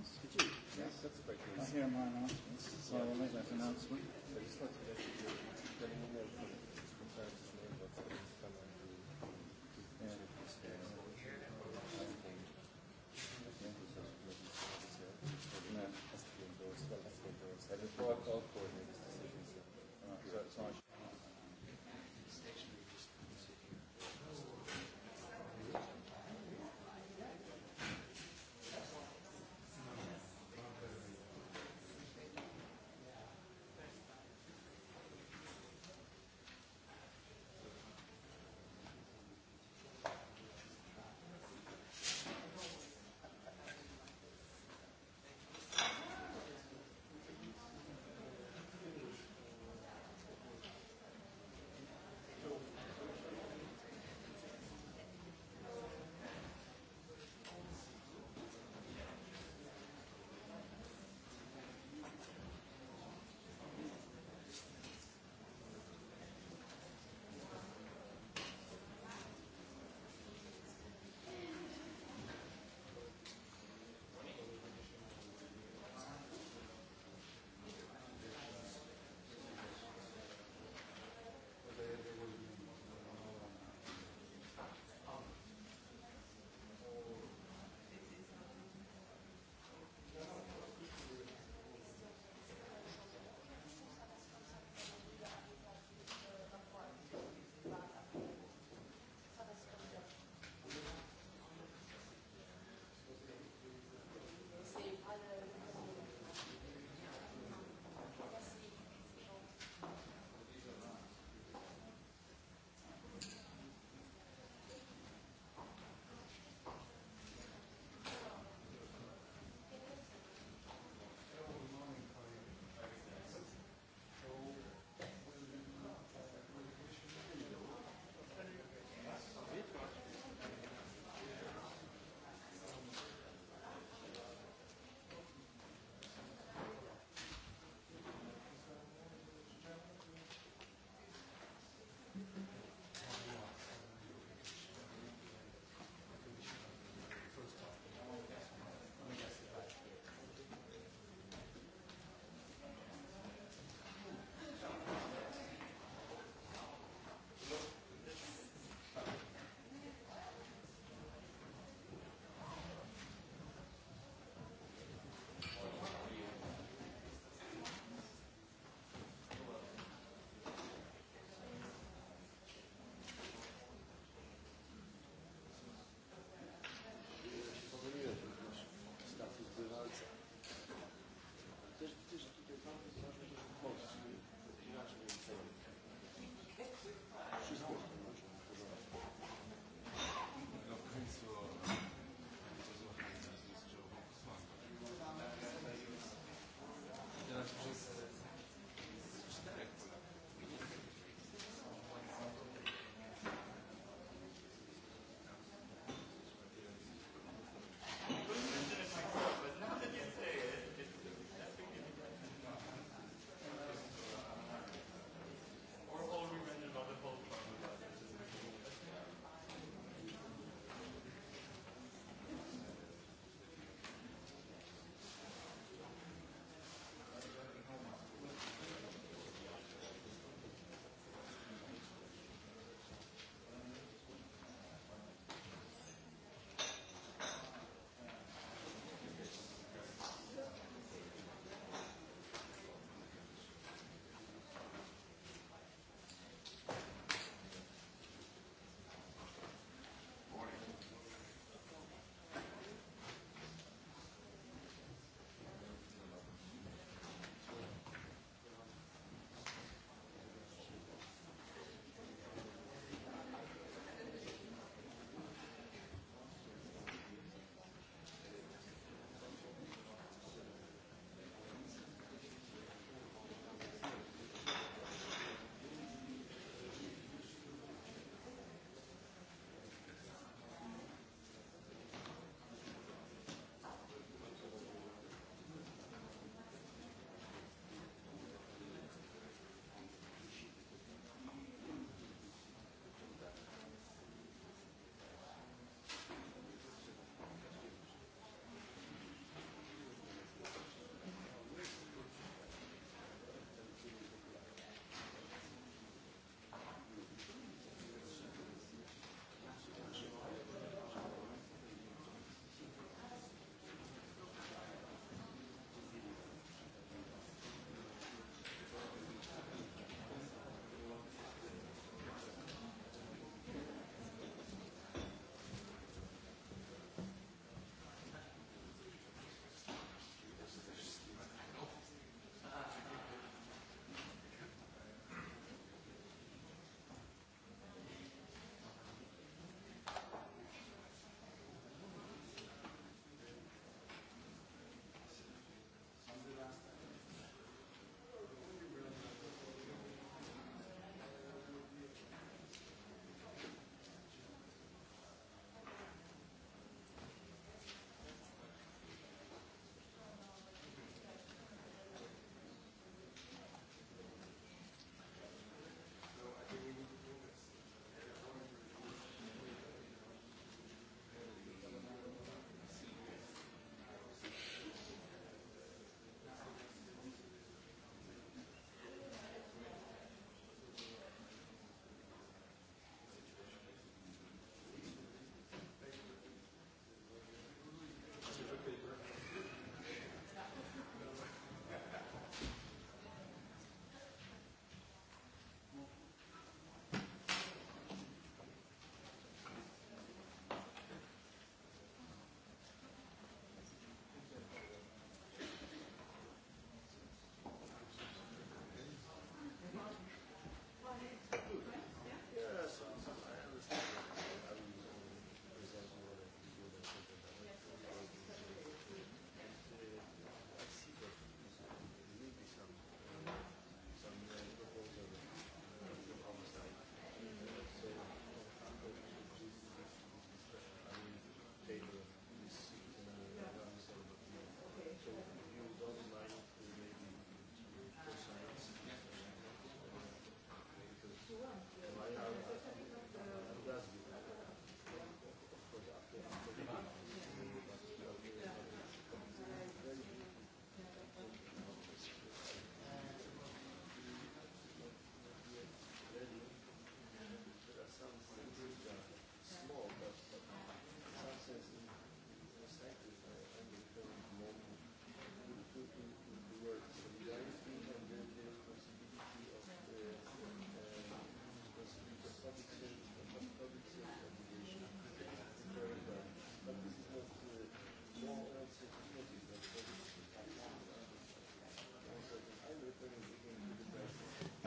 announcements? Did you? Yes, that's a great news. I hear my announcements, so I'll make that announcement. I just wanted to let you know,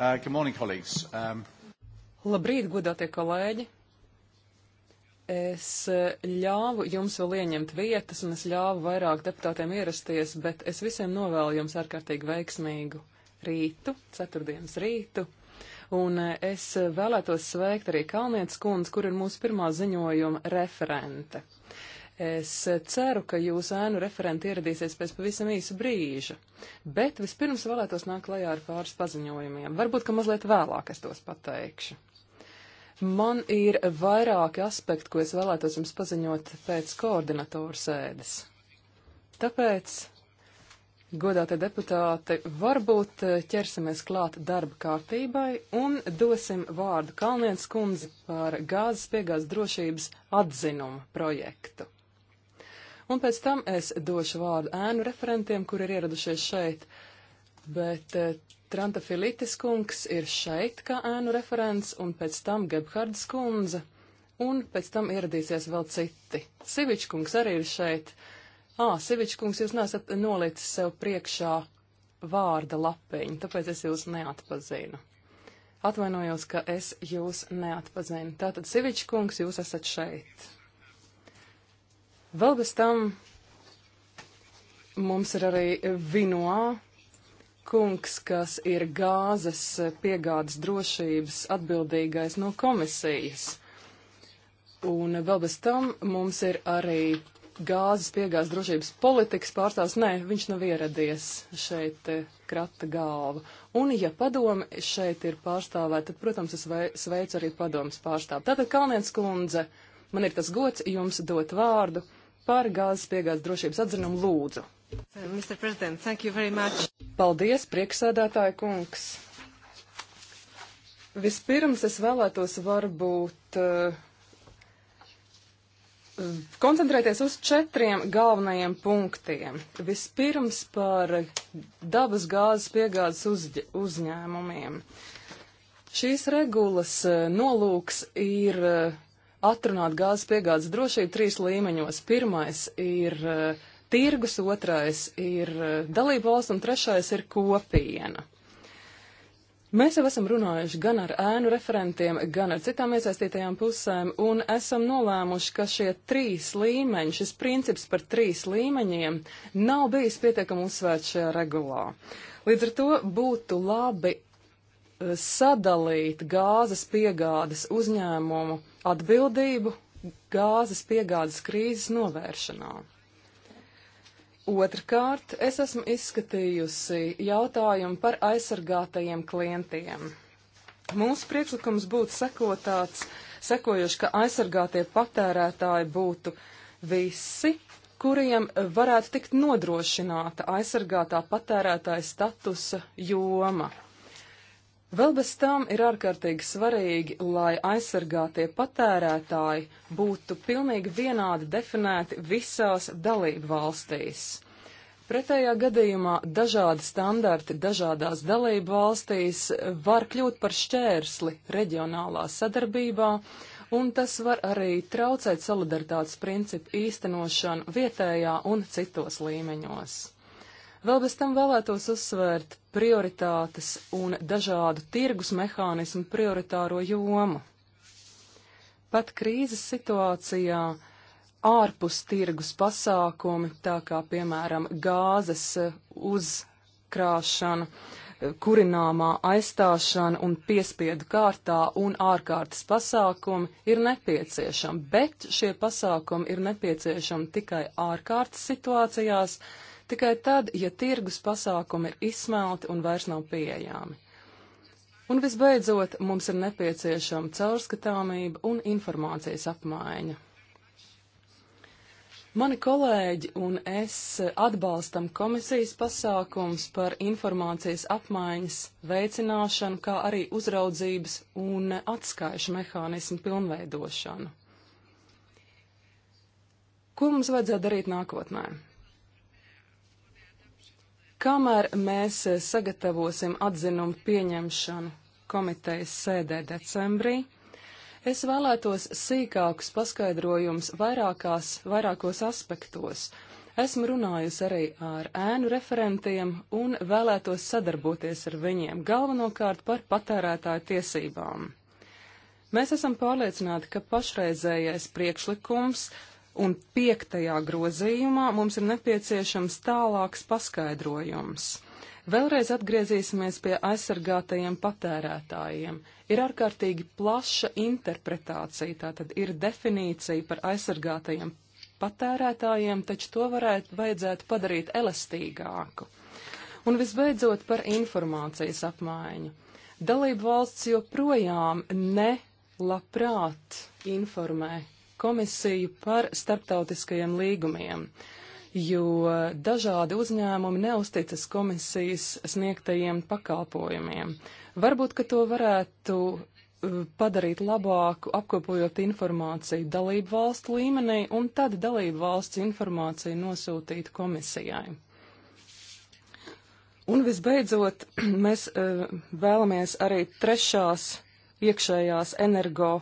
Uh, good morning, colleagues. Um... Labrīt, godātie kolēģi! Es uh, ļāvu jums vēl ieņemt vietas, un es ļāvu vairāk deputātiem ierasties, bet es visiem novēlu jums ārkārtīgi veiksmīgu rītu, ceturtdienas rītu. Un uh, es vēlētos sveikt arī Kalnietes kundzi, kur ir mūsu pirmā ziņojuma referente. Es ceru, ka jūsu ēnu referenti ieradīsies pēc pavisam īsa brīža, bet vispirms vēlētos nākt klajā ar pāris paziņojumiem. Varbūt, ka mazliet vēlāk es tos pateikšu. Man ir vairāki aspekti, ko es vēlētos jums paziņot pēc koordinatoru sēdes. Tāpēc, godātie deputāti, varbūt eh, ķersimies klāt darba kārtībai un dosim vārdu Kalnienes kundzi par gāzes piegādes drošības atzinumu projektu. Un pēc tam es došu vārdu ēnu referentiem, kur ir ieradušies šeit. Bet eh, Tranta Filitis kungs ir šeit kā ēnu referents, un pēc tam Gebhards kundze, un pēc tam ieradīsies vēl citi. Sivičs kungs arī ir šeit. Ā, Sivičs kungs, jūs nesat nolicis sev priekšā vārda lapiņu, tāpēc es jūs neatpazinu. Atvainojos, ka es jūs neatpazinu. Tātad, Sivičs kungs, jūs esat šeit. Vēl bez tam mums ir arī Vinoā kungs, kas ir gāzes piegādes drošības atbildīgais no komisijas. Un vēl bez tam mums ir arī gāzes piegādes drošības politikas pārstāvs. Nē, viņš nav ieradies šeit krata galvu. Un, ja padomi šeit ir pārstāvēta, tad, protams, es sveicu arī padomas pārstāvu. Tātad, Kalniens kundze, man ir tas gods jums dot vārdu par gāzes piegādes drošības atzinumu lūdzu. Mr. President, thank you very much. Paldies, prieksēdētāja kungs. Vispirms es vēlētos varbūt uh, koncentrēties uz četriem galvenajiem punktiem. Vispirms par dabas gāzes piegādes uzģ uzņēmumiem. Šīs regulas uh, nolūks ir uh, atrunāt gāzes piegādes drošību trīs līmeņos. Pirmais ir uh, tirgus, otrais ir e, dalība valsts un trešais ir kopiena. Mēs jau esam runājuši gan ar ēnu referentiem, gan ar citām iesaistītajām pusēm, un esam nolēmuši, ka šie trīs līmeņi, šis princips par trīs līmeņiem, nav bijis pietiekami uzsvērts šajā regulā. Līdz ar to būtu labi e, sadalīt gāzes piegādes uzņēmumu atbildību gāzes piegādes krīzes novēršanā. Otrkārt, es esmu izskatījusi jautājumu par aizsargātajiem klientiem. Mūsu priekšlikums būtu sekotāts, sekojuši, ka aizsargātie patērētāji būtu visi, kuriem varētu tikt nodrošināta aizsargātā patērētāja statusa joma. Vēl bez tam ir ārkārtīgi svarīgi, lai aizsargātie patērētāji būtu pilnīgi vienādi definēti visās dalību valstīs. Pretējā gadījumā dažādi standarti dažādās dalību valstīs var kļūt par šķērsli reģionālā sadarbībā, un tas var arī traucēt solidaritātes principu īstenošanu vietējā un citos līmeņos. Vēl bez tam vēlētos uzsvērt prioritātes un dažādu tirgus mehānismu prioritāro jomu. Pat krīzes situācijā ārpus tirgus pasākumi, tā kā piemēram gāzes eh, uzkrāšana, eh, kurināmā aizstāšana un piespiedu kārtā un ārkārtas pasākumi ir nepieciešami, bet šie pasākumi ir nepieciešami tikai ārkārtas situācijās, tikai tad, ja tirgus pasākumi ir izsmelti un vairs nav pieejami. Un visbeidzot, mums ir nepieciešama caurskatāmība un informācijas apmaiņa. Mani kolēģi un es atbalstam komisijas pasākums par informācijas apmaiņas veicināšanu, kā arī uzraudzības un atskaišu mehānismu pilnveidošanu. Ko mums vajadzētu darīt nākotnē? Kamēr mēs eh, sagatavosim atzinumu pieņemšanu komitejas sēdē decembrī, es vēlētos sīkākus paskaidrojumus vairākās, vairākos aspektos. Esmu runājusi arī ar ēnu referentiem un vēlētos sadarboties ar viņiem galvenokārt par patērētāju tiesībām. Mēs esam pārliecināti, ka pašreizējais priekšlikums un piektajā grozījumā mums ir nepieciešams tālāks paskaidrojums. Vēlreiz atgriezīsimies pie aizsargātajiem patērētājiem. Ir ārkārtīgi plaša interpretācija, tātad ir definīcija par aizsargātajiem patērētājiem, taču to varētu, vajadzētu padarīt elastīgāku. Un visbeidzot par informācijas apmaiņu. Dalību valsts joprojām ne labprāt informē komisiju par starptautiskajiem līgumiem, jo dažādi uzņēmumi neusticas komisijas sniegtajiem pakalpojumiem. Varbūt, ka to varētu uh, padarīt labāku, apkopojot informāciju dalību valstu līmenī un tad dalību valsts informāciju nosūtīt komisijai. Un visbeidzot, mēs uh, vēlamies arī trešās iekšējās energo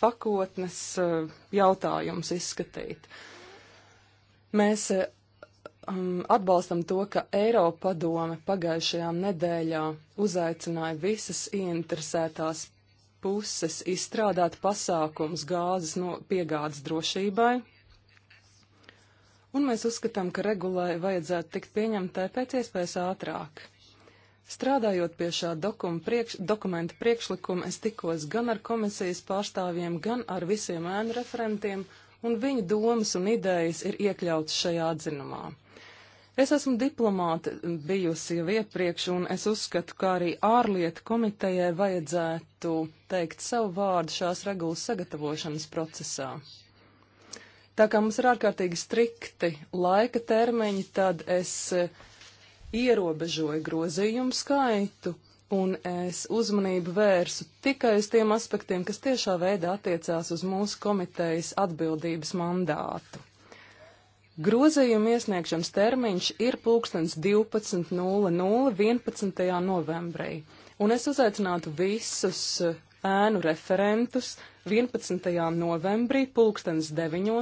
pakotnes eh, jautājumus izskatīt. Mēs eh, um, atbalstam to, ka Eiropa padome pagājušajā nedēļā uzaicināja visas ieinteresētās puses izstrādāt pasākums gāzes no piegādes drošībai. Un mēs uzskatām, ka regulai vajadzētu tikt pieņemtai pēc iespējas ātrāk. Strādājot pie šā priekš, dokumenta priekšlikuma, es tikos gan ar komisijas pārstāvjiem, gan ar visiem ēnu referentiem, un viņu domas un idejas ir iekļautas šajā atzinumā. Es esmu diplomāte bijusi jau iepriekš, un es uzskatu, ka arī ārlietu komitejai vajadzētu teikt savu vārdu šās regulas sagatavošanas procesā. Tā kā mums ir ārkārtīgi strikti laika termiņi, tad es ierobežoja grozījumu skaitu, un es uzmanību vērsu tikai uz tiem aspektiem, kas tiešā veidā attiecās uz mūsu komitejas atbildības mandātu. Grozījuma iesniegšanas termiņš ir pulkstens 12.00 11. novembrī, un es uzaicinātu visus eh, ēnu referentus 11. novembrī pulkstens 9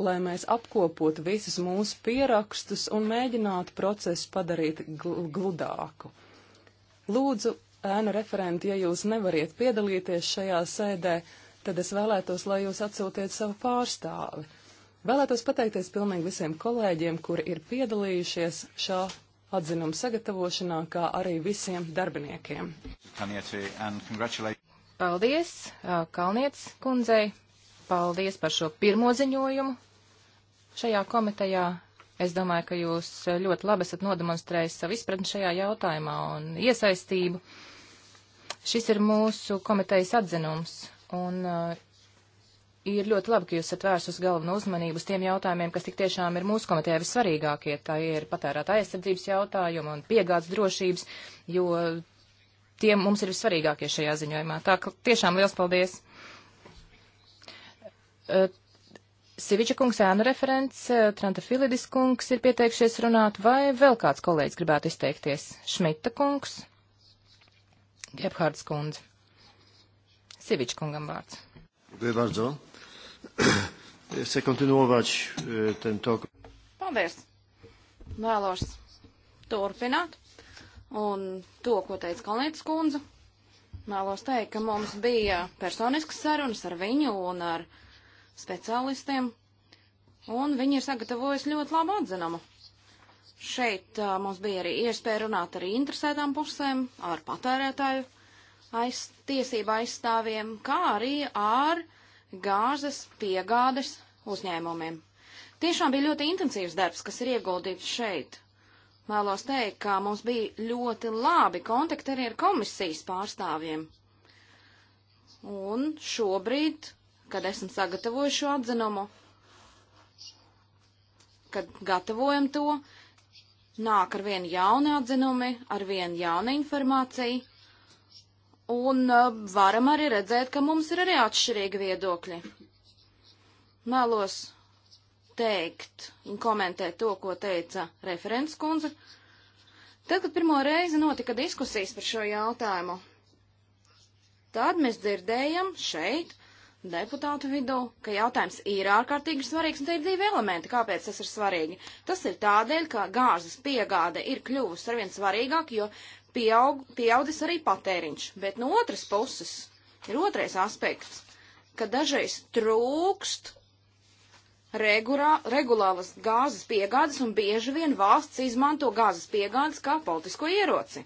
lai mēs apkopotu visus mūsu pierakstus un mēģinātu procesu padarīt gl gludāku. Lūdzu, ēnu referenti, ja jūs nevariet piedalīties šajā sēdē, tad es vēlētos, lai jūs atsūtiet savu pārstāvi. Vēlētos pateikties pilnīgi visiem kolēģiem, kuri ir piedalījušies šā atzinuma sagatavošanā, kā arī visiem darbiniekiem. Paldies, Kalniec kundzei! Paldies par šo pirmo ziņojumu, Šajā komitejā es domāju, ka jūs ļoti labi esat nodemonstrējis savu izpratni šajā jautājumā un iesaistību. Šis ir mūsu komitejas atzinums, un uh, ir ļoti labi, ka jūs esat vērsus galvenu uzmanību uz tiem jautājumiem, kas tik tiešām ir mūsu komitejā vissvarīgākie. Tā ir patērētā aizsardzības jautājuma un piegādes drošības, jo tie mums ir vissvarīgākie šajā ziņojumā. Tā ka tiešām liels paldies! Uh, Siviča kungs ēnu referents, eh, Tranta Filidis kungs ir pieteikšies runāt, vai vēl kāds kolēģis gribētu izteikties? Šmita kungs, Gebhards kundz, Siviča kungam vārds. E, Paldies! Vēlos turpināt. Un to, ko teica Kalnietis kundze, vēlos teikt, ka mums bija personiskas sarunas ar viņu un ar uh, speciālistiem, un viņi ir sagatavojuši ļoti labu atzinumu. Šeit uh, mums bija arī iespēja runāt ar interesētām pusēm, ar patērētāju aiz, tiesību aizstāvjiem, kā arī ar gāzes piegādes uzņēmumiem. Tiešām bija ļoti intensīvs darbs, kas ir ieguldīts šeit. Vēlos teikt, ka mums bija ļoti labi kontakti arī ar komisijas pārstāvjiem. Un šobrīd kad esam sagatavojuši šo atzinumu, kad gatavojam to, nāk ar vienu jaunu atzinumi, ar vienu jaunu informāciju, un uh, varam arī redzēt, ka mums ir arī atšķirīgi viedokļi. Mēlos teikt un komentēt to, ko teica referents kundze. Tad, kad pirmo reizi notika diskusijas par šo jautājumu, tad mēs dzirdējam šeit, deputātu vidū, ka jautājums ir ārkārtīgi svarīgs, un te ir divi elementi, kāpēc tas ir svarīgi. Tas ir tādēļ, ka gāzes piegāde ir kļuvusi arvien svarīgāk, jo pieaug, pieaudzis arī patēriņš. Bet no otras puses ir otrais aspekts, ka dažreiz trūkst regulā, regulāras gāzes piegādes, un bieži vien valsts izmanto gāzes piegādes kā politisko ieroci.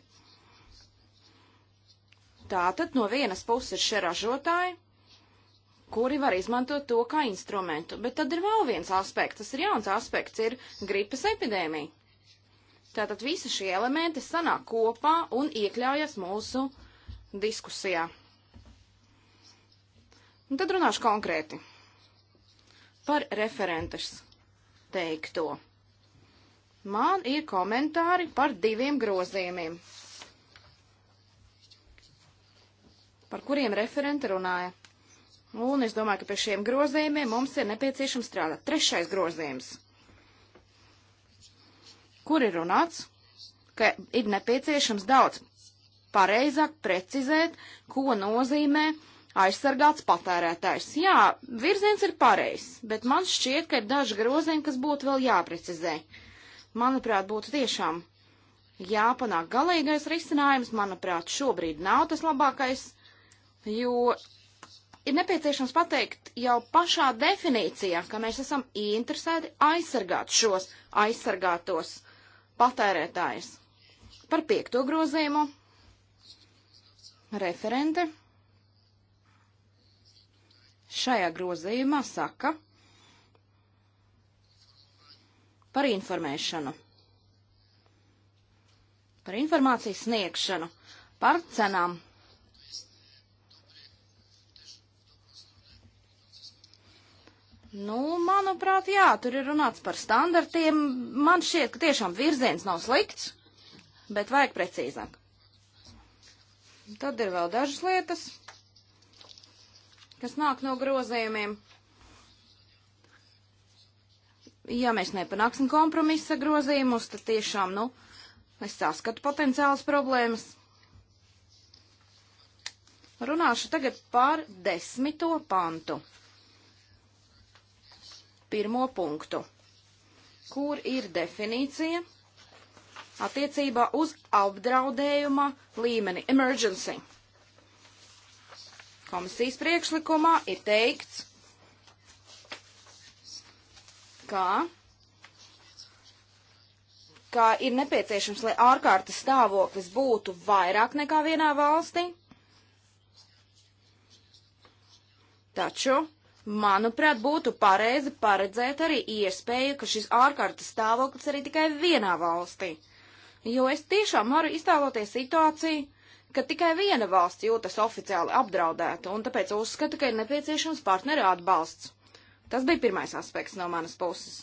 Tātad no vienas puses ir šie ražotāji, kuri var izmantot to kā instrumentu. Bet tad ir vēl viens aspekts, tas ir jauns aspekts, ir gripas epidēmija. Tātad visi šie elementi sanāk kopā un iekļaujas mūsu diskusijā. Un tad runāšu konkrēti par referentes teikto. Man ir komentāri par diviem grozījumiem, par kuriem referente runāja. Un es domāju, ka pie šiem grozījumiem mums ir nepieciešams strādāt. Trešais grozījums, kur ir runāts, ka ir nepieciešams daudz pareizāk precizēt, ko nozīmē aizsargāts patērētājs. Jā, virziens ir pareizs, bet man šķiet, ka ir daži grozījumi, kas būtu vēl jāprecizē. Manuprāt, būtu tiešām jāpanāk galīgais risinājums, manuprāt, šobrīd nav tas labākais, jo ir nepieciešams pateikt jau pašā definīcijā, ka mēs esam interesēti aizsargāt šos aizsargātos patērētājus. Par piekto grozījumu referente šajā grozījumā saka par informēšanu, par informācijas sniegšanu, par cenām Nu, manuprāt, jā, tur ir runāts par standartiem. Man šķiet, ka tiešām virziens nav slikts, bet vajag precīzāk. Tad ir vēl dažas lietas, kas nāk no grozījumiem. Ja mēs nepanāksim kompromisa grozījumus, tad tiešām, nu, es saskatu potenciālas problēmas. Runāšu tagad par desmito pantu pirmo punktu, kur ir definīcija attiecībā uz apdraudējuma līmeni - emergency. Komisijas priekšlikumā ir teikts, ka, ka ir nepieciešams, lai ārkārtas stāvoklis būtu vairāk nekā vienā valstī, taču Manuprāt, būtu pareizi paredzēt arī iespēju, ka šis ārkārtas stāvoklis arī tikai vienā valstī. Jo es tiešām varu iztēloties situāciju, ka tikai viena valsts jūtas oficiāli apdraudēta, un tāpēc uzskatu, ka ir nepieciešams partneru atbalsts. Tas bija pirmais aspekts no manas puses.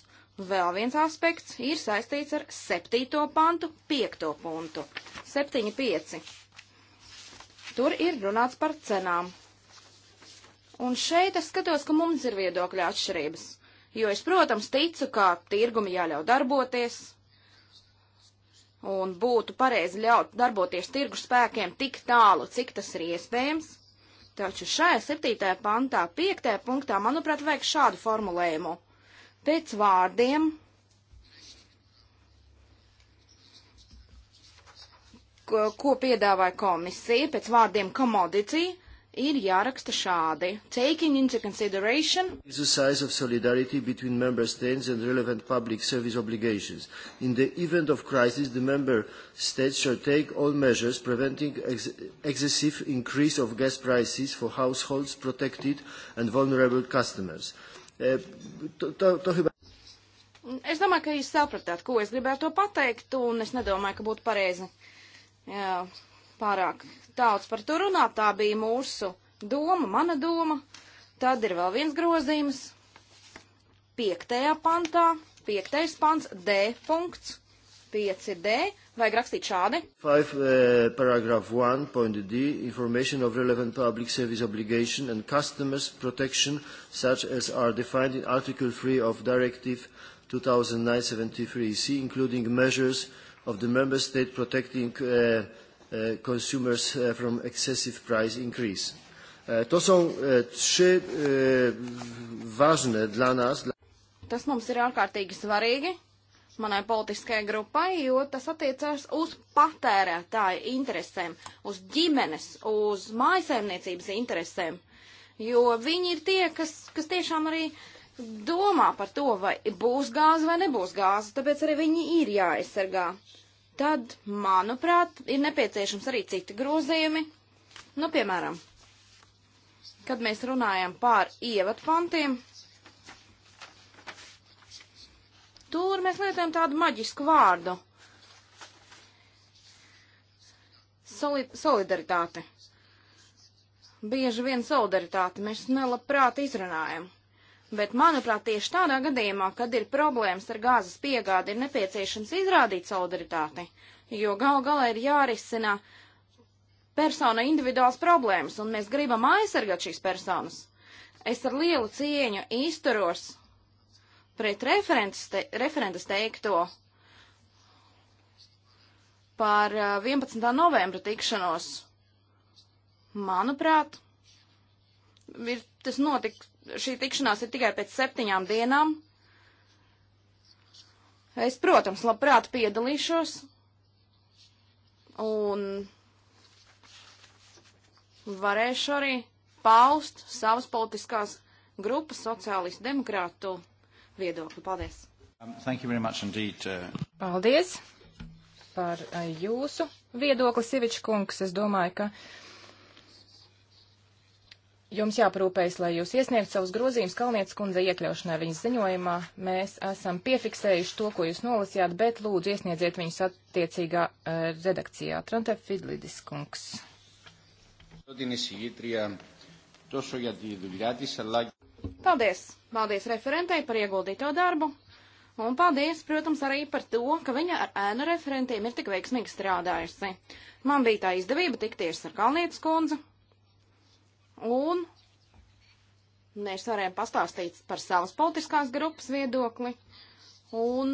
Vēl viens aspekts ir saistīts ar 7. pantu, 5. punktu. 7.5. Tur ir runāts par cenām. Un šeit es skatos, ka mums ir viedokļa atšķirības, jo es, protams, ticu, ka tirgumi jāļauj darboties, un būtu pareizi ļaut darboties tirgu spēkiem tik tālu, cik tas ir iespējams. Taču šajā 7. pantā, 5. punktā, manuprāt, vajag šādu formulējumu. Pēc vārdiem, ko, ko piedāvāja komisija, pēc vārdiem commodity, ir jāraksta šādi. Taking into consideration exercise of solidarity between member states and relevant public service obligations. In the event of crisis, the member states shall take all measures preventing ex excessive increase of gas prices for households protected and vulnerable customers. E, to, to, to chyba... Es domāju, ka jūs sapratāt, ko es gribētu pateikt, un es nedomāju, ka būtu pareizi. Jā. Yeah pārāk daudz par to runāt. Tā bija mūsu doma, mana doma. Tad ir vēl viens grozījums. Piektajā pantā, piektais pants, D punkts, 5D. Vajag rakstīt šādi. 5. Uh, eh, paragraph 1.d. Information of relevant public service obligation and customers protection such as are defined in Article 3 of Directive 2009-73 EC, including measures of the member state protecting uh, e, consumers e, from excessive price increase. E, to są e, trzy ważne dla nas. Tas mums ir ārkārtīgi svarīgi manai politiskajai grupai, jo tas attiecās uz patērētāju interesēm, uz ģimenes, uz mājasēmniecības interesēm, jo viņi ir tie, kas, kas tiešām arī domā par to, vai būs gāze vai nebūs gāze, tāpēc arī viņi ir jāaizsargā. Uh, tad, manuprāt, ir nepieciešams arī citi grozījumi. Nu, piemēram, kad mēs runājam pār ievadpantiem, tur mēs lietojam tādu maģisku vārdu Soli - solidaritāte. Bieži vien solidaritāti mēs nelabprāt izrunājam. Bet, manuprāt, tieši tādā gadījumā, kad ir problēmas ar gāzes piegādi, ir nepieciešams izrādīt solidaritāti, jo gal galā ir jārisina persona individuāls problēmas, un mēs gribam aizsargāt šīs personas. Es ar lielu cieņu izturos pret te, referentas teikto par 11. Eh, novembra tikšanos. Manuprāt, ir, tas notika šī tikšanās ir tikai pēc septiņām dienām. Es, protams, labprāt piedalīšos. Un varēšu arī paust savas politiskās grupas sociālistu demokrātu viedokli. Paldies! Um, indeed, uh... Paldies par uh, jūsu viedokli, Sivičkungs. Es domāju, ka jums jāprūpējas, lai jūs iesniegt savus grozījumus Kalnietes kundze iekļaušanai viņas ziņojumā. Mēs esam piefiksējuši to, ko jūs nolasījāt, bet lūdzu iesniedziet viņus attiecīgā uh, redakcijā. Trantē Fidlidis kungs. Paldies! Paldies referentei par ieguldīto darbu. Un paldies, protams, arī par to, ka viņa ar ēnu referentiem ir tik veiksmīgi strādājusi. Man bija tā izdevība tikties ar Kalnietes kundzi, un mēs varējām pastāstīt par savas politiskās grupas viedokli, un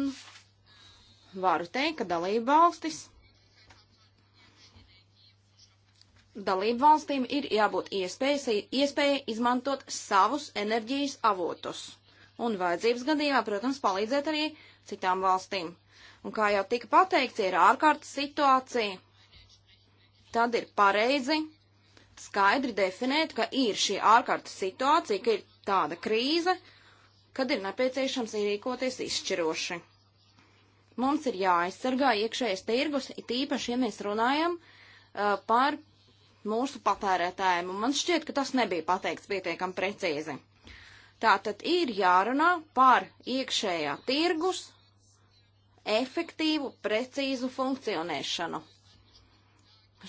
varu teikt, ka dalība valstis. Dalību valstīm ir jābūt iespējas, iespēja izmantot savus enerģijas avotus un vajadzības gadījumā, protams, palīdzēt arī citām valstīm. Un kā jau tika pateikts, ir ārkārtas situācija, tad ir pareizi skaidri definēt, ka ir šī ārkārtas situācija, ka ir tāda krīze, kad ir nepieciešams rīkoties izšķiroši. Mums ir jāaizsargā iekšējais tirgus, it īpaši, ja mēs runājam uh, par mūsu patērētājiem, un man šķiet, ka tas nebija pateikts pietiekam precīzi. Tātad ir jārunā par iekšējā tirgus efektīvu, precīzu funkcionēšanu.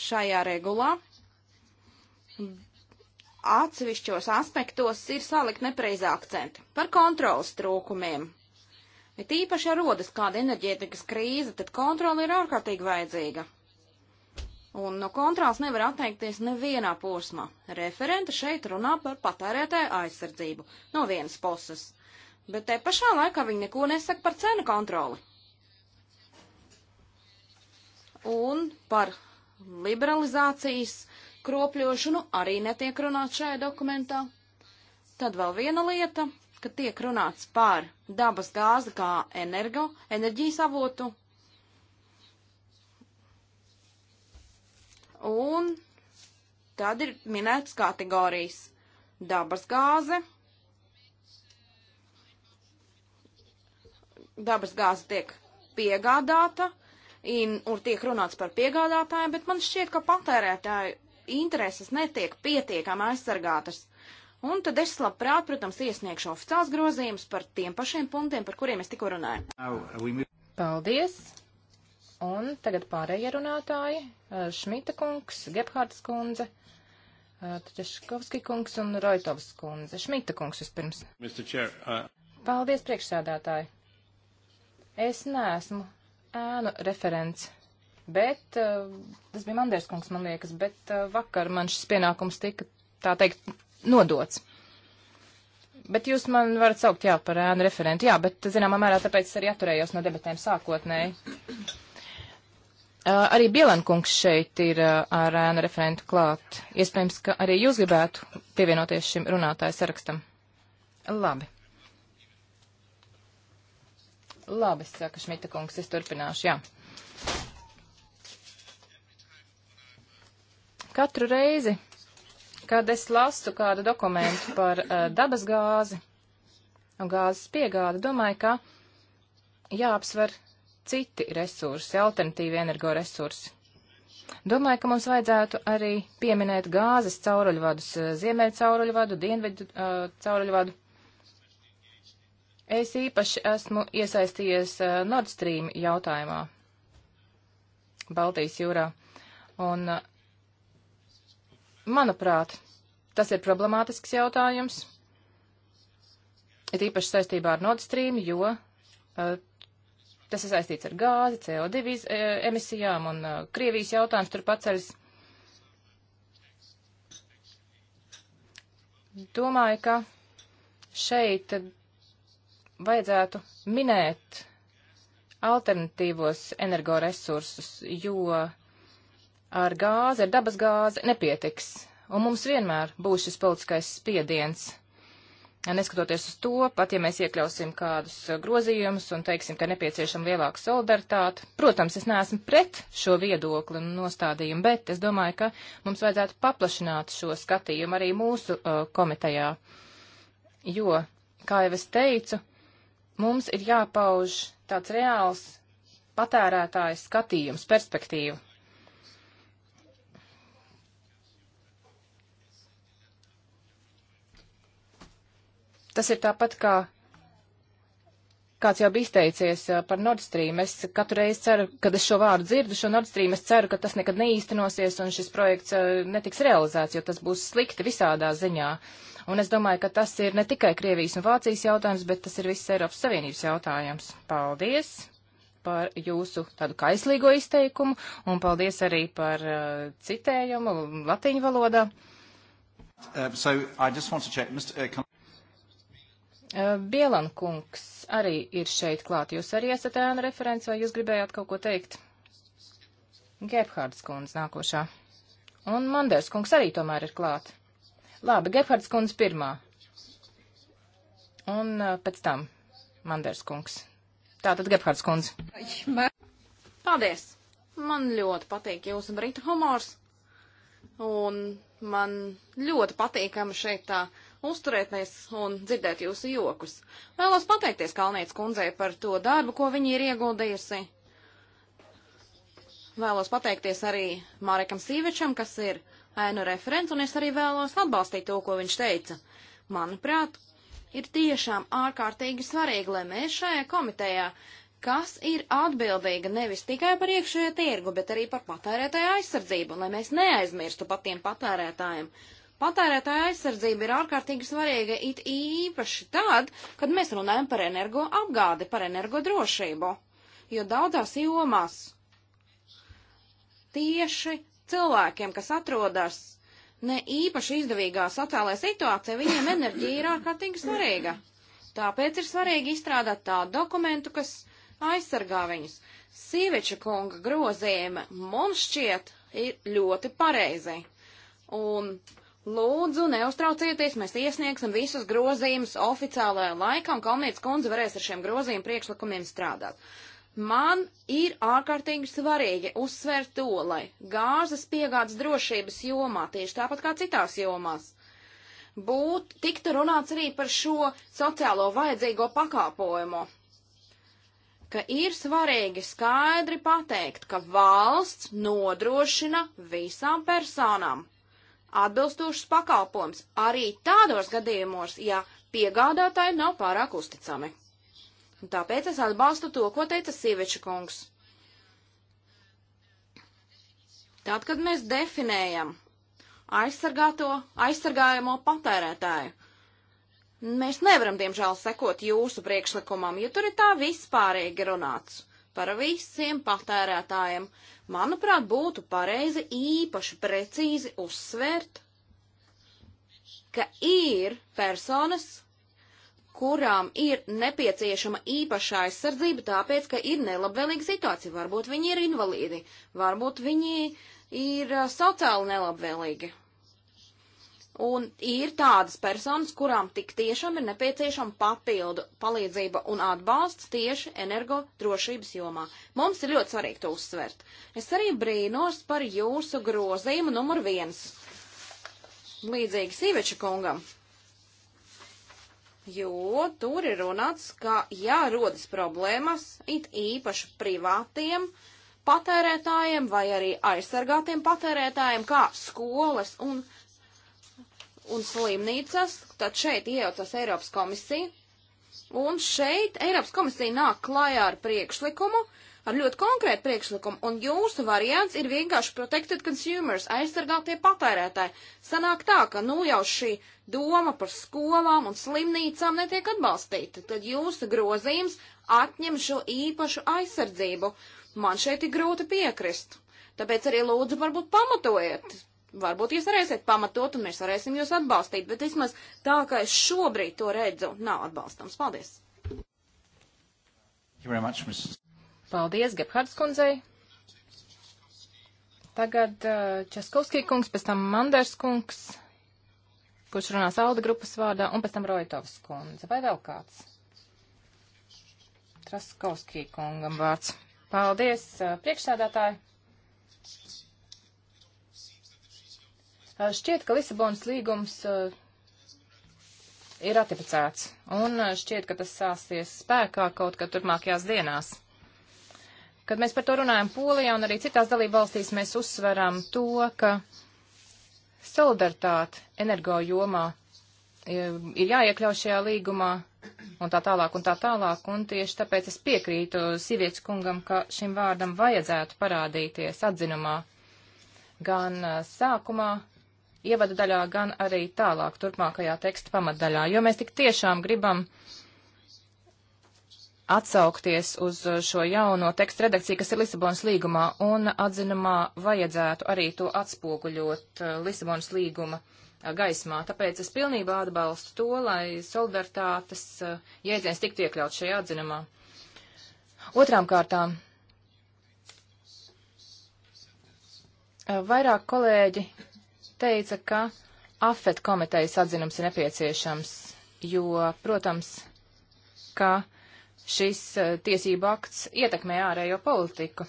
Šajā regulā atsevišķos aspektos ir salikt nepreiz akcenti par kontrolas trūkumiem. Bet īpaši, ja rodas kāda enerģētikas krīze, tad kontrola ir ārkārtīgi vajadzīga. Un no kontrols nevar atteikties nevienā posmā. Referenta šeit runā par patērētāju aizsardzību no vienas puses, bet te pašā laikā viņi neko nesaka par cenu kontroli. Un par liberalizācijas kropļošanu arī netiek runāts šajā dokumentā. Tad vēl viena lieta, ka tiek runāts par dabas gāzi kā energo, enerģijas avotu. Un tad ir minētas kategorijas dabas gāze, dabas gāze tiek piegādāta, in, un tiek runāts par piegādātājiem, bet man šķiet, ka patērētāji intereses netiek pietiekami aizsargātas. Un tad es labprāt, protams, iesniegšu oficiāls grozījums par tiem pašiem punktiem, par kuriem es tikko runāju. Uh, Paldies! Un tagad pārējie runātāji uh, - Šmita kungs, Gebhārds kundze, uh, Tačeškovski kungs un Roitovs kundze. Šmita kungs vispirms. Chair, uh... Paldies, priekšsēdētāji! Es neesmu ēnu referents Bet eh, tas bija Manders kungs, man liekas, bet eh, vakar man šis pienākums tika, tā teikt, nodots. Bet jūs man varat saukt, jā, par ēnu referentu, jā, bet, zināmā mērā, tāpēc arī atturējos no debatēm sākotnēji. Eh, arī Bielankungs šeit ir ar ēnu referentu klāt. Iespējams, ka arī jūs gribētu pievienoties šim runātāju sarakstam. Labi. Labi, saka Šmita kungs, es turpināšu, jā. Katru reizi, kad es lasu kādu dokumentu par uh, dabas gāzi un gāzes piegādi, domāju, ka jāapsver citi resursi, alternatīvi energoresursi. Domāju, ka mums vajadzētu arī pieminēt gāzes cauruļvadus, eh, ziemeļu cauruļvadu, dienvidu uh, cauruļvadu. Es īpaši esmu iesaistījies uh, Nord Stream jautājumā Baltijas jūrā, un uh, Manuprāt, tas ir problemātisks jautājums, ir īpaši saistībā ar Nord Stream, jo uh, tas ir saistīts ar gāzi, CO2 iz, uh, emisijām un uh, Krievijas jautājums tur paceļas. Domāju, ka šeit vajadzētu minēt alternatīvos energoresursus, jo uh, ar gāzi, ar dabas gāzi nepietiks. Un mums vienmēr būs šis politiskais spiediens. Neskatoties uz to, pat ja mēs iekļausim kādus grozījumus un teiksim, ka nepieciešama lielāka solidaritāte, protams, es neesmu pret šo viedokli un nostādījumu, bet es domāju, ka mums vajadzētu paplašināt šo skatījumu arī mūsu uh, komitejā. Jo, kā jau es teicu, mums ir jāpauž tāds reāls patērētājs skatījums, perspektīva. Tas ir tāpat kā kāds jau bija izteicies uh, par Nord Stream. Es katru reizi ceru, kad es šo vārdu dzirdu, šo Nord Stream, es ceru, ka tas nekad neīstenosies un šis projekts uh, netiks realizēts, jo tas būs slikti visādā ziņā. Un es domāju, ka tas ir ne tikai Krievijas un Vācijas jautājums, bet tas ir viss Eiropas Savienības jautājums. Paldies par jūsu tādu kaislīgo izteikumu un paldies arī par uh, citējumu latīņu valodā. Uh, so Bielan kungs arī ir šeit klāt. Jūs arī esat ēna referents, vai jūs gribējāt kaut ko teikt? Gebhards kundze nākošā. Un Manders kungs arī tomēr ir klāt. Labi, Gebhards kundze pirmā. Un pēc tam Manders kungs. Tātad Gebhards kundze. Paldies! Man ļoti patīk jūsu brita humors. Un man ļoti patīkam šeit tā. Uh, uzturēties un dzirdēt jūsu jokus. Vēlos pateikties Kalnietes kundzei par to darbu, ko viņa ir ieguldījusi. Vēlos pateikties arī Mārekam Sīvečam, kas ir ēnu referents, un es arī vēlos atbalstīt to, ko viņš teica. Manuprāt, ir tiešām ārkārtīgi svarīgi, lai mēs šajā komitejā, kas ir atbildīga nevis tikai par iekšējo tirgu, bet arī par patērētāju aizsardzību, lai mēs neaizmirstu par tiem patērētājiem. Uh, Patērētāja aizsardzība ir ārkārtīgi svarīga, it īpaši tad, kad mēs runājam par energo apgādi, par energo drošību, jo daudzās jomās tieši cilvēkiem, kas atrodas ne īpaši izdevīgā sociālajā situācijā, viņiem enerģija ir ārkārtīgi svarīga. Tāpēc ir svarīgi izstrādāt tādu dokumentu, kas aizsargā viņus. Sīveča kunga grozījumi mums šķiet ir ļoti pareizi. Un Lūdzu, neuztraucieties, mēs iesniegsim visus grozījumus oficiālajā laikā, un Kalnietis kundze varēs ar šiem grozījumu priekšlikumiem strādāt. Man ir ārkārtīgi svarīgi uzsvērt to, lai gāzes piegādes drošības jomā, tieši tāpat kā citās jomās, būt, tiktu runāts arī par šo sociālo vajadzīgo pakāpojumu, ka ir svarīgi skaidri pateikt, ka valsts nodrošina visām personām atbilstošs pakalpojums arī tādos gadījumos, ja piegādātāji nav pārāk uzticami. Un tāpēc es atbalstu to, ko teica Sīveča kungs. Tad, kad mēs definējam aizsargāto, aizsargājamo patērētāju, mēs nevaram, diemžēl, sekot jūsu priekšlikumam, jo tur ir tā vispārīgi runāts par visiem patērētājiem. Manuprāt, būtu pareizi īpaši precīzi uzsvērt, ka ir personas, kurām ir nepieciešama īpaša aizsardzība, tāpēc, ka ir nelabvēlīga situācija. Varbūt viņi ir invalīdi, varbūt viņi ir uh, sociāli nelabvēlīgi. Un ir tādas personas, kurām tik tiešām ir nepieciešama papildu palīdzība un atbalsts tieši energodrošības jomā. Mums ir ļoti svarīgi to uzsvert. Es arī brīnos par jūsu grozījumu numur viens. Līdzīgi Sīveča kungam. Jo tur ir runāts, ka ja rodas problēmas, it īpaši privātiem, patērētājiem vai arī aizsargātiem patērētājiem, kā skolas un skolas, un slimnīcas, tad šeit iejaucas Eiropas komisija, un šeit Eiropas komisija nāk klājā ar priekšlikumu, ar ļoti konkrētu priekšlikumu, un jūsu variants ir vienkārši protected consumers, aizsargātie patērētāji. Sanāk tā, ka nu jau šī doma par skolām un slimnīcām netiek atbalstīta, tad jūsu grozījums atņem šo īpašu aizsardzību. Man šeit ir grūti piekrist. Tāpēc arī lūdzu varbūt pamatojiet varbūt jūs varēsiet pamatot un mēs varēsim jūs atbalstīt, bet vismaz tā, kā es šobrīd to redzu, nav atbalstams. Paldies! Much, Paldies, Gebhards kundzei! Tagad uh, Českovskij kungs, pēc tam Manders kungs, kurš runās Alda grupas vārdā, un pēc tam Roitovs kundze. Vai vēl kāds? Traskovskij kungam vārds. Paldies, uh, priekšsēdētāji! Eh, šķiet, ka Lisabonas līgums eh, ir ratificēts, un eh, šķiet, ka tas sāksies spēkā kaut kad turpmākajās dienās. Kad mēs par to runājam Polijā un arī citās dalībvalstīs, mēs uzsveram to, ka solidaritāte energo jomā ir jāiekļauj šajā līgumā un tā tālāk un tā tālāk, un tieši tāpēc es piekrītu Sīvietas kungam, ka šim vārdam vajadzētu parādīties atzinumā gan sākumā, ievada daļā, gan arī tālāk turpmākajā teksta pamatdaļā, jo mēs tik tiešām gribam atsaukties uz šo jauno tekstu redakciju, kas ir Lisabonas līgumā, un atzinumā vajadzētu arī to atspoguļot eh, Lisabonas līguma eh, gaismā. Tāpēc es pilnībā atbalstu to, lai solidaritātes eh, jēdziens tiktu iekļauts šajā atzinumā. Otrām kārtām. Vairāk kolēģi teica, ka AFET komitejas atzinums ir nepieciešams, jo, protams, ka šis eh, tiesību akts ietekmē ārējo politiku.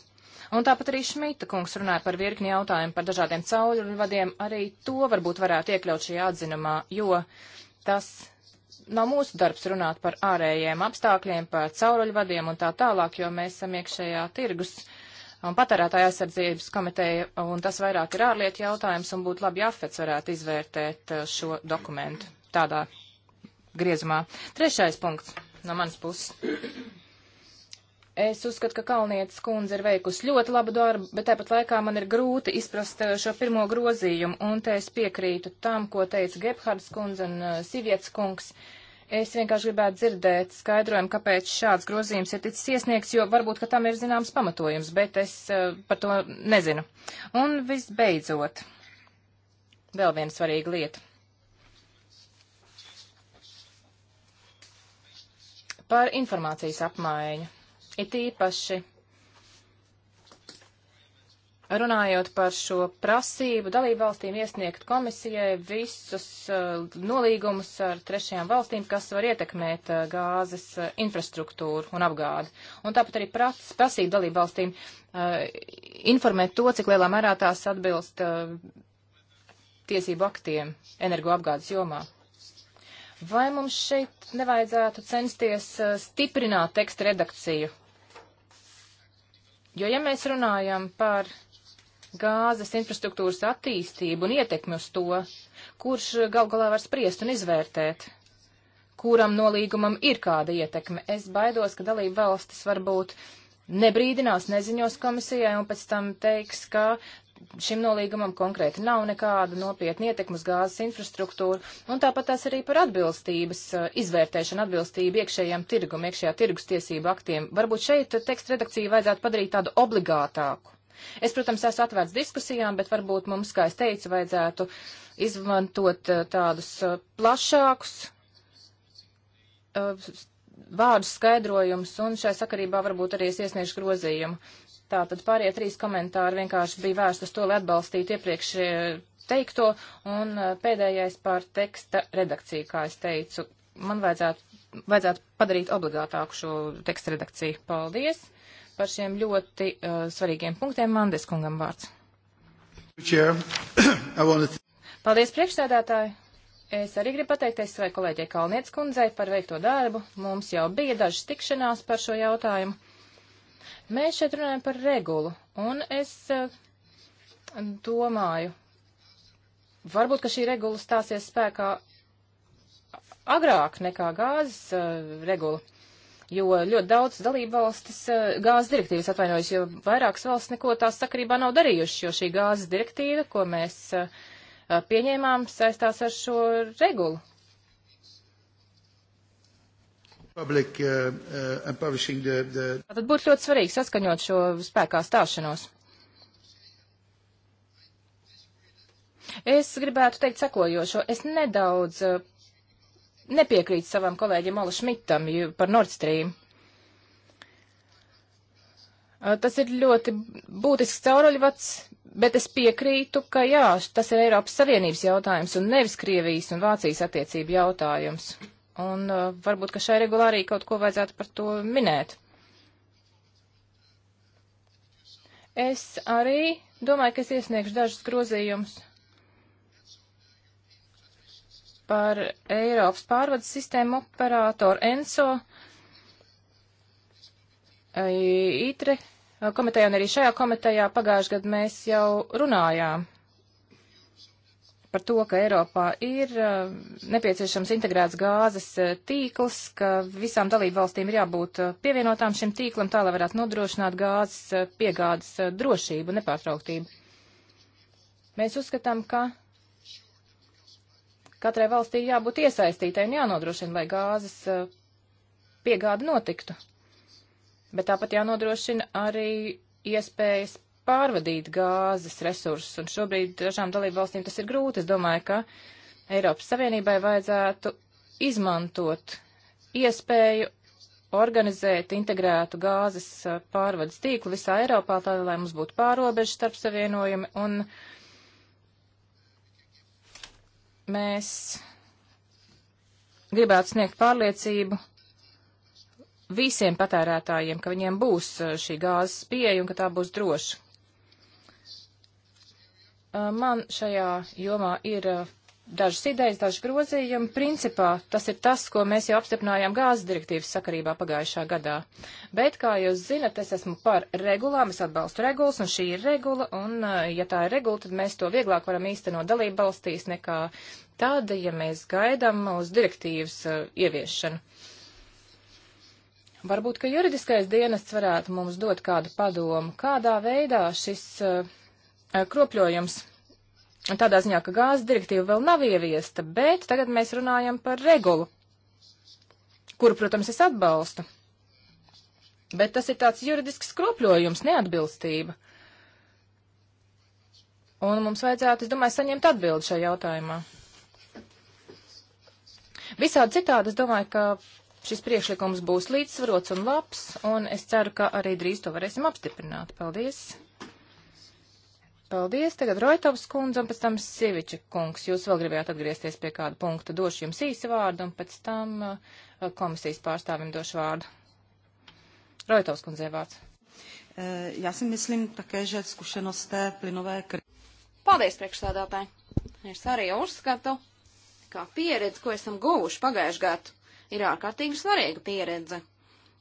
Un tāpat arī Šmita kungs runāja par virkni jautājumu par dažādiem caurvadiem. Arī to varbūt varētu iekļaut šajā atzinumā, jo tas nav mūsu darbs runāt par ārējiem apstākļiem, par cauruļvadiem un tā tālāk, jo mēs esam iekšējā tirgus uh, un patērētāja aizsardzības komiteja, un tas vairāk ir ārlietu jautājums, un būtu labi, ja AFEC varētu izvērtēt eh, šo dokumentu tādā griezumā. Trešais punkts no manas puses. Es uzskatu, ka Kalnietes kundze ir veikusi ļoti labu darbu, bet tāpat laikā man ir grūti izprast eh, šo pirmo grozījumu, un te es piekrītu tam, ko teica Gebhards kundze un eh, Sivietas kungs. Uh, Es vienkārši gribētu dzirdēt skaidrojumu, kāpēc šāds grozījums ir ticis iesniegts, jo varbūt, ka tam ir zināms pamatojums, bet es uh, par to nezinu. Un visbeidzot, vēl viena svarīga lieta. Par informācijas apmaiņu. It īpaši Runājot par šo prasību, dalībvalstīm iesniegt komisijai visus uh, nolīgumus ar trešajām valstīm, kas var ietekmēt uh, gāzes uh, infrastruktūru un apgādi. Un tāpat arī prasību dalībvalstīm uh, informēt to, cik lielā mērā tās atbilst uh, tiesību aktiem energoapgādes jomā. Vai mums šeit nevajadzētu censties uh, stiprināt tekstu redakciju? Jo, ja mēs runājam par uh, gāzes infrastruktūras attīstību un ietekmi uz to, kurš gal galā var spriest un izvērtēt, kuram nolīgumam ir kāda ietekme. Es baidos, ka dalība valstis varbūt nebrīdinās, neziņos komisijai un pēc tam teiks, ka šim nolīgumam konkrēti nav nekāda nopietna ietekmes gāzes infrastruktūra, un tāpat tās arī par atbilstības eh, izvērtēšanu, atbilstību iekšējiem tirgum, iekšējā tirgus tiesību aktiem. Varbūt šeit tekstu redakciju vajadzētu padarīt tādu obligātāku. Es, protams, esmu atvērts diskusijām, bet varbūt mums, kā es teicu, vajadzētu izmantot eh, tādus eh, plašākus eh, vārdu skaidrojumus, un šai sakarībā varbūt arī es iesniegšu grozījumu. Tātad pārējie trīs komentāri vienkārši bija vērsti uz to, lai atbalstītu iepriekš teikto, un pēdējais par teksta redakciju, kā es teicu. Man vajadzētu, vajadzētu padarīt obligātāku šo teksta redakciju. Paldies! par šiem ļoti uh, svarīgiem punktiem. Mandes kungam vārds. Paldies, priekšsēdētāji! Es arī gribu pateikties savai kolēģei Kalnietes kundzei par veikto darbu. Mums jau bija dažas tikšanās par šo jautājumu. Mēs šeit runājam par regulu, un es uh, domāju, varbūt, ka šī regula stāsies spēkā agrāk nekā gāzes uh, regula jo ļoti daudz dalību valstis eh, gāzes direktīvas atvainojas, jo vairākas valsts neko tās sakarībā nav darījušas, jo šī gāzes direktīva, ko mēs eh, eh, pieņēmām, saistās ar šo regulu. Public, uh, uh, the, the... Tad būtu ļoti svarīgi saskaņot šo spēkā stāšanos. Es gribētu teikt sekojošo. Es nedaudz nepiekrīt savam kolēģim Ola Šmitam par Nord Stream. Tas ir ļoti būtisks cauruļvats, bet es piekrītu, ka jā, tas ir Eiropas Savienības jautājums un nevis Krievijas un Vācijas attiecību jautājums. Un uh, varbūt, ka šai regulārī kaut ko vajadzētu par to minēt. Es arī domāju, ka es iesniegšu dažus grozījumus par Eiropas pārvades sistēmu operātoru ENSO, ITRE komitejā un arī šajā komitejā pagājušajā gadā mēs jau runājām par to, ka Eiropā ir uh, nepieciešams integrēts gāzes uh, tīkls, ka visām dalību valstīm ir jābūt uh, pievienotām šim tīklam, tā lai varētu nodrošināt gāzes piegādes drošību, nepārtrauktību. Mēs uzskatām, ka Katrai valstī jābūt iesaistītai un jānodrošina, lai gāzes eh, piegāda notiktu. Bet tāpat jānodrošina arī iespējas pārvadīt gāzes resursus, un šobrīd dažām dalību valstīm tas ir grūti. Es domāju, ka Eiropas Savienībai vajadzētu izmantot iespēju organizēt integrētu gāzes eh, pārvades tīklu visā Eiropā, tā lai mums būtu pārobežu starp savienojumi un uh, mēs gribētu sniegt pārliecību visiem patērētājiem, ka viņiem būs eh, šī gāzes pieeja un ka tā būs droša. Eh, man šajā jomā ir eh, dažas idejas, daži grozījumi. Principā tas ir tas, ko mēs jau apstiprinājām gāzes direktīvas sakarībā pagājušā gadā. Bet, kā jūs zinat, es esmu par regulām, es atbalstu regulas, un šī ir regula, un uh, ja tā ir regula, tad mēs to vieglāk varam īstenot dalību valstīs nekā tāda, ja mēs gaidām uz direktīvas uh, ieviešanu. Varbūt, ka juridiskais dienests varētu mums dot kādu padomu, kādā veidā šis uh, uh kropļojums tādā ziņā, ka gāzes direktīva vēl nav ieviesta, bet tagad mēs runājam par regulu, kuru, protams, es atbalstu. Bet tas ir tāds juridisks skropļojums, neatbilstība. Un mums vajadzētu, es domāju, saņemt atbildi šajā jautājumā. Visādi citādi, es domāju, ka šis priekšlikums būs līdzsvarots un labs, un es ceru, ka arī drīz to varēsim apstiprināt. Paldies! Paldies. Tagad Roitovs kundze un pēc tam Siviča kungs. Jūs vēl gribējāt atgriezties pie kāda punkta. Došu jums īsi vārdu un pēc tam uh, komisijas pārstāvim došu vārdu. Roitovs kundzei vārds. Uh, eh, jā, si myslím také, že zkušenost té plynové krīzes. Paldies, priekšsādātāji. Es arī uzskatu, ka pieredze, ko esam guvuši pagājušajā gadu, ir ārkārtīgi svarīga pieredze.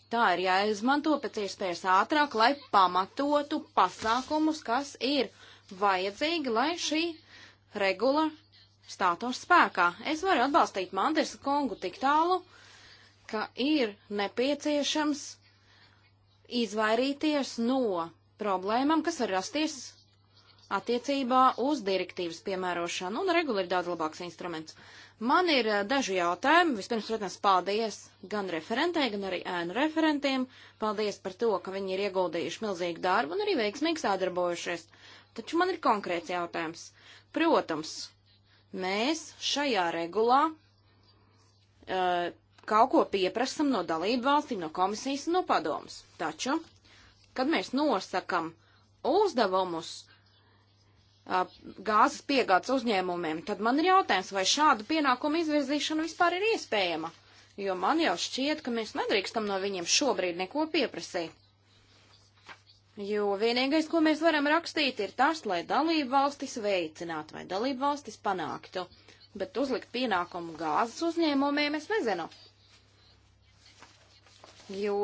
Tā ir jāizmanto pēc iespējas ātrāk, lai pamatotu pasākumus, kas ir vajadzīgi, lai šī regula stātos spēkā. Es varu atbalstīt Manders kungu tik tālu, ka ir nepieciešams izvairīties no problēmām, kas var rasties attiecībā uz direktīvas piemērošanu, un regula ir daudz labāks instruments. Man ir eh, daži jautājumi. Vispirms, protams, paldies gan referentē, gan arī ēnu referentiem. Paldies par to, ka viņi ir ieguldījuši milzīgu darbu un arī veiksmīgi sadarbojušies. Taču man ir konkrēts jautājums. Protams, mēs šajā regulā uh, kaut ko pieprasam no dalību valstīm, no komisijas un no padomus. Taču, kad mēs nosakam uzdevumus uh, gāzes piegādes uzņēmumiem, tad man ir jautājums, vai šādu pienākumu izvirzīšana vispār ir iespējama, jo man jau šķiet, ka mēs nedrīkstam no viņiem šobrīd neko pieprasīt. Jo vienīgais, ko mēs varam rakstīt, ir tas, lai dalību valstis veicinātu vai dalību valstis panāktu. Bet uzlikt pienākumu gāzes uzņēmumiem es nezinu. Jo.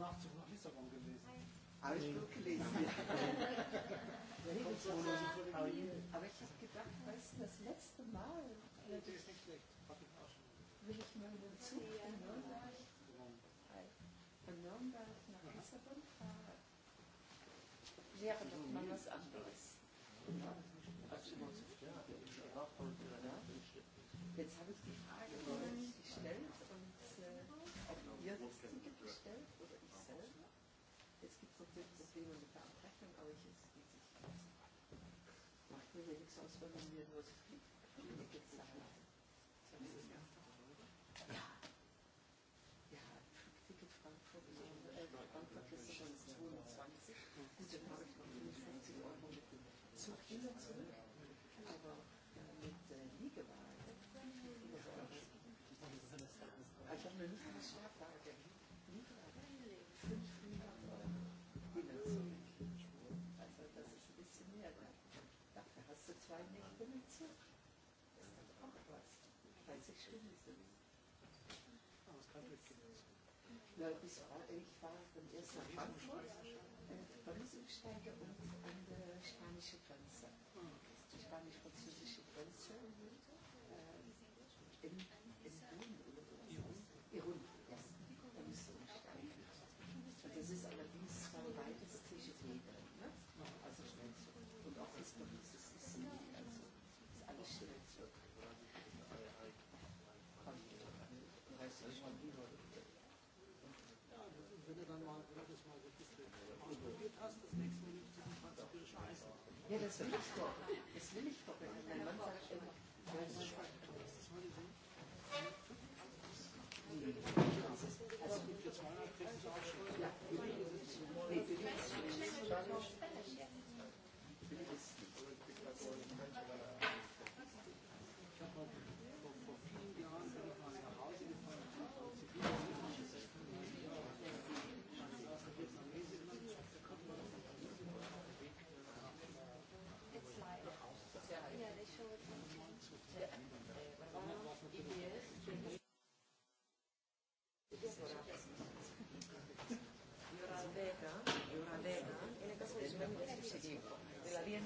Not Ausflugklesia. Aber ich habe gedacht, weißt du, das letzte Mal. Die Idee ist nicht schlecht. Habe ich auch schon. Will ich mal mit dem Zug von Nürnberg, von Nürnberg nach Lissabon fahren? Wäre doch mal was anderes. deswegen mit der Abrechnung, aber ich, es geht sich. Macht mir ja nichts aus, wenn man mir nur das Ja, äh, ich war, ich war von erst nach Frankfurt, äh, Paris umsteige und an der spanischen Grenze. Ah. Die spanisch-französische Grenze. Äh, in hast, das nächste Mal nimmst du die französische Eisen. Ja, das will ich doch. Das will ich doch. Wenn mein Mann sagt, ich will das schreiben. Hast du das mal gesehen? Also, für 200 kriegst du es auch schon.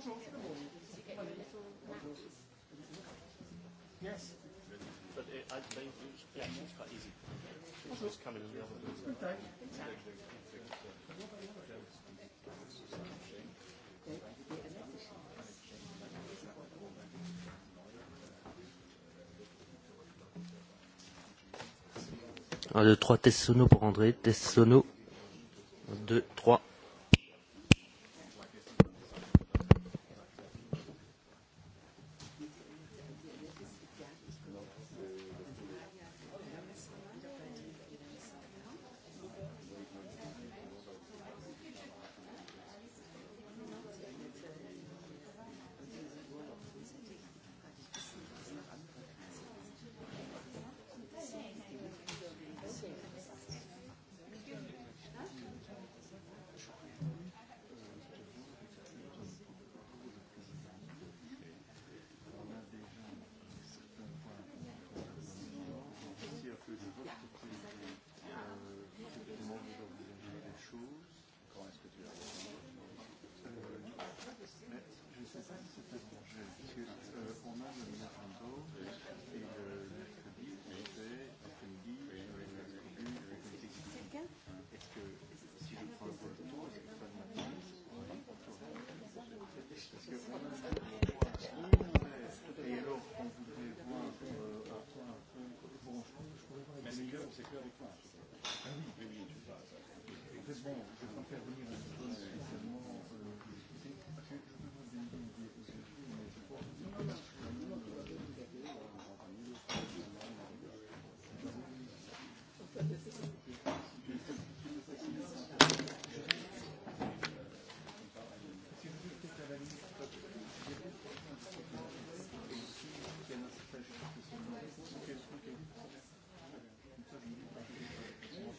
Bonjour. Bonjour. Yes. But it, I, they, yeah, it's quite easy. Bonjour. Just coming in the other room. Okay. Un, deux, trois tests sono pour André. Tests sono. Un, deux, trois.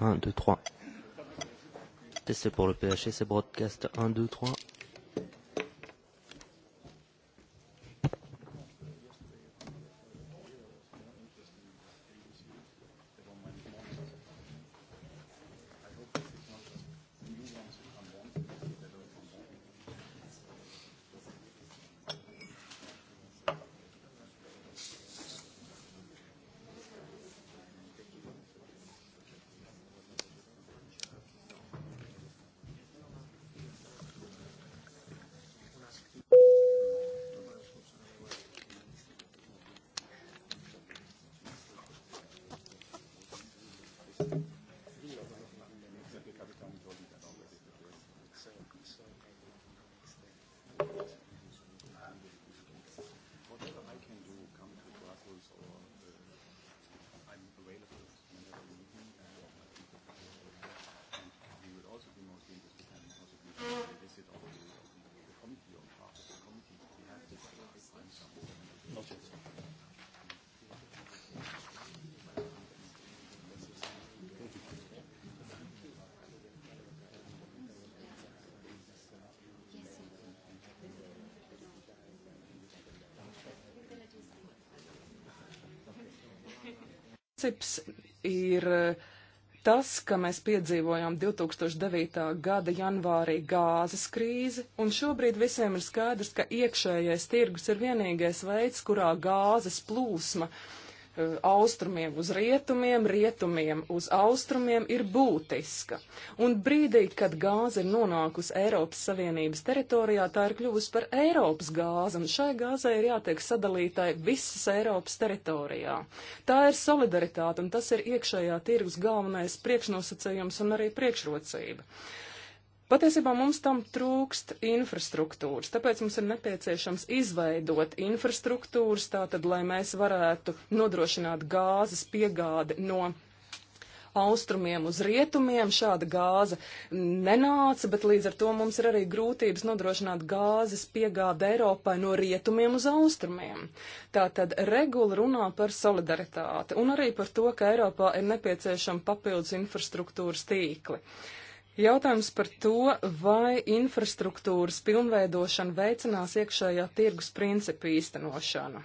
1, 2, 3. Test pour le PHC, c'est broadcast 1, 2, 3. Princips ir eh, tas, ka mēs piedzīvojām 2009. gada janvārī gāzes krīzi, un šobrīd visiem ir skaidrs, ka iekšējais tirgus ir vienīgais veids, kurā gāzes plūsma uh, Eh, austrumiem uz rietumiem, rietumiem uz austrumiem ir būtiska. Un brīdī, kad gāze ir nonākusi Eiropas Savienības teritorijā, tā ir kļuvusi par Eiropas gāzi, un šai gāzai ir jātiek sadalītai visas Eiropas teritorijā. Tā ir solidaritāte, un tas ir iekšējā tirgus galvenais priekšnosacījums un arī priekšrocība. Patiesībā mums tam trūkst infrastruktūras, tāpēc mums ir nepieciešams izveidot infrastruktūras, tātad, lai mēs varētu nodrošināt gāzes piegādi no austrumiem uz rietumiem šāda gāze nenāca, bet līdz ar to mums ir arī grūtības nodrošināt gāzes piegādi Eiropai no rietumiem uz austrumiem. Tātad regula runā par solidaritāti un arī par to, ka Eiropā ir nepieciešama papildus infrastruktūras tīkli. Uh, Jautājums par to, vai infrastruktūras pilnveidošana veicinās iekšējā tirgus principu īstenošanu.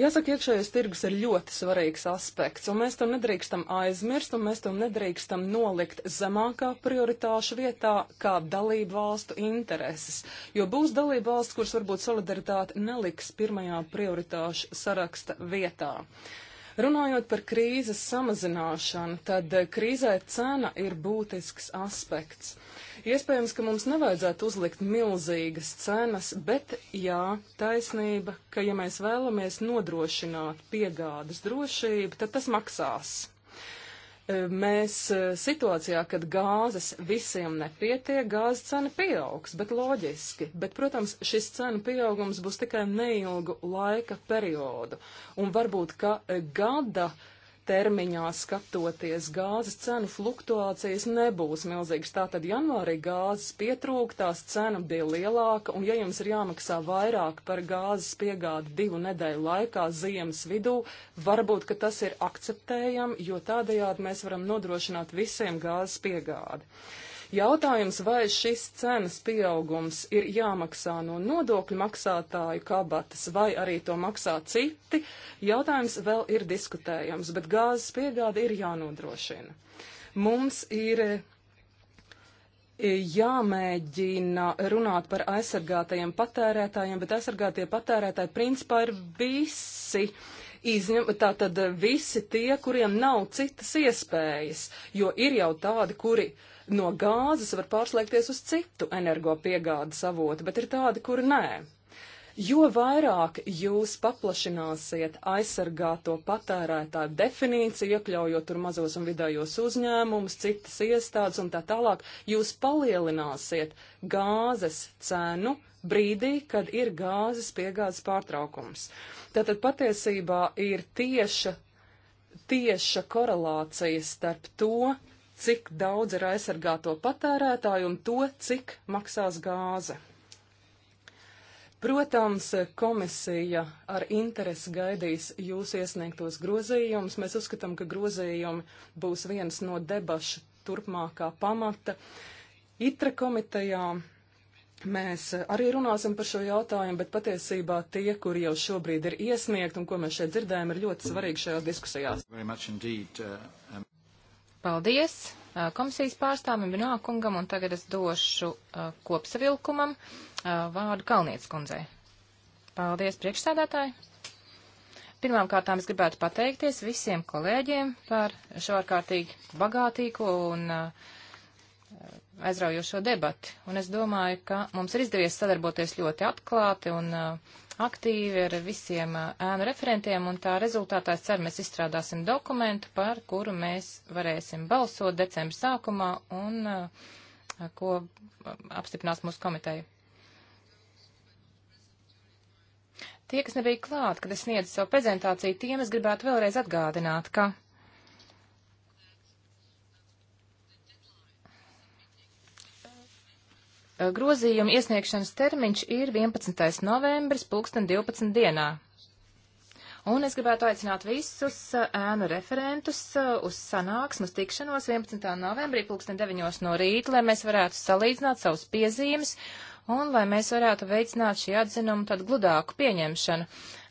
Jāsaka, iekšējais tirgus ir ļoti svarīgs aspekts, un mēs to nedrīkstam aizmirst, un mēs to nedrīkstam nolikt zemākā prioritāšu vietā kā dalību valstu intereses, jo būs dalību valsts, kuras varbūt solidaritāte neliks pirmajā prioritāšu saraksta vietā. Uh, Runājot par krīzes samazināšanu, tad eh, krīzē cena ir būtisks aspekts. Iespējams, ka mums nevajadzētu uzlikt milzīgas cenas, bet jā, taisnība, ka ja mēs vēlamies nodrošināt piegādes drošību, tad tas maksās mēs eh, situācijā, kad gāzes visiem nepietiek, gāzes cena pieaugs, bet loģiski. Bet, protams, šis cenu pieaugums būs tikai neilgu laika periodu. Un varbūt, ka eh, gada uh, termiņā skatoties gāzes cenu fluktuācijas nebūs milzīgas. Tātad janvārī gāzes pietrūk, tās cena bija lielāka, un ja jums ir jāmaksā vairāk par gāzes piegādi divu nedēļu laikā ziemas vidū, varbūt, ka tas ir akceptējami, jo tādējādi mēs varam nodrošināt visiem gāzes piegādi. Jautājums, vai šis cenas pieaugums ir jāmaksā no nodokļu maksātāju kabatas, vai arī to maksā citi, jautājums vēl ir diskutējams, bet gāzes piegāde ir jānodrošina. Mums ir e, jāmēģina runāt par aizsargātajiem patērētājiem, bet aizsargātie patērētāji principā ir visi. Izņem, tātad visi tie, kuriem nav citas iespējas, jo ir jau tādi, kuri uh, no gāzes var pārslēgties uz citu energopiegādes avotu, bet ir tādi, kur nē. Jo vairāk jūs paplašināsiet aizsargāto patērētāju definīciju, iekļaujot tur mazos un vidējos uzņēmumus, citas iestādes un tā tālāk, jūs palielināsiet gāzes cenu brīdī, kad ir gāzes piegādes pārtraukums. Tātad patiesībā ir tieša, tieša korelācija starp to, cik daudz ir aizsargāto patērētāju un to, cik maksās gāze. Protams, komisija ar interesi gaidīs jūsu iesniegtos grozījumus. Mēs uzskatām, ka grozījumi būs viens no debašu turpmākā pamata. ITRA komitejā mēs arī runāsim par šo jautājumu, bet patiesībā tie, kuri jau šobrīd ir iesniegt un ko mēs šeit dzirdējam, ir ļoti svarīgi šajās diskusijās. Very much indeed, uh... Paldies komisijas pārstāvim Binākungam, un tagad es došu kopsavilkumam vārdu Kalnietes kundzei. Paldies, priekšsēdētāji! Pirmām kārtām es gribētu pateikties visiem kolēģiem par šo ārkārtīgi bagātīgo un aizraujošo debati. Un es domāju, ka mums ir izdevies sadarboties ļoti atklāti un uh, aktīvi ar visiem ēnu referentiem, un tā rezultātā es ceru, mēs izstrādāsim dokumentu, par kuru mēs varēsim balsot decembra sākumā un ko apstiprinās mūsu komiteja. Tie, kas nebija klāt, kad es sniedzu savu prezentāciju, tiem es gribētu vēlreiz atgādināt, ka Grozījuma iesniegšanas termiņš ir 11. novembris, pulksten 12. dienā. Un es gribētu aicināt visus uh, ēnu referentus uh, uz sanāksmu, uz tikšanos 11. novembrī, pulksten 9. no rīta, lai mēs varētu salīdzināt savus piezīmes un lai mēs varētu veicināt šī atzinuma tad gludāku pieņemšanu,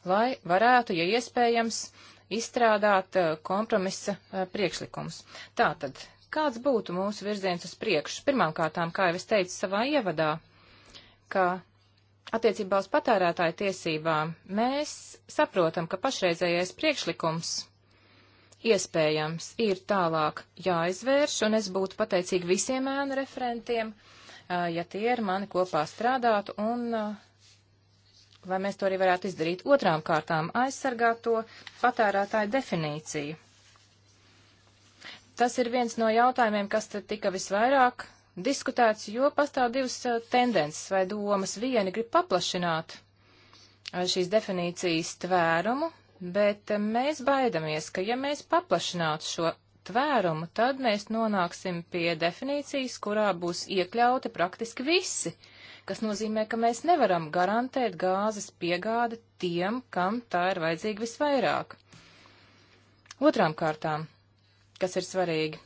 lai varētu, ja iespējams, izstrādāt uh, kompromisa priekšlikums. Tātad Kāds būtu mūsu virziens uz priekšu? Pirmkārtām, kā jau es teicu savā ievadā, ka attiecībā uz patērētāju tiesībām mēs saprotam, ka pašreizējais priekšlikums iespējams ir tālāk jāizvērš, un es būtu pateicīgi visiem ēnu referentiem, ja tie ar mani kopā strādātu un lai mēs to arī varētu izdarīt. Otrām kārtām aizsargāt to patērētāju definīciju. Tas ir viens no jautājumiem, kas te tika visvairāk diskutēts, jo pastāv divas eh, tendences vai domas. Viena grib paplašināt eh, šīs definīcijas tvērumu, bet eh, mēs baidamies, ka ja mēs paplašinātu šo tvērumu, tad mēs nonāksim pie definīcijas, kurā būs iekļauti praktiski visi, kas nozīmē, ka mēs nevaram garantēt gāzes piegādi tiem, kam tā ir vajadzīga visvairāk. Otrām kārtām kas ir svarīgi.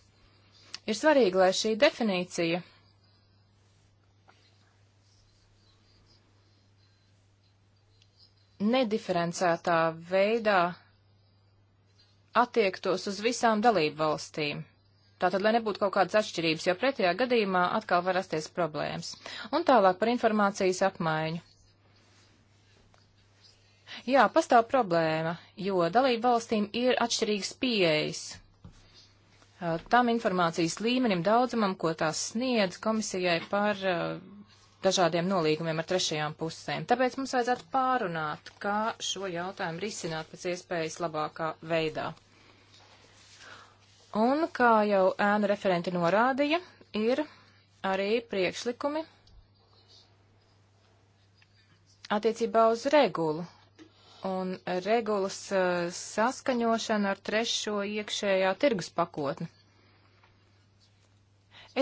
Ir svarīgi, lai šī definīcija nediferencētā veidā attiektos uz visām dalību valstīm. Tātad, lai nebūtu kaut kādas atšķirības, jo pretējā gadījumā atkal var rasties problēmas. Un tālāk par informācijas apmaiņu. Jā, pastāv problēma, jo dalību valstīm ir atšķirīgas pieejas tam informācijas līmenim daudzumam, ko tās sniedz komisijai par dažādiem nolīgumiem ar trešajām pusēm. Tāpēc mums vajadzētu pārunāt, kā šo jautājumu risināt pēc iespējas labākā veidā. Un, kā jau ēnu referenti norādīja, ir arī priekšlikumi attiecībā uz regulu, un regulas eh, saskaņošana ar trešo iekšējā tirgus pakotni.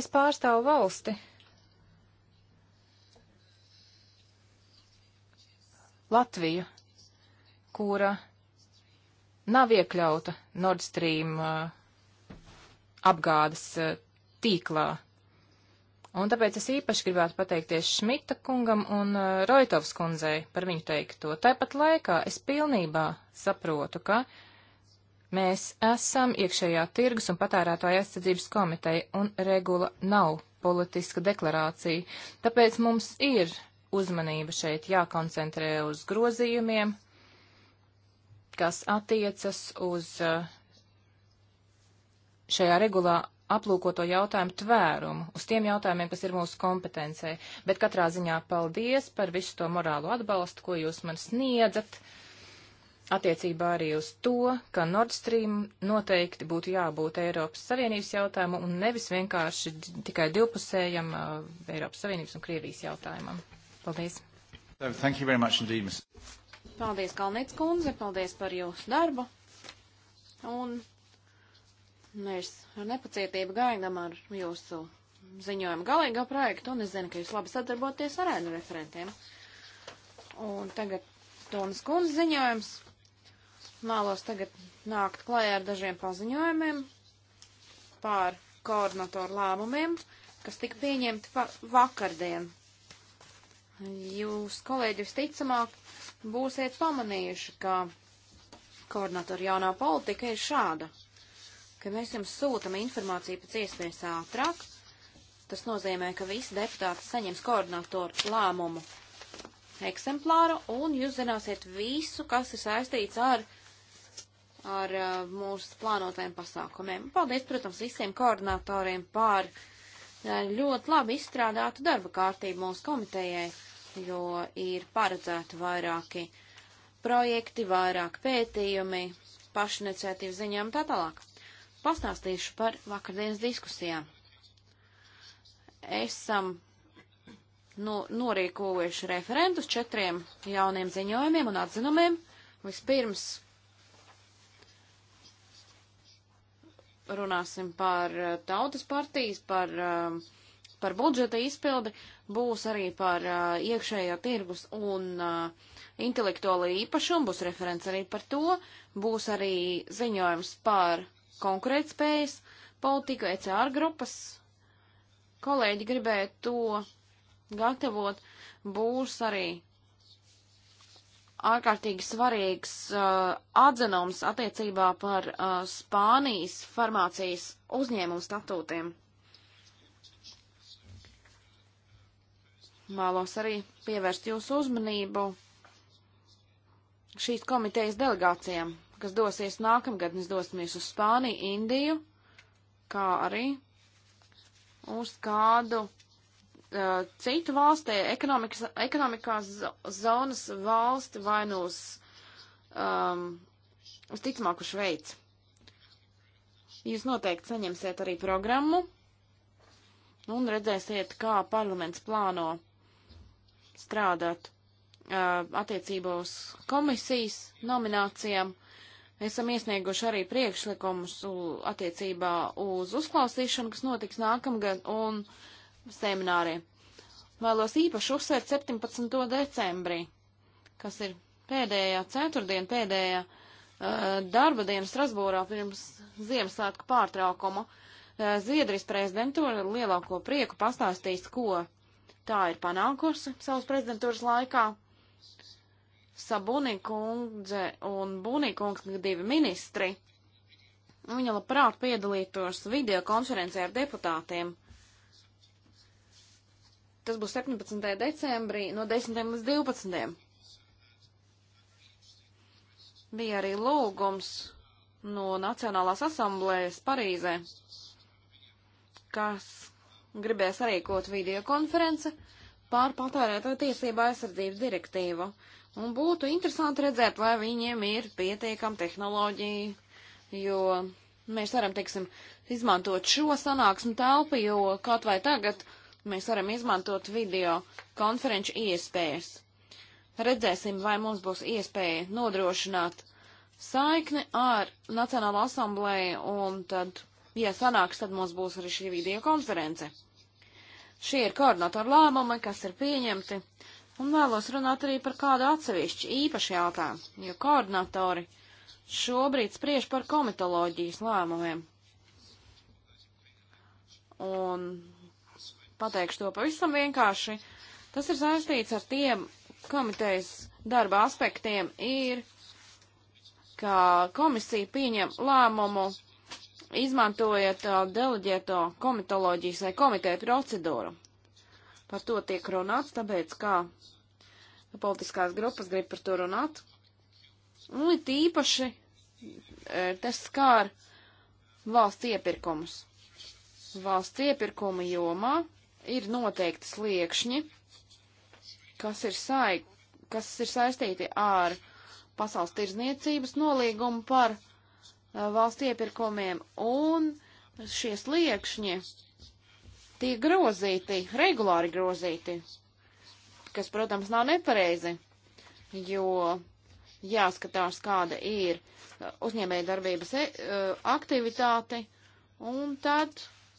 Es pārstāvu valsti. Latviju, kura nav iekļauta Nord Stream eh, apgādes eh, tīklā. Un tāpēc es īpaši gribētu pateikties Šmita kungam un uh, Roitovs kundzei par viņu teikto. Tāpat laikā es pilnībā saprotu, ka mēs esam iekšējā tirgus un patērētāja aizsardzības komiteja un regula nav politiska deklarācija. Tāpēc mums ir uzmanība šeit jākoncentrē uz grozījumiem, kas attiecas uz uh, šajā regulā aplūkoto jautājumu tvērumu, uz tiem jautājumiem, kas ir mūsu kompetencē. Bet katrā ziņā paldies par visu to morālo atbalstu, ko jūs man sniedzat, attiecībā arī uz to, ka Nord Stream noteikti būtu jābūt Eiropas Savienības jautājumu un nevis vienkārši tikai divpusējam uh, Eiropas Savienības un Krievijas jautājumam. Paldies! Thank you very much indeed, Ms. Paldies, Kalnīts kundze, paldies par jūsu darbu. Un Mēs ar nepacietību gaidām ar jūsu ziņojumu galīgo projektu, un es zinu, ka jūs labi sadarboties ar ēnu referentiem. Un tagad Tomas Kunz ziņojums. Mālos tagad nākt klajā ar dažiem paziņojumiem pār koordinatoru lēmumiem, kas tika pieņemti vakardien. Jūs, kolēģi, visticamāk, būsiet pamanījuši, ka koordinatoru jaunā politika ir šāda ka mēs jums sūtam informāciju pēc iespējas ātrāk. Tas nozīmē, ka visi deputāti saņems koordinatoru lēmumu eksemplāru un jūs zināsiet visu, kas ir saistīts ar, ar uh, mūsu plānotajiem pasākumiem. Paldies, protams, visiem koordinatoriem par uh, ļoti labi izstrādātu darba kārtību mūsu komitejai, jo ir paredzēti vairāki projekti, vairāk pētījumi, pašiniciatīvas ziņām tā tālāk. Pastāstīšu par vakardienas diskusijām. Esam no, norīkojuši referentus četriem jauniem ziņojumiem un atzinumiem. Vispirms runāsim par eh, tautas partijas, par, eh, par budžeta izpildi, būs arī par eh, iekšējā tirgus un intelektuālo īpašumu, būs referents arī par to, būs arī ziņojums par konkurētspējas politiku, ECR grupas. Kolēģi gribēja to gatavot. Būs arī ārkārtīgi svarīgs uh, atzinums attiecībā par uh, Spānijas farmācijas uzņēmumu statūtiem. Mālos arī pievērst jūsu uzmanību šīs komitejas delegācijām kas dosies nākamgad. Mēs dosimies uz Spāniju, Indiju, kā arī uz kādu uh, citu valsti, ekonomikās zonas valsti vai nu uz, um, uz ticamāku Šveici. Jūs noteikti saņemsiet arī programmu un redzēsiet, kā parlaments plāno strādāt uh, attiecībā uz komisijas nominācijām. Uh, Esam iesnieguši arī priekšlikumus attiecībā uz uzklausīšanu, kas notiks nākamgad, un semināriem. Vēlos īpaši uzsvērt 17. decembrī, kas ir pēdējā ceturtdiena, pēdējā uh, darba diena Strasbūrā pirms Ziemassvētku pārtraukuma. Uh, Zviedrijas prezidentūra lielāko prieku pastāstīs, ko tā ir panākusi savas prezidentūras laikā. Sabunikundze un Bunikungs, divi ministri, viņa labprāt piedalītos video konferencē ar deputātiem. Tas būs 17. decembrī no 10. līdz 12. Bija arī lūgums no Nacionālās asamblējas Parīzē, kas gribēs arī kaut video konference pār patērētāju tiesību aizsardzības direktīvu. Un būtu interesanti redzēt, vai viņiem ir pietiekama tehnoloģija, jo mēs varam, teiksim, izmantot šo sanāksmu telpu, jo kaut vai tagad mēs varam izmantot video konferenču iespējas. Redzēsim, vai mums būs iespēja nodrošināt saikni ar Nacionālo asamblēju, un tad, ja sanāks, tad mums būs arī šī video konference. Šie ir koordinatoru lēmumi, kas ir pieņemti un vēlos runāt arī par kādu atsevišķu īpašu jautājumu, jo koordinatori šobrīd spriež par komitoloģijas lēmumiem. Un pateikšu to pavisam vienkārši. Tas ir saistīts ar tiem komitejas darba aspektiem, ir, ka komisija pieņem lēmumu izmantojot deleģēto komitoloģijas vai komiteju procedūru. Par to tiek runāts, tāpēc kā politiskās grupas grib par to runāt. Un it īpaši e, tas skār valsts iepirkumus. Valsts iepirkuma jomā ir noteikti sliekšņi, kas ir, sai, kas ir saistīti ar pasaules tirzniecības nolīgumu par e, valsts iepirkumiem, un šie sliekšņi tiek grozīti, regulāri grozīti, kas, protams, nav nepareizi, jo jāskatās, kāda ir uh, uzņēmēja darbības e uh, aktivitāte, un tad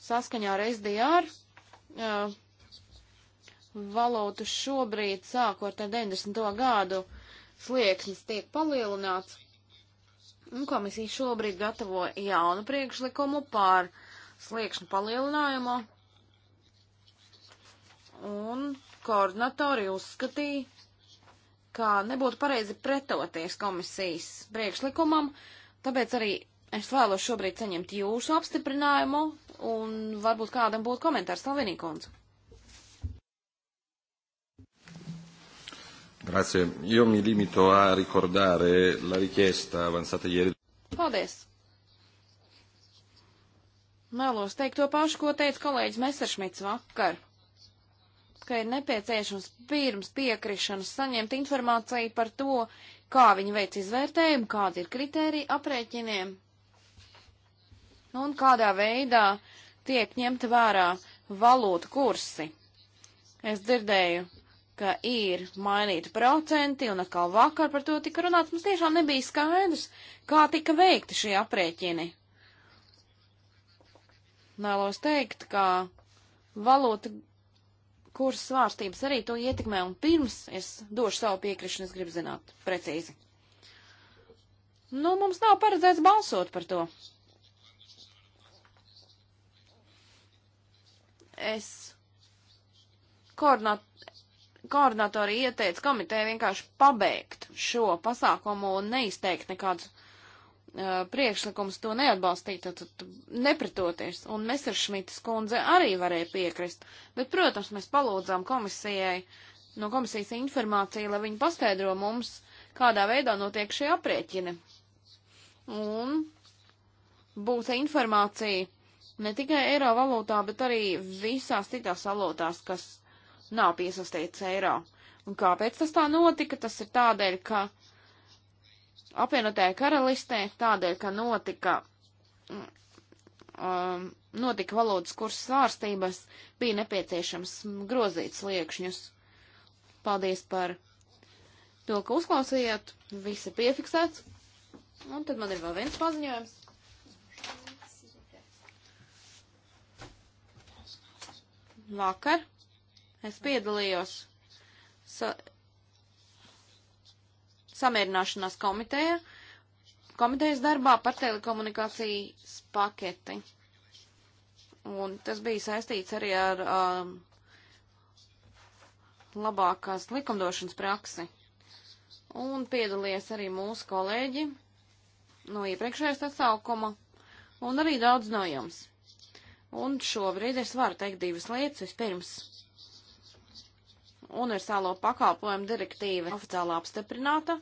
saskaņā ar SDR uh, e, valūtu šobrīd sākot ar 90. gadu slieksnis tiek palielināts, un komisija šobrīd gatavo jaunu priekšlikumu par sliekšņu palielinājumu un koordinatori uzskatīja, ka nebūtu pareizi pretoties komisijas priekšlikumam, tāpēc arī es vēlos šobrīd saņemt jūsu apstiprinājumu, un varbūt kādam būtu komentārs Salvinīkons. Grazie. Io mi limito a ricordare la richiesta avanzata ieri. Paldies. Mēlos teikt to pašu, ko teica kolēģis Messeršmits vakar ka ir nepieciešams pirms piekrišanas saņemt informāciju par to, kā viņi veic izvērtējumu, kādi ir kriteriji aprēķiniem un kādā veidā tiek ņemta vērā valūtu kursi. Es dzirdēju, ka ir mainīti procenti, un atkal vakar par to tika runāts. Mums tiešām nebija skaidrs, kā tika veikti šie aprēķini. Nēlos teikt, ka valūta kuras svārstības arī to ietekmē, un pirms es došu savu piekrišanu, es gribu zināt precīzi. Nu, mums nav paredzēts balsot par to. Es koordināt, koordinatori ieteica komiteja vienkārši pabeigt šo pasākumu un neizteikt nekādus Uh, priekšlikums to neatbalstīt, tad, tad nepritoties, un Messeršmitas kundze arī varēja piekrist. Bet, protams, mēs palūdzām komisijai no komisijas informāciju, lai viņi paskaidro mums, kādā veidā notiek šie aprēķini. Un būs informācija ne tikai eiro valūtā, bet arī visās citās valūtās, kas nav piesaistīts eiro. Un kāpēc tas tā notika? Tas ir tādēļ, ka apvienotajā karalistē, tādēļ, ka notika, mm, um, notika valodas kursu svārstības, bija nepieciešams grozīt sliekšņus. Paldies par to, ka uzklausījāt, viss ir piefiksēts. Un tad man ir vēl viens paziņojums. Vakar es piedalījos sa samierināšanās komiteja, komitejas darbā par telekomunikācijas paketi. Un tas bija saistīts arī ar um, labākās likumdošanas praksi. Un piedalījās arī mūsu kolēģi no iepriekšējās atsaukuma un arī daudz no jums. Un šobrīd es varu teikt divas lietas. Vispirms, universālo pakalpojumu direktīva oficiāli apstiprināta,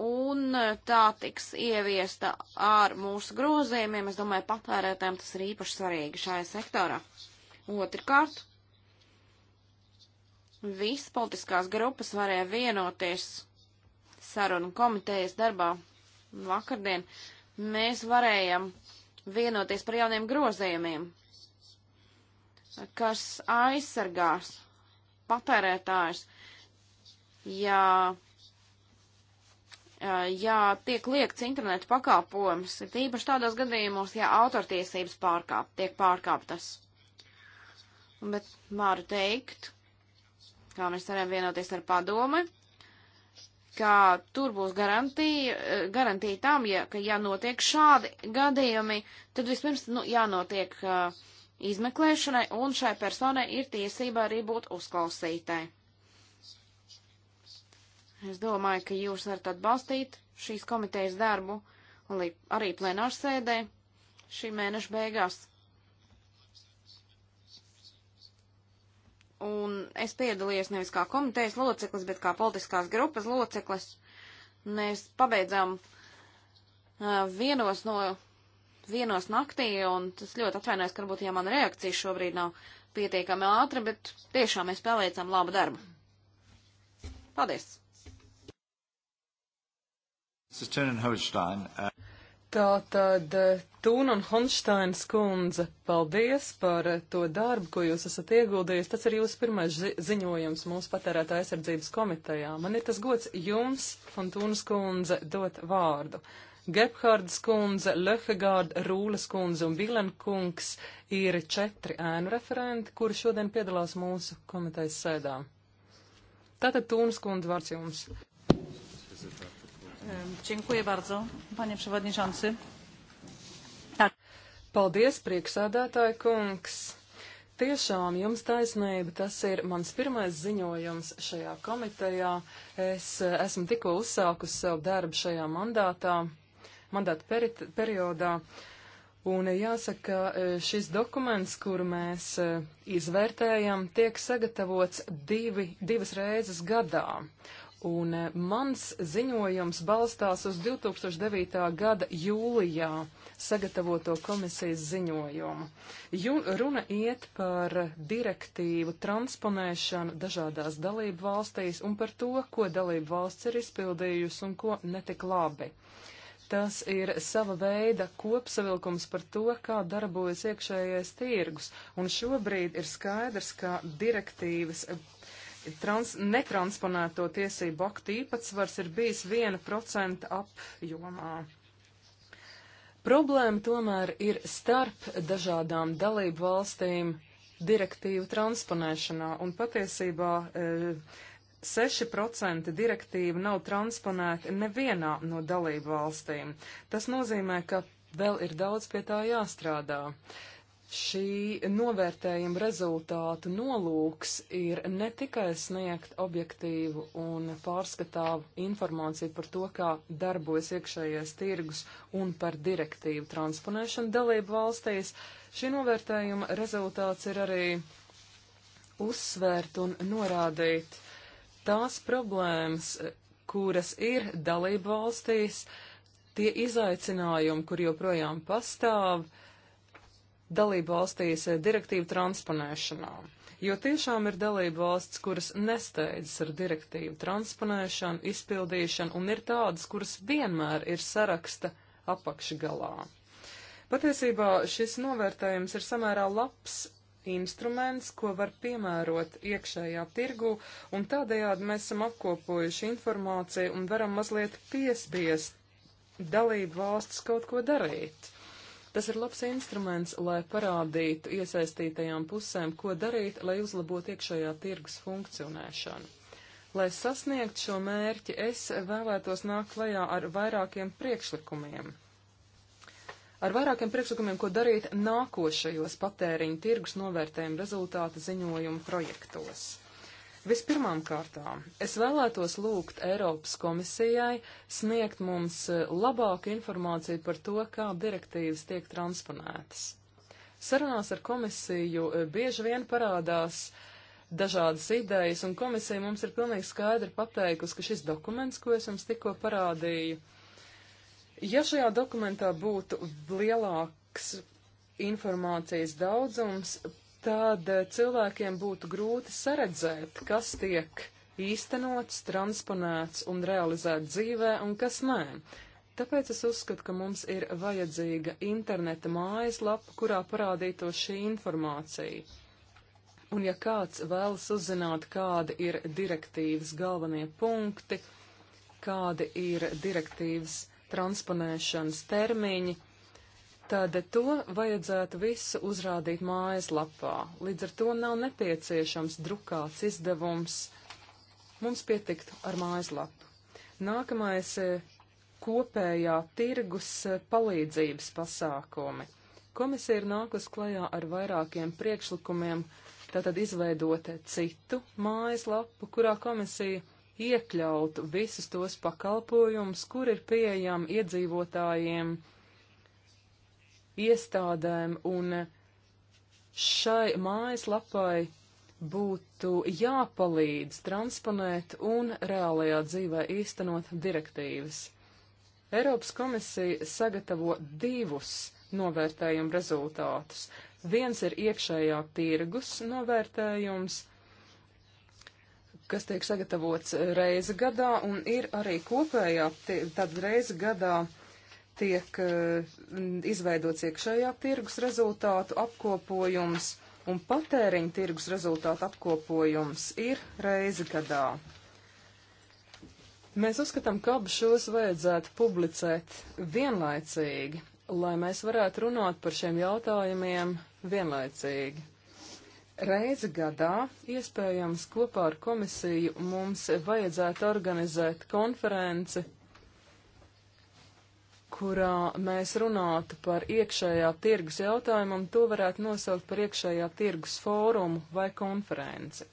un eh, tā tiks ieviesta ar mūsu grozījumiem. Es domāju, patērētājiem tas ir īpaši svarīgi šajā sektorā. Otrkārt, visas politiskās grupas varēja vienoties sarunu komitejas darbā vakardien. Mēs varējam vienoties par jauniem grozījumiem, kas aizsargās patērētājus, ja ja tiek liekts internetu pakalpojums, ir tīpaši tādos gadījumos, ja autortiesības pārkāp, tiek pārkāptas. Bet varu teikt, kā mēs varam vienoties ar padomi, ka tur būs garantija, garantija tam, ja, ka ja notiek šādi gadījumi, tad vispirms nu, jānotiek uh, izmeklēšanai, un šai personai ir tiesība arī būt uzklausītai. Es domāju, ka jūs varat atbalstīt šīs komitejas darbu un arī plenāru sēdē šī mēneša beigās. Un es piedalījos nevis kā komitejas loceklis, bet kā politiskās grupas loceklis. Mēs pabeidzām uh, vienos no vienos naktī, un tas ļoti atvainojas, ka varbūt, ja man reakcija šobrīd nav pietiekami ātra, bet tiešām mēs paveicām labu darbu. Paldies! Tā tad Tūna un Honšteins kundze, paldies par eh, to darbu, ko jūs esat ieguldījis. Tas ir jūsu pirmais zi ziņojums mūsu patērētā aizsardzības komitejā. Man ir tas gods jums, Fontūnas kundze, dot vārdu. Gebhardas kundze, Lehegārda, Rūles kundze un Vilenkungs ir četri ēnu referenti, kuri šodien piedalās mūsu komitejas sēdā. Tātad Tūnas kundze vārds jums. Dziękuję bardzo, panie przewodniczący. Tak. Paldies, prieksādātāja kungs. Tiešām jums taisnība, tas ir mans pirmais ziņojums šajā komitejā. Es eh, esmu tikko uzsākusi savu darbu šajā mandātā, mandāta peri periodā. Un eh, jāsaka, eh, šis dokuments, kuru mēs izvērtējam, tiek sagatavots divi, divas reizes gadā. Uh, Un e, mans ziņojums balstās uz 2009. gada jūlijā sagatavoto komisijas ziņojumu. Ju, runa iet par direktīvu transponēšanu dažādās dalību valstīs un par to, ko dalību valsts ir izpildījusi un ko netik labi. Tas ir sava veida kopsavilkums par to, kā darbojas iekšējais tirgus, un šobrīd ir skaidrs, ka direktīvas trans, netransponēto tiesību aktu īpatsvars ir bijis 1% apjomā. Problēma tomēr ir starp dažādām dalību valstīm direktīvu transponēšanā, un patiesībā e, 6% direktīva nav transponēta nevienā no dalību valstīm. Tas nozīmē, ka vēl ir daudz pie tā jāstrādā. Šī novērtējuma rezultātu nolūks ir ne tikai sniegt objektīvu un pārskatāvu informāciju par to, kā darbojas iekšējais tirgus un par direktīvu transponēšanu dalību valstīs, šī novērtējuma rezultāts ir arī uzsvērt un norādīt tās problēmas, kuras ir dalību valstīs, tie izaicinājumi, kur joprojām pastāv, uh, dalību valstīs eh, direktīvu transponēšanā. Jo tiešām ir dalību valsts, kuras nesteidzas ar direktīvu transponēšanu, izpildīšanu, un ir tādas, kuras vienmēr ir saraksta apakšgalā. Patiesībā šis novērtējums ir samērā labs instruments, ko var piemērot iekšējā tirgu, un tādējādi mēs esam apkopojuši informāciju un varam mazliet piespiest dalību valstis kaut ko darīt. Tas ir labs instruments, lai parādītu iesaistītajām pusēm, ko darīt, lai uzlabotu iekšējā tirgus funkcionēšanu. Lai sasniegtu šo mērķi, es vēlētos nākt klajā ar vairākiem priekšlikumiem ar vairākiem priekšlikumiem, ko darīt nākošajos patēriņu tirgus novērtējuma rezultāta ziņojumu projektos. Vispirmām kārtām, es vēlētos lūgt Eiropas komisijai sniegt mums e, labāku informāciju par to, kā direktīvas tiek transponētas. Sarunās ar komisiju e, bieži vien parādās dažādas idejas, un komisija mums ir pilnīgi skaidri pateikusi, ka šis dokuments, ko es jums tikko parādīju, ja šajā dokumentā būtu lielāks informācijas daudzums tad eh, cilvēkiem būtu grūti saredzēt, kas tiek īstenots, transponēts un realizēts dzīvē un kas nē. Tāpēc es uzskatu, ka mums ir vajadzīga interneta mājaslapa, kurā parādītos šī informācija. Un ja kāds vēlas uzzināt, kādi ir direktīvas galvenie punkti, kādi ir direktīvas transponēšanas termiņi, tad to vajadzētu visu uzrādīt mājaslapā. Līdz ar to nav nepieciešams drukāts izdevums. Mums pietiktu ar mājaslapu. Nākamais eh, kopējā tirgus eh, palīdzības pasākumi. Komisija ir nākus klajā ar vairākiem priekšlikumiem, tātad izveidot eh, citu mājaslapu, kurā komisija iekļautu visus tos pakalpojumus, kur ir pieejami iedzīvotājiem iestādēm un šai mājaslapai būtu jāpalīdz transponēt un reālajā dzīvē īstenot direktīvas. Eiropas komisija sagatavo divus novērtējumu rezultātus. Viens ir iekšējā tirgus novērtējums, kas tiek sagatavots reizi gadā, un ir arī kopējā, tad reizi gadā uh, tiek eh, izveidots iekšējā tirgus rezultātu apkopojums, un patēriņa tirgus rezultātu apkopojums ir reizi gadā. Mēs uzskatām, ka abus šos vajadzētu publicēt vienlaicīgi, lai mēs varētu runāt par šiem jautājumiem vienlaicīgi. Reizi gadā, iespējams, kopā ar komisiju mums vajadzētu organizēt konferenci kurā mēs runātu par iekšējā tirgus jautājumu, un to varētu nosaukt par iekšējā tirgus fórumu vai konferenci.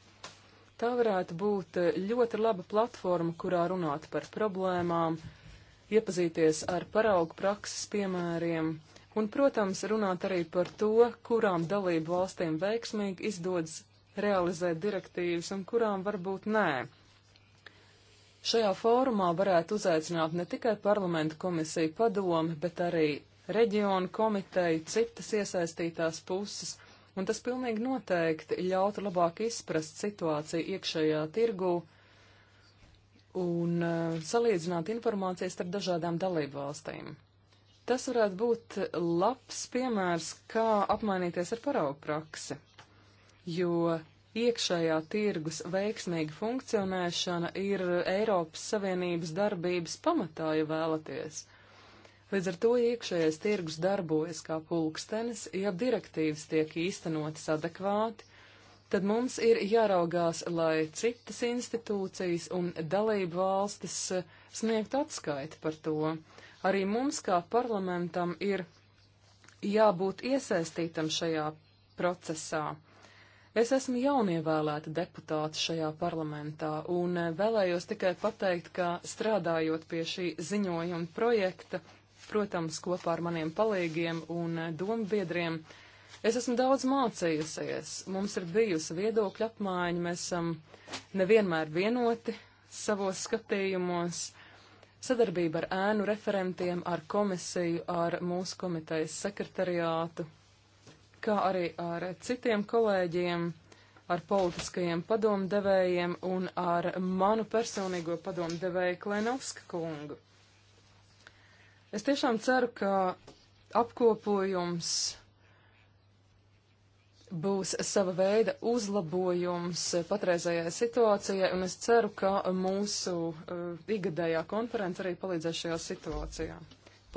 Tā varētu būt ļoti laba platforma, kurā runāt par problēmām, iepazīties ar paraugu prakses piemēriem, un, protams, runāt arī par to, kurām dalību valstīm veiksmīgi izdodas realizēt direktīvas un kurām varbūt nē. Šajā fórumā varētu uzaicināt ne tikai parlamentu komisiju padomi, bet arī reģionu komiteju, citas iesaistītās puses, un tas pilnīgi noteikti ļautu labāk izprast situāciju iekšējā tirgū un uh, salīdzināt informācijas starp dažādām dalību valstīm. Tas varētu būt labs piemērs, kā apmainīties ar paraugu praksi, jo Iekšējā tirgus veiksmīga funkcionēšana ir Eiropas Savienības darbības pamatā, ja vēlaties. Līdz ar to iekšējais tirgus darbojas kā pulkstenis, ja direktīvas tiek īstenotas adekvāti, tad mums ir jāraugās, lai citas institūcijas un dalību valstis sniegt atskaiti par to. Arī mums kā parlamentam ir jābūt iesaistītam šajā procesā. Es esmu jaunievēlēta deputāta šajā parlamentā un eh, vēlējos tikai pateikt, ka strādājot pie šī ziņojuma projekta, protams, kopā ar maniem palīgiem un eh, dombiedriem, es esmu daudz mācījusies. Mums ir bijusi viedokļa apmaiņa, mēs esam nevienmēr vienoti savos skatījumos. Sadarbība ar ēnu referentiem, ar komisiju, ar mūsu komitejas sekretariātu, kā arī ar citiem kolēģiem, ar politiskajiem padomdevējiem un ar manu personīgo padomdevēju Klenovska kungu. Es tiešām ceru, ka apkopojums būs sava veida uzlabojums patreizējai situācijai, un es ceru, ka mūsu uh, igadējā konference arī palīdzēs šajā situācijā.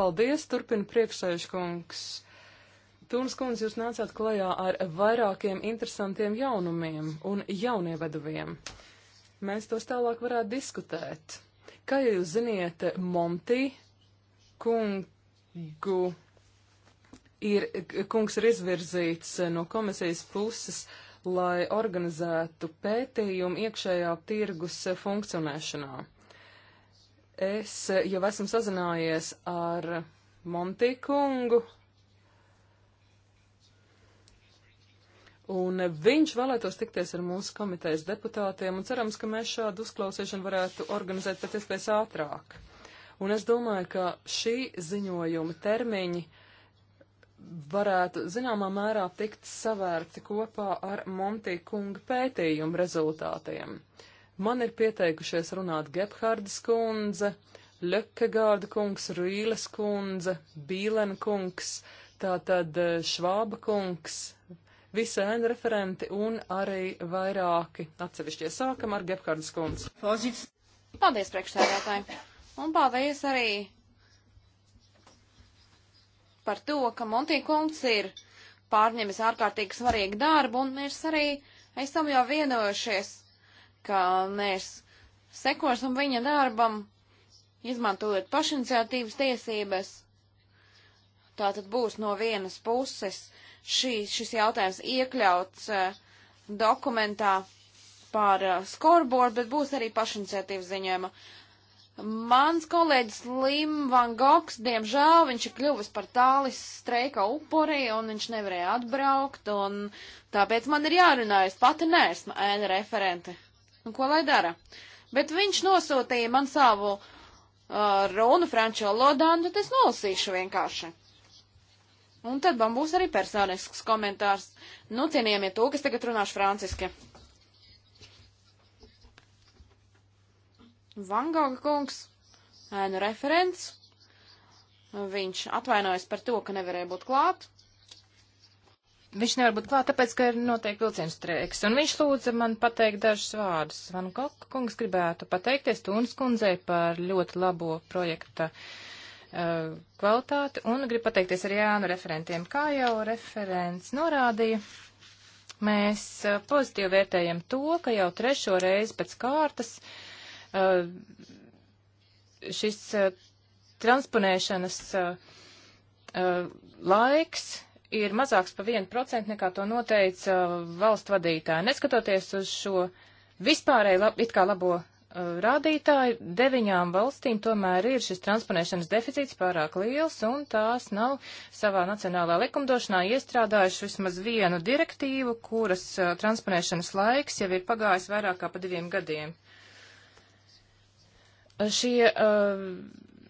Paldies, turpina priekšsēžkungs. Tūnas kundze, jūs nācāt klajā ar vairākiem interesantiem jaunumiem un jaunieveduviem. Mēs tos tālāk varētu diskutēt. Kā jūs ziniet, Monti kungu ir, kungs ir izvirzīts no komisijas puses, lai organizētu pētījumu iekšējā tirgus funkcionēšanā. Es jau esmu sazinājies ar Monti kungu, Un viņš vēlētos tikties ar mūsu komitejas deputātiem, un cerams, ka mēs šādu uzklausīšanu varētu organizēt pēc iespējas ātrāk. Un es domāju, ka šī ziņojuma termiņi varētu zināmā mērā tikt savērti kopā ar Monti kunga pētījumu rezultātiem. Man ir pieteikušies runāt Gebhardas kundze, Lekegārda kungs, Rīles kundze, Bīlen kungs, tātad eh, Švāba kungs, visi ēnu referenti un arī vairāki atsevišķie. Sākam ar Gebhardas kundzi. Paldies, priekšsēdētāji. Un paldies arī par to, ka Montī kungs ir pārņemis ārkārtīgi svarīgu darbu, un mēs arī esam jau vienojušies, ka mēs sekosim viņa darbam, izmantojot pašiniciatīvas tiesības Tātad būs no vienas puses šī, šis jautājums iekļauts uh, dokumentā par uh, scoreboard, bet būs arī pašiniciatīvas ziņojuma. Mans kolēģis Lim Van Gogs, diemžēl, viņš ir kļuvis par tālis streika upuri, un viņš nevarēja atbraukt, un tāpēc man ir jārunā, es pati neesmu ēna referente. Nu, ko lai dara? Bet viņš nosūtīja man savu uh, runu franču valodā, un nu tad es nolasīšu vienkārši. Un tad man būs arī personisks komentārs. Nu, cienījamie to, kas tagad runāšu franciski. Vangoga kungs, ēnu referents. Viņš atvainojas par to, ka nevarēja būt klāt. Viņš nevar būt klāt, tāpēc, ka ir noteikti vilciens streiks. Un viņš lūdza man pateikt dažus vārdus. Vangoga kungs gribētu pateikties Tūnas kundzei par ļoti labo projekta uh, Eh, kvalitāti un gribu pateikties arī Jānu referentiem. Kā jau referents norādīja, mēs eh, pozitīvi vērtējam to, ka jau trešo reizi pēc kārtas eh, šis transponēšanas laiks ir mazāks par 1% nekā to noteica valstu vadītāji. Neskatoties uz šo vispārēju lab, it kā labo rādītāji. Deviņām valstīm tomēr ir šis transponēšanas deficīts pārāk liels, un tās nav savā nacionālā likumdošanā iestrādājuši vismaz vienu direktīvu, kuras uh, transponēšanas laiks jau ir pagājis vairāk kā pa diviem gadiem. Šie, uh,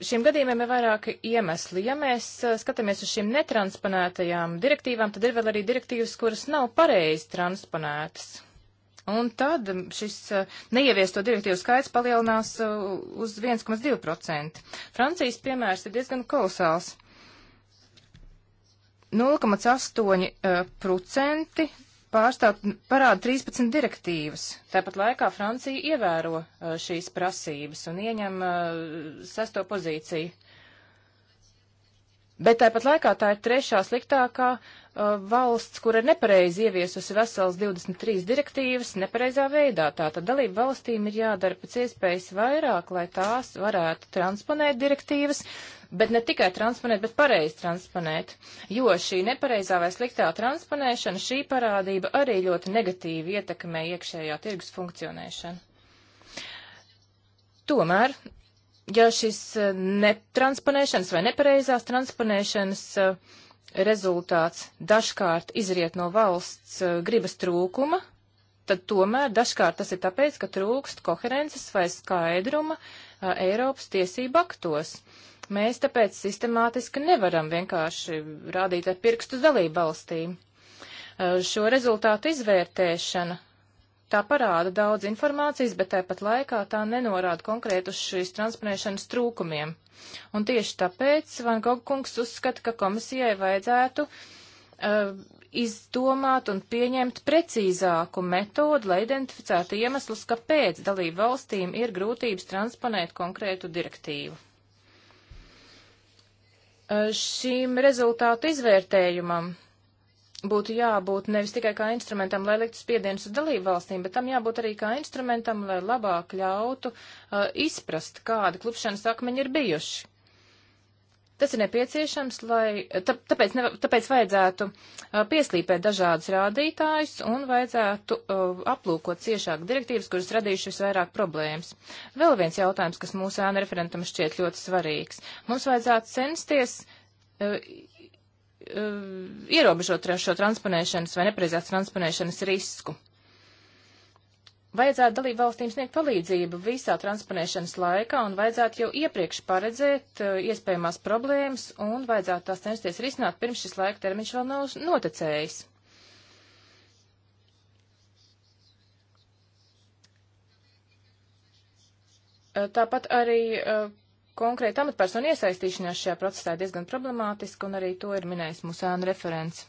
šiem gadījumiem ir vairāki iemesli. Ja mēs uh, skatāmies uz šīm netransponētajām direktīvām, tad ir vēl arī direktīvas, kuras nav pareizi transponētas Un tad šis eh, neieviesto direktīvu skaits palielinās eh, uz 1,2%. Francijas piemērs ir diezgan kolosāls. 0,8% eh, pārstāv parāda 13 direktīvas. Tāpat laikā Francija ievēro šīs prasības un ieņem sesto pozīciju. Bet tāpat laikā tā ir trešā sliktākā uh, valsts, kura ir nepareizi ieviesusi vesels 23 direktīvas nepareizā veidā. Tātad dalību valstīm ir jādara pēc iespējas vairāk, lai tās varētu transponēt direktīvas, bet ne tikai transponēt, bet pareizi transponēt. Jo šī nepareizā vai sliktā transponēšana, šī parādība arī ļoti negatīvi ietekmē iekšējā tirgus funkcionēšanu. Tomēr ja šis eh, netransponēšanas vai nepareizās transponēšanas eh, rezultāts dažkārt izriet no valsts eh, gribas trūkuma, tad tomēr dažkārt tas ir tāpēc, ka trūkst koherences vai skaidruma Eiropas tiesību aktos. Mēs tāpēc sistemātiski nevaram vienkārši rādīt ar pirkstu dalību valstīm. Šo rezultātu izvērtēšana tā parāda daudz informācijas, bet tāpat laikā tā nenorāda konkrēt uz šīs transponēšanas trūkumiem. Un tieši tāpēc Van Gogh kungs uzskata, ka komisijai vajadzētu uh, izdomāt un pieņemt precīzāku metodu, lai identificētu iemeslus, kāpēc dalību valstīm ir grūtības transponēt konkrētu direktīvu. Uh, šīm rezultātu izvērtējumam būtu jābūt nevis tikai kā instrumentam, lai liktu spiedienus uz dalību valstīm, bet tam jābūt arī kā instrumentam, lai labāk ļautu uh, izprast, kāda klupšanas akmeņi ir bijuši. Tas ir nepieciešams, lai, tā, tāpēc, ne, tāpēc vajadzētu uh, pieslīpēt dažādus rādītājus un vajadzētu uh, aplūkot ciešāk direktīvas, kuras radījuši visvairāk problēmas. Vēl viens jautājums, kas mūsu ēna referentam šķiet ļoti svarīgs. Mums vajadzētu censties uh, Eh, ierobežot šo transponēšanas vai nepareizās transponēšanas risku. Vajadzētu dalību valstīm sniegt palīdzību visā transponēšanas laikā un vajadzētu jau iepriekš paredzēt eh, iespējamās problēmas un vajadzētu tās censties risināt pirms šis laika termiņš vēl nav noticējis. Eh, tāpat arī konkrēta amatpersona iesaistīšanās šajā procesā ir diezgan problemātiska, un arī to ir minējis mūsu ēnu referents.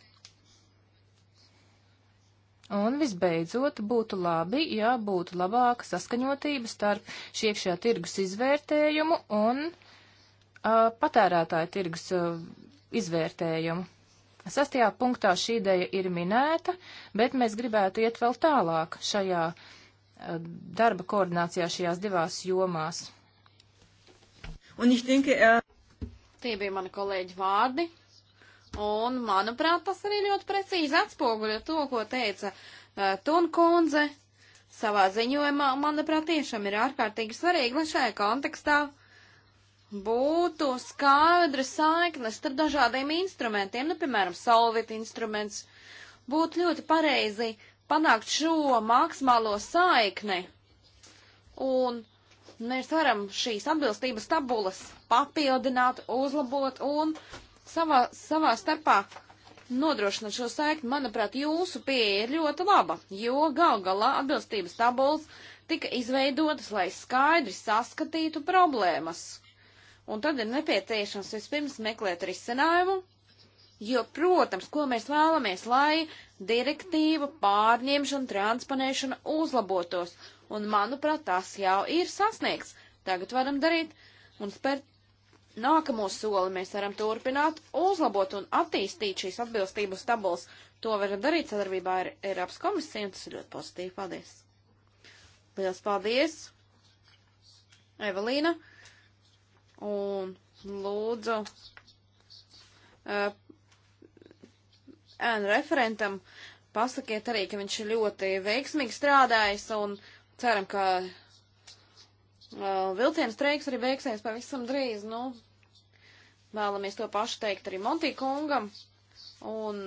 Un visbeidzot, būtu labi, ja būtu labāka saskaņotība starp šī iekšējā tirgus izvērtējumu un uh, patērētāja tirgus uh, izvērtējumu. Sastajā punktā šī ideja ir minēta, bet mēs gribētu iet vēl tālāk šajā uh, darba koordinācijā šajās divās jomās. Un ich denke, er... Tie bija mani kolēģi vārdi. Un, manuprāt, tas arī ļoti precīzi atspoguļo to, ko teica uh, eh, Tonkundze savā ziņojumā. Manuprāt, tiešām ir ārkārtīgi svarīgi, lai šajā kontekstā būtu skaidra saikne starp dažādiem instrumentiem, nu, piemēram, solvit instruments. Būtu ļoti pareizi panākt šo maksimālo saikni. Un uh, Mēs varam šīs atbilstības tabulas papildināt, uzlabot un savā, savā starpā nodrošināt šo saikni. Manuprāt, jūsu pieeja ir ļoti laba, jo gal galā atbilstības tabulas tika izveidotas, lai skaidri saskatītu problēmas. Un tad ir nepieciešams vispirms meklēt risinājumu, Jo, protams, ko mēs vēlamies, lai direktīva pārņemšana, transponēšana uzlabotos, Un, manuprāt, tas jau ir sasniegts. Tagad varam darīt un spērt nākamo soli. Mēs varam turpināt, uzlabot un attīstīt šīs atbilstības tabulas. To varam darīt sadarbībā ar Eiropas komisiju, un tas ir ļoti pozitīvi. Paldies! Lielas paldies! Evelīna! Un lūdzu uh, referentam pasakiet arī, ka viņš ļoti veiksmīgi strādājis un uh, Ceram, ka uh, vilcienu streiks arī beigsies pavisam drīz. Nu, vēlamies to pašu teikt arī Montī kungam. Un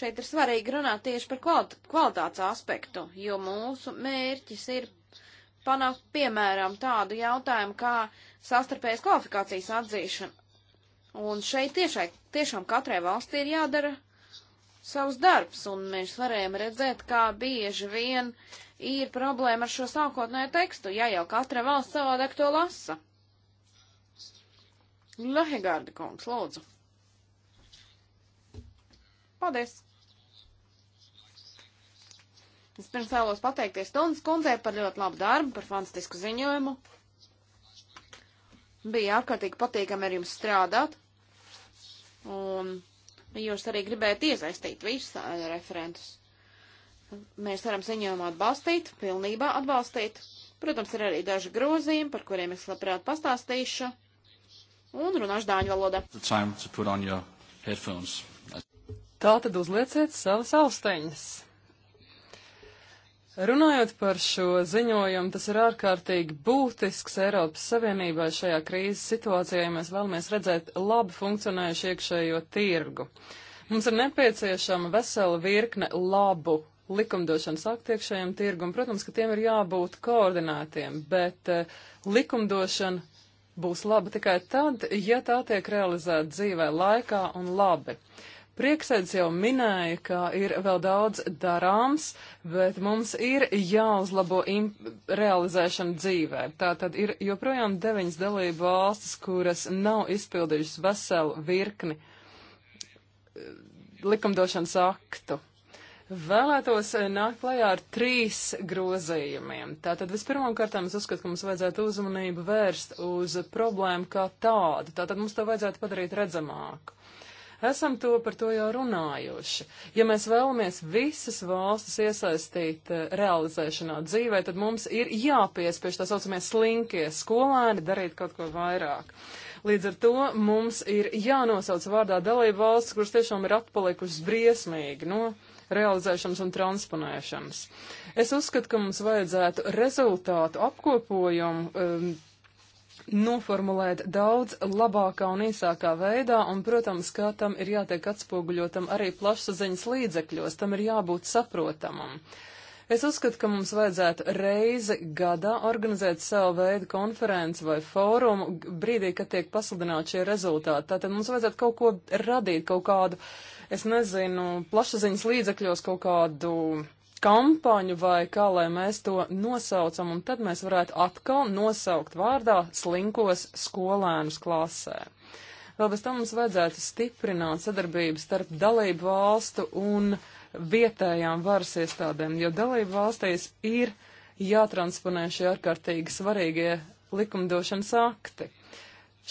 šeit ir svarīgi runāt tieši par kvalit kvalitātes aspektu, jo mūsu mērķis ir panākt, piemēram, tādu jautājumu kā sastarpējas kvalifikācijas atzīšana. Un šeit tiešai, tiešām katrai valstī ir jādara savus darbus, un mēs varējām redzēt, kā bieži vien ir problēma ar šo sākotnēju tekstu, ja jau katra valsts savādāk to lasa. Lahegārda kungs, lūdzu. Paldies! Es pirms vēlos pateikties Tunas kundzei par ļoti labu darbu, par fantastisku ziņojumu. Bija ārkārtīgi patīkami ar jums strādāt. Un Jūs arī gribētu iesaistīt visus referentus. Mēs varam ziņojumu atbalstīt, pilnībā atbalstīt. Protams, ir arī daži grozījumi, par kuriem es labprāt pastāstīšu. Un runāšu dāņu valodā. Tā tad uzlieciet savas austeņas. Runājot par šo ziņojumu, tas ir ārkārtīgi būtisks Eiropas Savienībai šajā krīzes situācijā, ja mēs vēlamies redzēt labi funkcionējuši iekšējo tirgu. Mums ir nepieciešama vesela virkne labu likumdošanas aktu iekšējiem tirgum. Protams, ka tiem ir jābūt koordinētiem, bet eh, likumdošana būs laba tikai tad, ja tā tiek realizēta dzīvē laikā un labi. Prieksēdz jau minēja, ka ir vēl daudz darāms, bet mums ir jāuzlabo realizēšana dzīvē. Tā tad ir joprojām deviņas dalību valstis, kuras nav izpildījušas veselu virkni eh, likumdošanas aktu. Vēlētos eh, nākt klajā ar trīs grozījumiem. Tātad vispirmām kārtām es uzskatu, ka mums vajadzētu uzmanību vērst uz problēmu kā tādu. Tātad mums to vajadzētu padarīt redzamāku. Esam to par to jau runājuši. Ja mēs vēlamies visas valstis iesaistīt eh, realizēšanā dzīvē, tad mums ir jāpiespiež tā saucamie slinkie skolēni darīt kaut ko vairāk. Līdz ar to mums ir jānosauc vārdā dalība valsts, kuras tiešām ir atpalikušas briesmīgi no realizēšanas un transponēšanas. Es uzskatu, ka mums vajadzētu rezultātu apkopojumu um, noformulēt daudz labākā un īsākā veidā, un, protams, kā tam ir jātiek atspoguļotam arī plašsaziņas līdzekļos, tam ir jābūt saprotamam. Es uzskatu, ka mums vajadzētu reizi gadā organizēt savu veidu konferenci vai fórumu brīdī, kad tiek pasludināti šie rezultāti. Tātad mums vajadzētu kaut ko radīt, kaut kādu, es nezinu, plašsaziņas līdzekļos kaut kādu uh, kampaņu vai kā lai mēs to nosaucam, un tad mēs varētu atkal nosaukt vārdā slinkos skolēnus klasē. Vēl bez tam mums vajadzētu stiprināt sadarbību starp dalību valstu un vietējām varas iestādēm, jo dalību valstīs ir jātransponē šie ārkārtīgi svarīgie likumdošanas akti.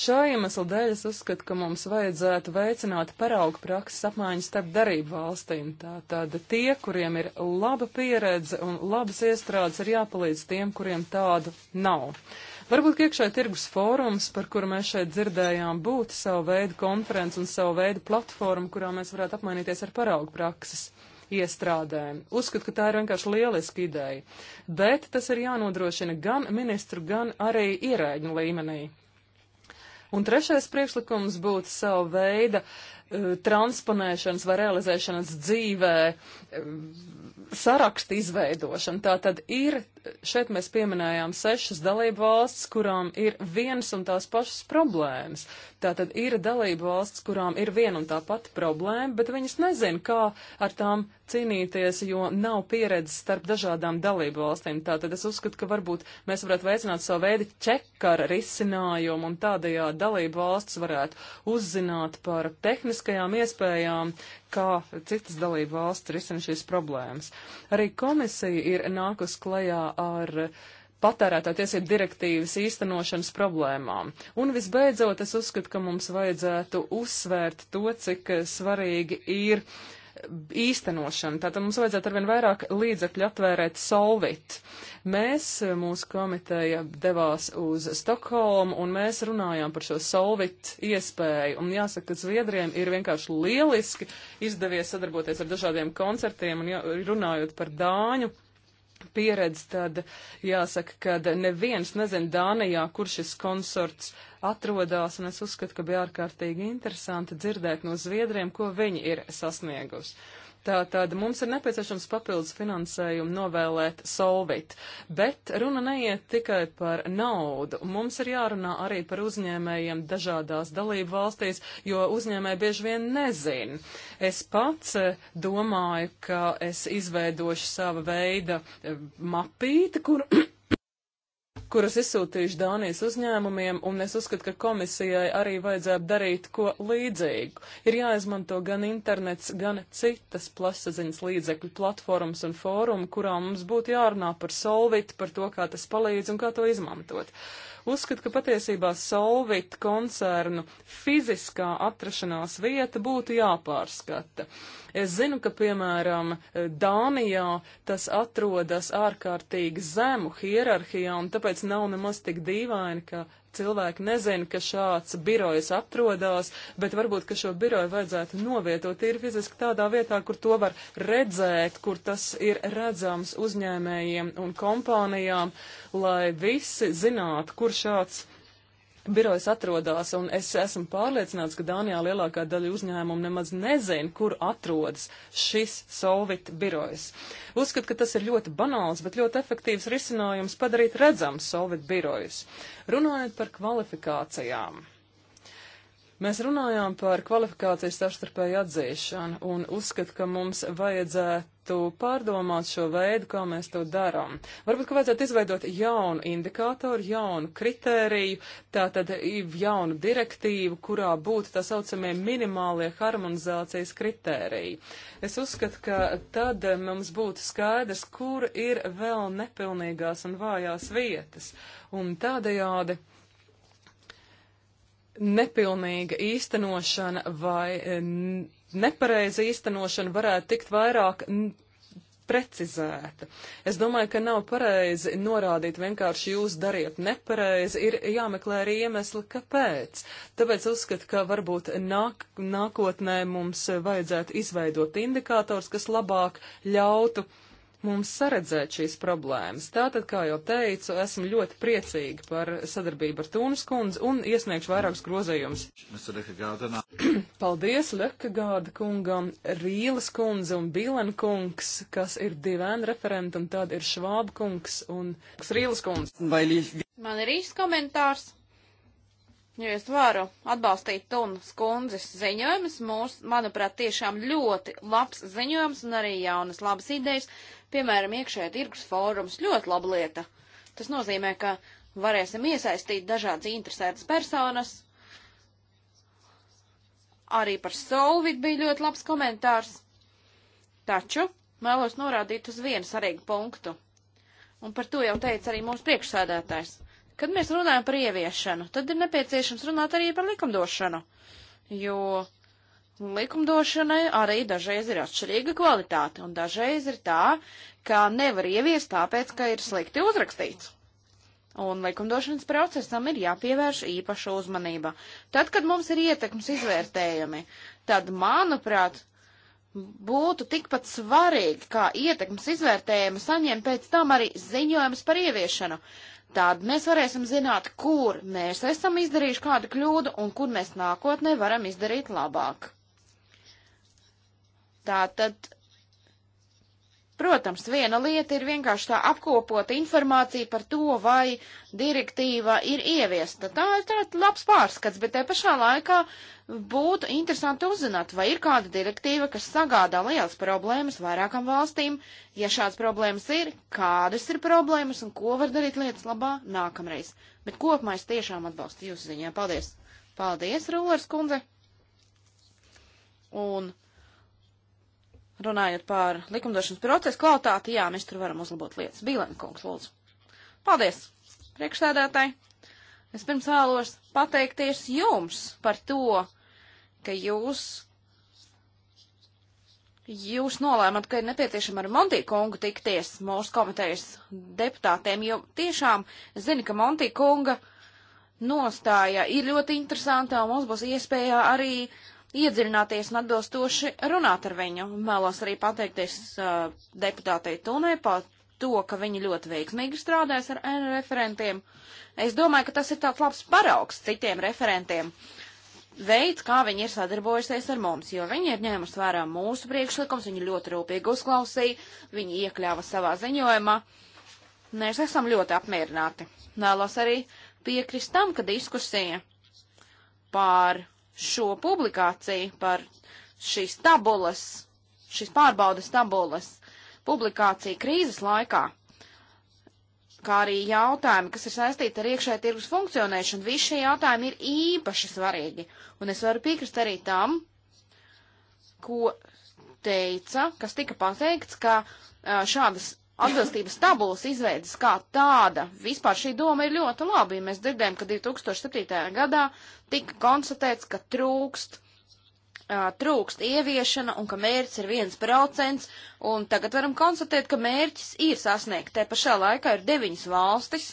Šā iemesla dēļ es uzskatu, ka mums vajadzētu veicināt paraugu prakses apmaiņu starp darību valstīm. Tātad tie, kuriem ir laba pieredze un labas iestrādes, ir jāpalīdz tiem, kuriem tādu nav. Varbūt iekšē tirgus fórums, par kuru mēs šeit dzirdējām, būtu savu veidu konferences un savu veidu platformu, kurā mēs varētu apmainīties ar paraugu prakses iestrādēm. Uzskatu, ka tā ir vienkārši lieliska ideja, bet tas ir jānodrošina gan ministru, gan arī ierēģu līmenī. Un trešais priekšlikums būtu sava veida uh, Eh, transponēšanas vai realizēšanas dzīvē eh, sarakstu izveidošana. Tā tad ir, šeit mēs pieminējām sešas dalību valsts, kurām ir viens un tās pašas problēmas. Tā tad ir dalību valsts, kurām ir viena un tā pati problēma, bet viņas nezin, kā ar tām cīnīties, jo nav pieredzes starp dažādām dalību valstīm. Tā tad es uzskatu, ka varbūt mēs varētu veicināt savu veidu čekara risinājumu un tādējā dalību valsts varētu uzzināt par tehnisku juridiskajām iespējām, kā citas dalību valsts risina šīs problēmas. Arī komisija ir nākus klajā ar patērētā tiesību direktīvas īstenošanas problēmām. Un visbeidzot, es uzskatu, ka mums vajadzētu uzsvērt to, cik svarīgi ir uh, īstenošanu. Tātad mums vajadzētu arvien vairāk līdzekļu atvērēt solvit. Mēs, mūsu komiteja devās uz Stokholmu un mēs runājām par šo solvit iespēju. Un jāsaka, ka Zviedriem ir vienkārši lieliski izdevies sadarboties ar dažādiem koncertiem un jā, runājot par Dāņu pieredzi, tad jāsaka, ka neviens nezina Dānijā, kur šis konsorts atrodas, un es uzskatu, ka bija ārkārtīgi interesanti dzirdēt no zviedriem, ko viņi ir sasniegusi. Tātad mums ir nepieciešams papildus finansējumu novēlēt solvit, bet runa neiet tikai par naudu. Mums ir jārunā arī par uzņēmējiem dažādās dalību valstīs, jo uzņēmēji bieži vien nezin. Es pats eh, domāju, ka es izveidošu sava veida eh, mapīti, kur kuras izsūtījuši Dānijas uzņēmumiem, un es uzskatu, ka komisijai arī vajadzētu darīt ko līdzīgu. Ir jāizmanto gan internets, gan citas plasaziņas līdzekļu platformas un fórumi, kurā mums būtu jārunā par solvit, par to, kā tas palīdz un kā to izmantot. Uh, Uzskatu, ka patiesībā Solvit koncernu fiziskā atrašanās vieta būtu jāpārskata. Es zinu, ka, piemēram, Dānijā tas atrodas ārkārtīgi zemu hierarhijā, un tāpēc nav nemaz tik dīvaini, ka cilvēki nezina, ka šāds birojs atrodas, bet varbūt, ka šo biroju vajadzētu novietot ir fiziski tādā vietā, kur to var redzēt, kur tas ir redzams uzņēmējiem un kompānijām, lai visi zinātu, kur šāds birojas atrodas, un es esmu pārliecināts, ka Dānijā lielākā daļa uzņēmumu nemaz nezina, kur atrodas šis Solvit birojas. Uzskat, ka tas ir ļoti banāls, bet ļoti efektīvs risinājums padarīt redzams Solvit birojas. Runājot par kvalifikācijām. Mēs runājām par kvalifikācijas starpstarpēju atzīšanu un uzskatu, ka mums vajadzētu pārdomāt šo veidu, kā mēs to darām. Varbūt, ka vajadzētu izveidot jaunu indikātoru, jaunu kritēriju, tātad jaunu direktīvu, kurā būtu tā saucamie minimālie harmonizācijas kritēriji. Es uzskatu, ka tad mums būtu skaidrs, kur ir vēl nepilnīgās un vājās vietas. Un tādējādi nepilnīga īstenošana vai eh, nepareiza īstenošana varētu tikt vairāk precizēta. Es domāju, ka nav pareizi norādīt vienkārši jūs dariet nepareizi, ir jāmeklē arī iemesli, kāpēc. Tāpēc uzskatu, ka varbūt nāk, nākotnē mums vajadzētu izveidot indikators, kas labāk ļautu uh, mums saredzēt šīs problēmas. Tātad, kā jau teicu, esmu ļoti priecīga par sadarbību ar Tūnas kundzi un iesniegšu vairākus grozējumus. Paldies Lekagāda kungam, Rīles kundze un Bilen kungs, kas ir divēn referenti, un tad ir Švāba kungs un Rīles kundze. Man ir īsts komentārs. Ja es varu atbalstīt Tunas kundzes ziņojumus, mūs, manuprāt, tiešām ļoti labs ziņojums un arī jaunas labas idejas, Piemēram, iekšējā tirgus fórums ļoti laba lieta. Tas nozīmē, ka varēsim iesaistīt dažādas interesētas personas. Arī par Solvit bija ļoti labs komentārs. Taču vēlos norādīt uz vienu svarīgu punktu. Un par to jau teica arī mūsu priekšsēdētājs. Kad mēs runājam par ieviešanu, tad ir nepieciešams runāt arī par likumdošanu, jo likumdošanai arī dažreiz ir atšķirīga kvalitāte, un dažreiz ir tā, ka nevar ieviest tāpēc, ka ir slikti uzrakstīts. Un likumdošanas procesam ir jāpievērš īpaša uzmanība. Tad, kad mums ir ietekmes izvērtējumi, tad, manuprāt, būtu tikpat svarīgi, kā ietekmes izvērtējumu saņemt pēc tam arī ziņojumus par ieviešanu. Tad mēs varēsim zināt, kur mēs esam izdarījuši kādu kļūdu un kur mēs nākotnē varam izdarīt labāk. Tātad Protams, viena lieta ir vienkārši tā apkopota informācija par to, vai direktīva ir ieviesta. Tā ir tāds labs pārskats, bet te pašā laikā būtu interesanti uzzināt, vai ir kāda direktīva, kas sagādā lielas problēmas vairākām valstīm. Ja šāds problēmas ir, kādas ir problēmas un ko var darīt lietas labā nākamreiz. Bet kopumā es tiešām atbalstu jūsu ziņā. Paldies! Paldies, Rūlers kundze! Un runājot par likumdošanas procesu kvalitāti, jā, mēs tur varam uzlabot lietas. Bīlēna kungs, lūdzu. Paldies, priekšsēdētāji. Es pirms vēlos pateikties jums par to, ka jūs, jūs nolēmat, ka ir nepieciešama ar Montī kungu tikties mūsu komitejas deputātiem, jo tiešām es zinu, ka Montī kunga nostāja ir ļoti interesanta, un mums būs iespēja arī uh, iedziļināties un atbilstoši runāt ar viņu. Mēlos arī pateikties uh, deputātei Tunē par to, ka viņi ļoti veiksmīgi strādājas ar N referentiem. Es domāju, ka tas ir tāds labs paraugs citiem referentiem. Veids, kā viņi ir sadarbojusies ar mums, jo viņi ir ņēmusi vērā mūsu priekšlikums, viņi ļoti rūpīgi uzklausīja, viņi iekļāva savā ziņojumā. Mēs esam ļoti apmierināti. Vēlos arī piekrist tam, ka diskusija pār šo publikāciju par šīs tabulas, šīs pārbaudas tabulas publikāciju krīzes laikā, kā arī jautājumi, kas ir saistīti ar iekšēju tirgus funkcionēšanu, visi šie jautājumi ir īpaši svarīgi. Un es varu piekrist arī tam, ko teica, kas tika pateikts, ka šādas atbilstības tabulas izveidas kā tāda. Vispār šī doma ir ļoti labi. Mēs dzirdējam, ka 2007. gadā tika konstatēts, ka trūkst, uh, trūkst ieviešana un ka mērķis ir viens procents, un tagad varam konstatēt, ka mērķis ir sasniegt. Te pašā laikā ir deviņas valstis,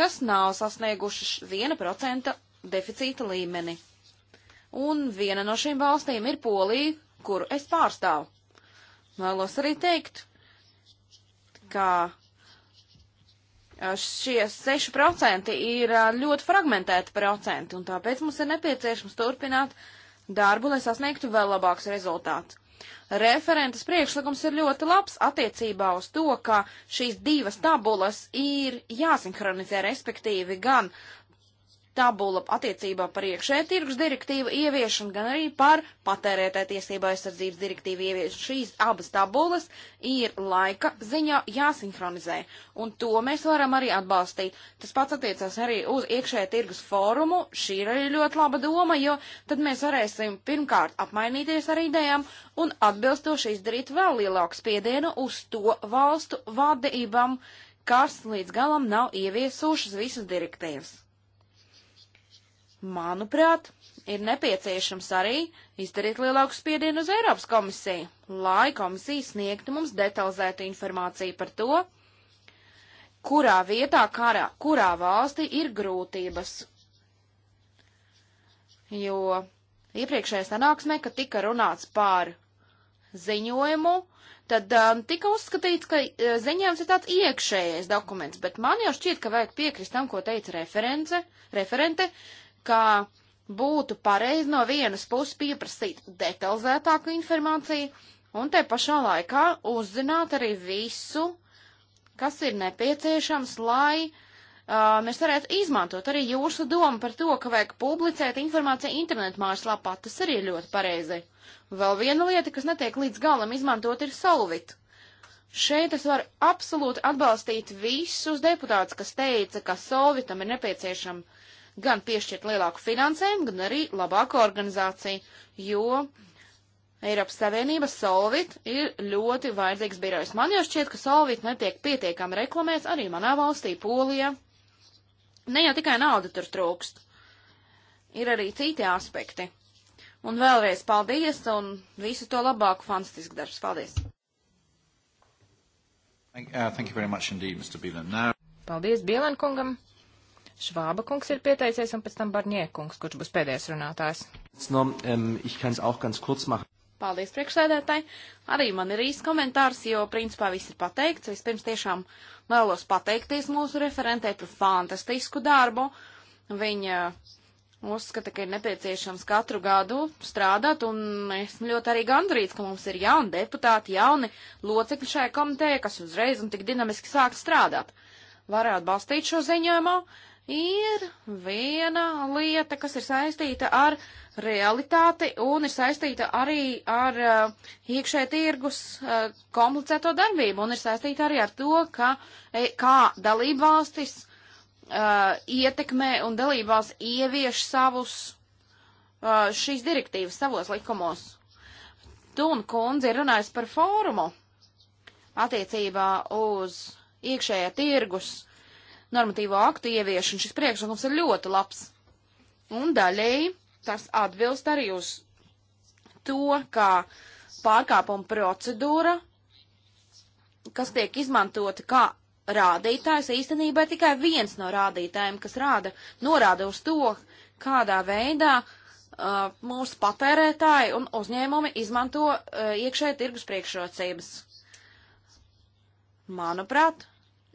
kas nav sasniegušas viena procenta deficīta līmeni. Un viena no šīm valstīm ir Polija, kuru es pārstāvu. Vēlos arī teikt, ka eh, šie 6% ir eh, ļoti fragmentēti procenti, un tāpēc mums ir nepieciešams turpināt darbu, lai sasniegtu vēl labāks rezultāts. Referentes priekšlikums ir ļoti labs attiecībā uz to, ka šīs divas tabulas ir jāsinhronizē, respektīvi gan tabula attiecībā par iekšē tirgus direktīvu ieviešanu, gan arī par patērētāju tiesību aizsardzības direktīvu ieviešanu. Šīs abas tabulas ir laika ziņā jāsinhronizē, un to mēs varam arī atbalstīt. Tas pats attiecās arī uz iekšē tirgus fórumu. Šī ir arī ļoti laba doma, jo tad mēs varēsim pirmkārt apmainīties ar idejām un atbilstoši izdarīt vēl lielāku spiedienu uz to valstu vadībām, kas līdz galam nav ieviesušas visas direktīvas. Manuprāt, ir nepieciešams arī izdarīt lielāku spiedienu uz Eiropas komisiju, lai komisija sniegtu mums detalizētu informāciju par to, kurā vietā, karā, kurā valstī ir grūtības. Jo iepriekšējā sanāksmē, kad tika runāts par ziņojumu, tad um, tika uzskatīts, ka uh, ziņojums ir tāds iekšējais dokuments, bet man jau šķiet, ka vajag piekrist tam, ko teica reference, referente, ka būtu pareizi no vienas puses pieprasīt detalizētāku informāciju un te pašā laikā uzzināt arī visu, kas ir nepieciešams, lai uh, mēs varētu izmantot arī jūsu domu par to, ka vajag publicēt informāciju internetu mājaslapā. Tas arī ir ļoti pareizi. Vēl viena lieta, kas netiek līdz galam izmantot, ir solvit. Šeit es varu absolūti atbalstīt visus deputātus, kas teica, ka solvitam ir nepieciešama gan piešķirt lielāku finansējumu, gan arī labāku organizāciju, jo Eiropas Savienības Solvit ir ļoti vajadzīgs birojs. Man jau šķiet, ka Solvit netiek pietiekami reklamēts arī manā valstī, Polijā. Ne jau tikai nauda tur trūkst, ir arī citi aspekti. Un vēlreiz paldies un visu to labāku, fantastisku darbs. Paldies! Thank, uh, thank you very much indeed, Mr. Bielan. Now... Paldies Bielan kungam! Švāba kungs ir pieteicies un pēc tam Barņiekungs, kurš būs pēdējais runātājs. No, um, ähm, Paldies priekšsēdētāji. Arī man ir īsts komentārs, jo principā viss ir pateikts. Vispirms tiešām vēlos pateikties mūsu referentei par fantastisku darbu. Viņa uh, uzskata, ka ir nepieciešams katru gadu strādāt, un esmu ļoti arī gandrīz, ka mums ir jauni deputāti, jauni locekļi šajā komitejā, kas uzreiz un tik dinamiski sāk strādāt. Varētu balstīt šo ziņojumu, ir viena lieta, kas ir saistīta ar realitāti un ir saistīta arī ar uh, iekšē tirgus uh, komplicēto darbību un ir saistīta arī ar to, ka, e, kā dalībvalstis uh, ietekmē un dalībvalsts ievieš savus uh, šīs direktīvas savos likumos. Tun kundze ir runājusi par fórumu attiecībā uz iekšējā tirgus uh, normatīvo aktu ieviešanu šis priekšlikums ir ļoti labs. Un daļēji tas atbilst arī uz to, kā pārkāpuma procedūra, kas tiek izmantota kā rādītājs, īstenībā tikai viens no rādītājiem, kas rāda, norāda uz to, kādā veidā uh, mūsu patērētāji un uzņēmumi izmanto uh, iekšēja tirgus priekšrocības. Manuprāt,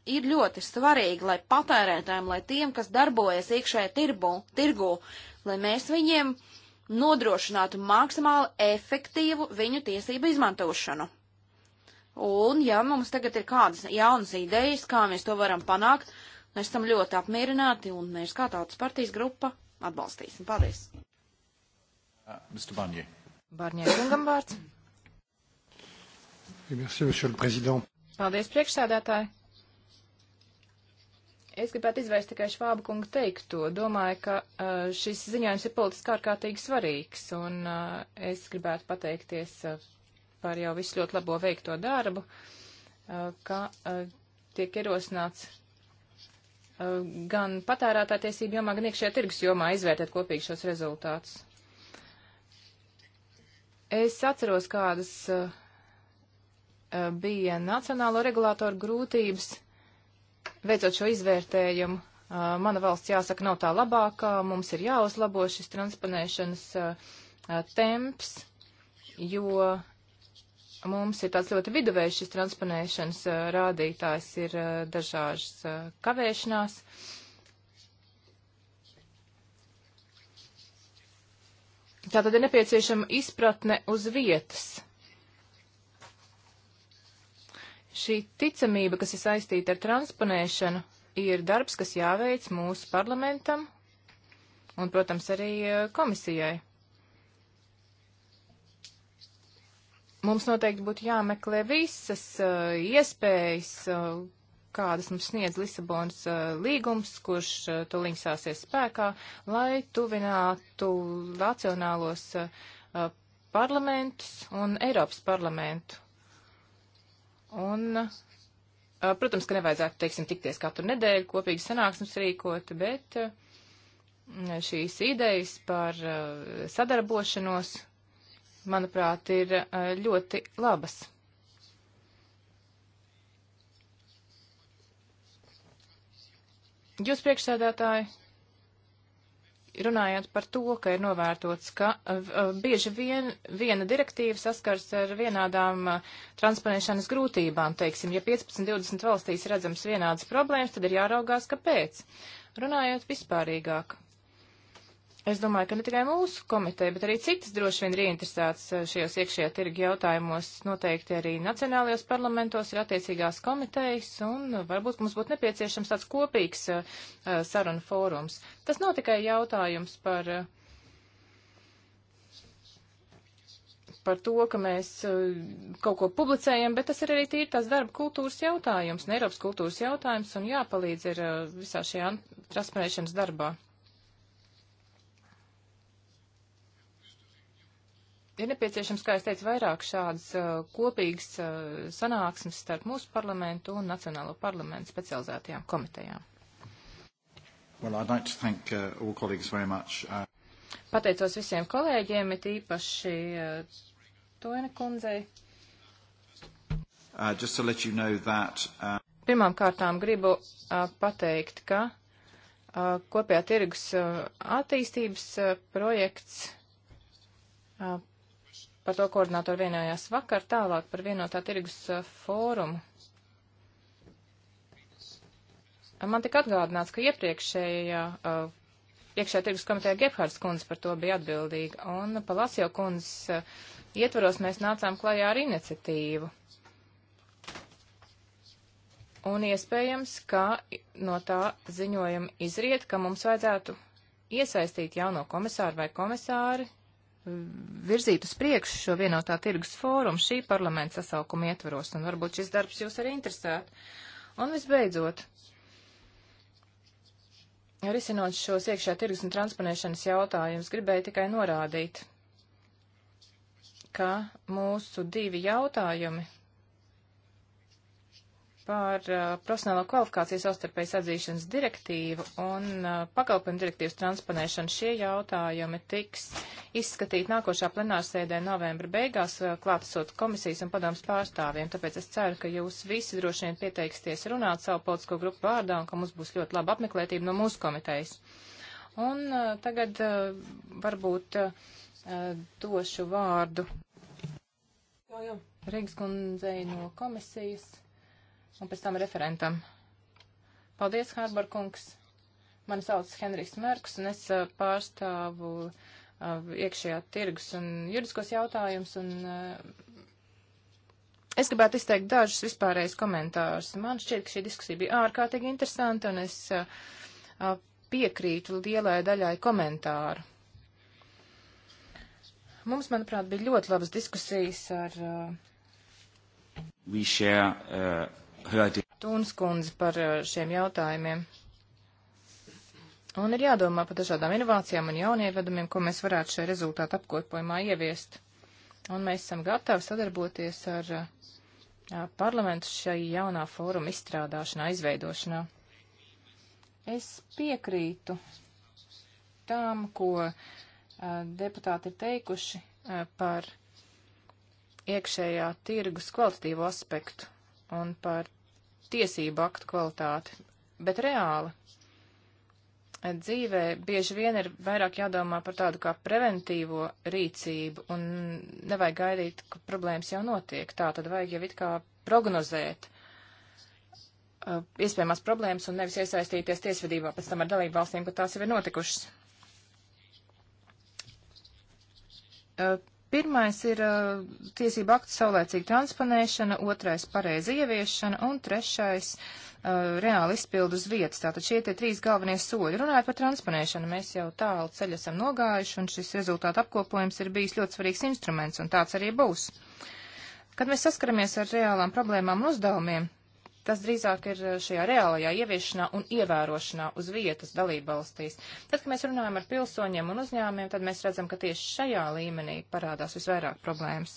ir ļoti svarīgi, lai patērētājiem, lai tiem, kas darbojas iekšējā tirbu, tirgu, lai mēs viņiem nodrošinātu maksimāli efektīvu viņu tiesību izmantošanu. Un, ja mums tagad ir kādas jaunas idejas, kā mēs to varam panākt, mēs esam ļoti apmierināti un mēs kā tautas partijas grupa atbalstīsim. Paldies! Uh, Mr. Barnier. Barnier kungam vārds. Merci, monsieur le président. Paldies, priekšsēdētāji. Es gribētu izvērst tikai Švāba kunga teikto. Domāju, ka uh, šis ziņojums ir politiski ārkārtīgi svarīgs, un uh, es gribētu pateikties uh, par jau visu ļoti labo veikto darbu, uh, ka uh, tiek ierosināts uh, gan patērētātiesību jomā, gan iekšējā tirgus jomā izvērtēt kopīgi šos rezultātus. Es atceros, kādas uh, uh bija nacionālo regulātoru grūtības. Uh, Veicot šo izvērtējumu, mana valsts jāsaka nav tā labākā, mums ir jāuzlabo šis transponēšanas temps, jo mums ir tāds ļoti viduvējs šis transponēšanas rādītājs, ir dažāžas kavēšanās. Tātad ir nepieciešama izpratne uz vietas Šī ticamība, kas ir saistīta ar transponēšanu, ir darbs, kas jāveic mūsu parlamentam un, protams, arī eh, komisijai. Mums noteikti būtu jāmeklē visas uh, iespējas, uh, kādas mums sniedz Lisabonas uh, līgums, kurš uh, to liņsāsies spēkā, lai tuvinātu nacionālos uh, parlamentus un Eiropas parlamentu. Un, protams, ka nevajadzētu, teiksim, tikties katru nedēļu, kopīgi sanāksmes rīkot, bet šīs idejas par sadarbošanos, manuprāt, ir ļoti labas. Jūs priekšsēdētāji runājot par to, ka ir novērtots, ka bieži vien viena direktīva saskars ar vienādām uh, transponēšanas grūtībām. Teiksim, ja 15-20 valstīs redzams vienādas problēmas, tad ir jāraugās, kāpēc. Runājot vispārīgāk, Es domāju, ka ne tikai mūsu komiteja, bet arī citas droši vien ir ieinteresētas eh, šajos iekšējā tirgi jautājumos. Noteikti arī nacionālajos parlamentos ir attiecīgās komitejas, un eh, varbūt mums būtu nepieciešams tāds kopīgs uh, eh, sarunu fórums. Tas nav tikai jautājums par, par to, ka mēs uh, kaut ko publicējam, bet tas ir arī tīri tās darba kultūras jautājums, un Eiropas kultūras jautājums, un jāpalīdz ir uh, visā šajā transparēšanas darbā. Ir nepieciešams, kā es teicu, vairāk šādas uh, kopīgas uh, sanāksmes starp mūsu parlamentu un Nacionālo parlamentu specializētajām komitejām. Well, I'd like to thank uh, all colleagues very much. Uh... Pateicos visiem kolēģiem, it īpaši uh, Toina kundzei. Uh, just to let you know that. Uh... Pirmām kārtām gribu uh, pateikt, ka uh, kopējā tirgus uh, attīstības uh, projekts. Uh, Par to koordinātori vienojās vakar tālāk par vienotā tirgus uh, fórumu. Man tika atgādināts, ka iepriekšējā uh, iekšējā tirgus komitejā Gebhards kundze par to bija atbildīga, un Palasio kundzes uh, ietvaros mēs nācām klajā ar iniciatīvu. Un iespējams, ka no tā ziņojuma izriet, ka mums vajadzētu iesaistīt jauno komisāru vai komisāri virzīt uz priekšu šo vienotā tirgus fórumu šī parlamenta sasaukuma ietvaros, un varbūt šis darbs jūs arī interesētu. Un visbeidzot, risinot šos iekšā tirgus un transponēšanas jautājumus, gribēju tikai norādīt, ka mūsu divi jautājumi par uh, profesionālo kvalifikāciju savstarpējas atzīšanas direktīvu un uh, pakalpojumu direktīvas transponēšanu. Šie jautājumi tiks izskatīti nākošā plenārsēdē novembra beigās, uh, klātesot komisijas un padomas pārstāvjiem. Tāpēc es ceru, ka jūs visi droši vien pieteiksties runāt savu politisko grupu vārdā un ka mums būs ļoti laba apmeklētība no mūsu komitejas. Un uh, tagad uh, varbūt uh, došu vārdu. Reigas kundzei no komisijas un pēc tam referentam. Paldies, Hārbor kungs! Mani sauc Henrijs Merks, un es pārstāvu uh, iekšējā tirgus un juridiskos jautājumus, un uh, es gribētu izteikt dažus vispārējus komentārus. Man šķiet, ka šī diskusija bija ārkārtīgi interesanta, un es uh, piekrītu lielai daļai komentāru. Mums, manuprāt, bija ļoti labas diskusijas ar. We share uh, Tūnas kundze par eh, šiem jautājumiem. Un ir jādomā par dažādām inovācijām un jaunievedumiem, ko mēs varētu šajā rezultātu apkopojumā ieviest. Un mēs esam gatavi sadarboties ar, eh, ar parlamentu šai jaunā fóruma izstrādāšanā, izveidošanā. Es piekrītu tām, ko a, eh, deputāti ir teikuši a, par iekšējā tirgus kvalitatīvo aspektu un par tiesību aktu kvalitāti, bet reāli dzīvē bieži vien ir vairāk jādomā par tādu kā preventīvo rīcību un nevajag gaidīt, ka problēmas jau notiek. Tā tad vajag jau it kā prognozēt uh, iespējamās problēmas un nevis iesaistīties tiesvedībā pēc tam ar dalību valstīm, ka tās jau ir notikušas. Uh, Pirmais ir uh, tiesību aktu saulēcīga transponēšana, otrais pareiza ieviešana un trešais uh, reāli izpildu uz vietas. Tātad šie tie trīs galvenie soļi. Runājot par transponēšanu, mēs jau tālu ceļu esam nogājuši un šis rezultātu apkopojums ir bijis ļoti svarīgs instruments un tāds arī būs. Kad mēs saskaramies ar reālām problēmām un uzdevumiem, Tas drīzāk ir eh, šajā reālajā ieviešanā un ievērošanā uz vietas dalībvalstīs. Tad, kad mēs runājam ar pilsoņiem un uzņēmumiem, tad mēs redzam, ka tieši šajā līmenī parādās visvairāk problēmas.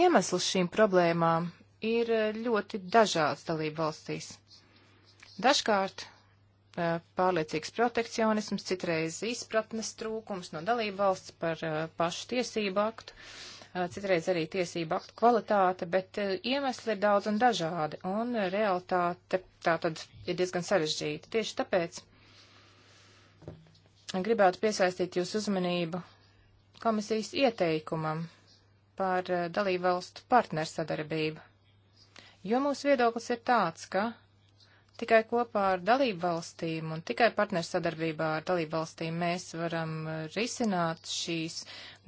Iemesls šīm problēmām ir eh, ļoti dažāds dalībvalstīs. Dažkārt eh, pārliecīgs protekcionisms, citreiz izpratnes trūkums no dalībvalsts par pašu tiesību aktu. Uh, Eh, citreiz arī tiesību aktu kvalitāte, bet eh, iemesli ir daudz un dažādi, un realitāte tā tad ir diezgan sarežģīta. Tieši tāpēc gribētu piesaistīt jūsu uzmanību komisijas ieteikumam par eh, dalībvalstu partnersadarbību. Jo mūsu viedoklis ir tāds, ka Tikai kopā ar dalību valstīm un tikai partnersadarbībā ar dalību valstīm mēs varam uh, risināt šīs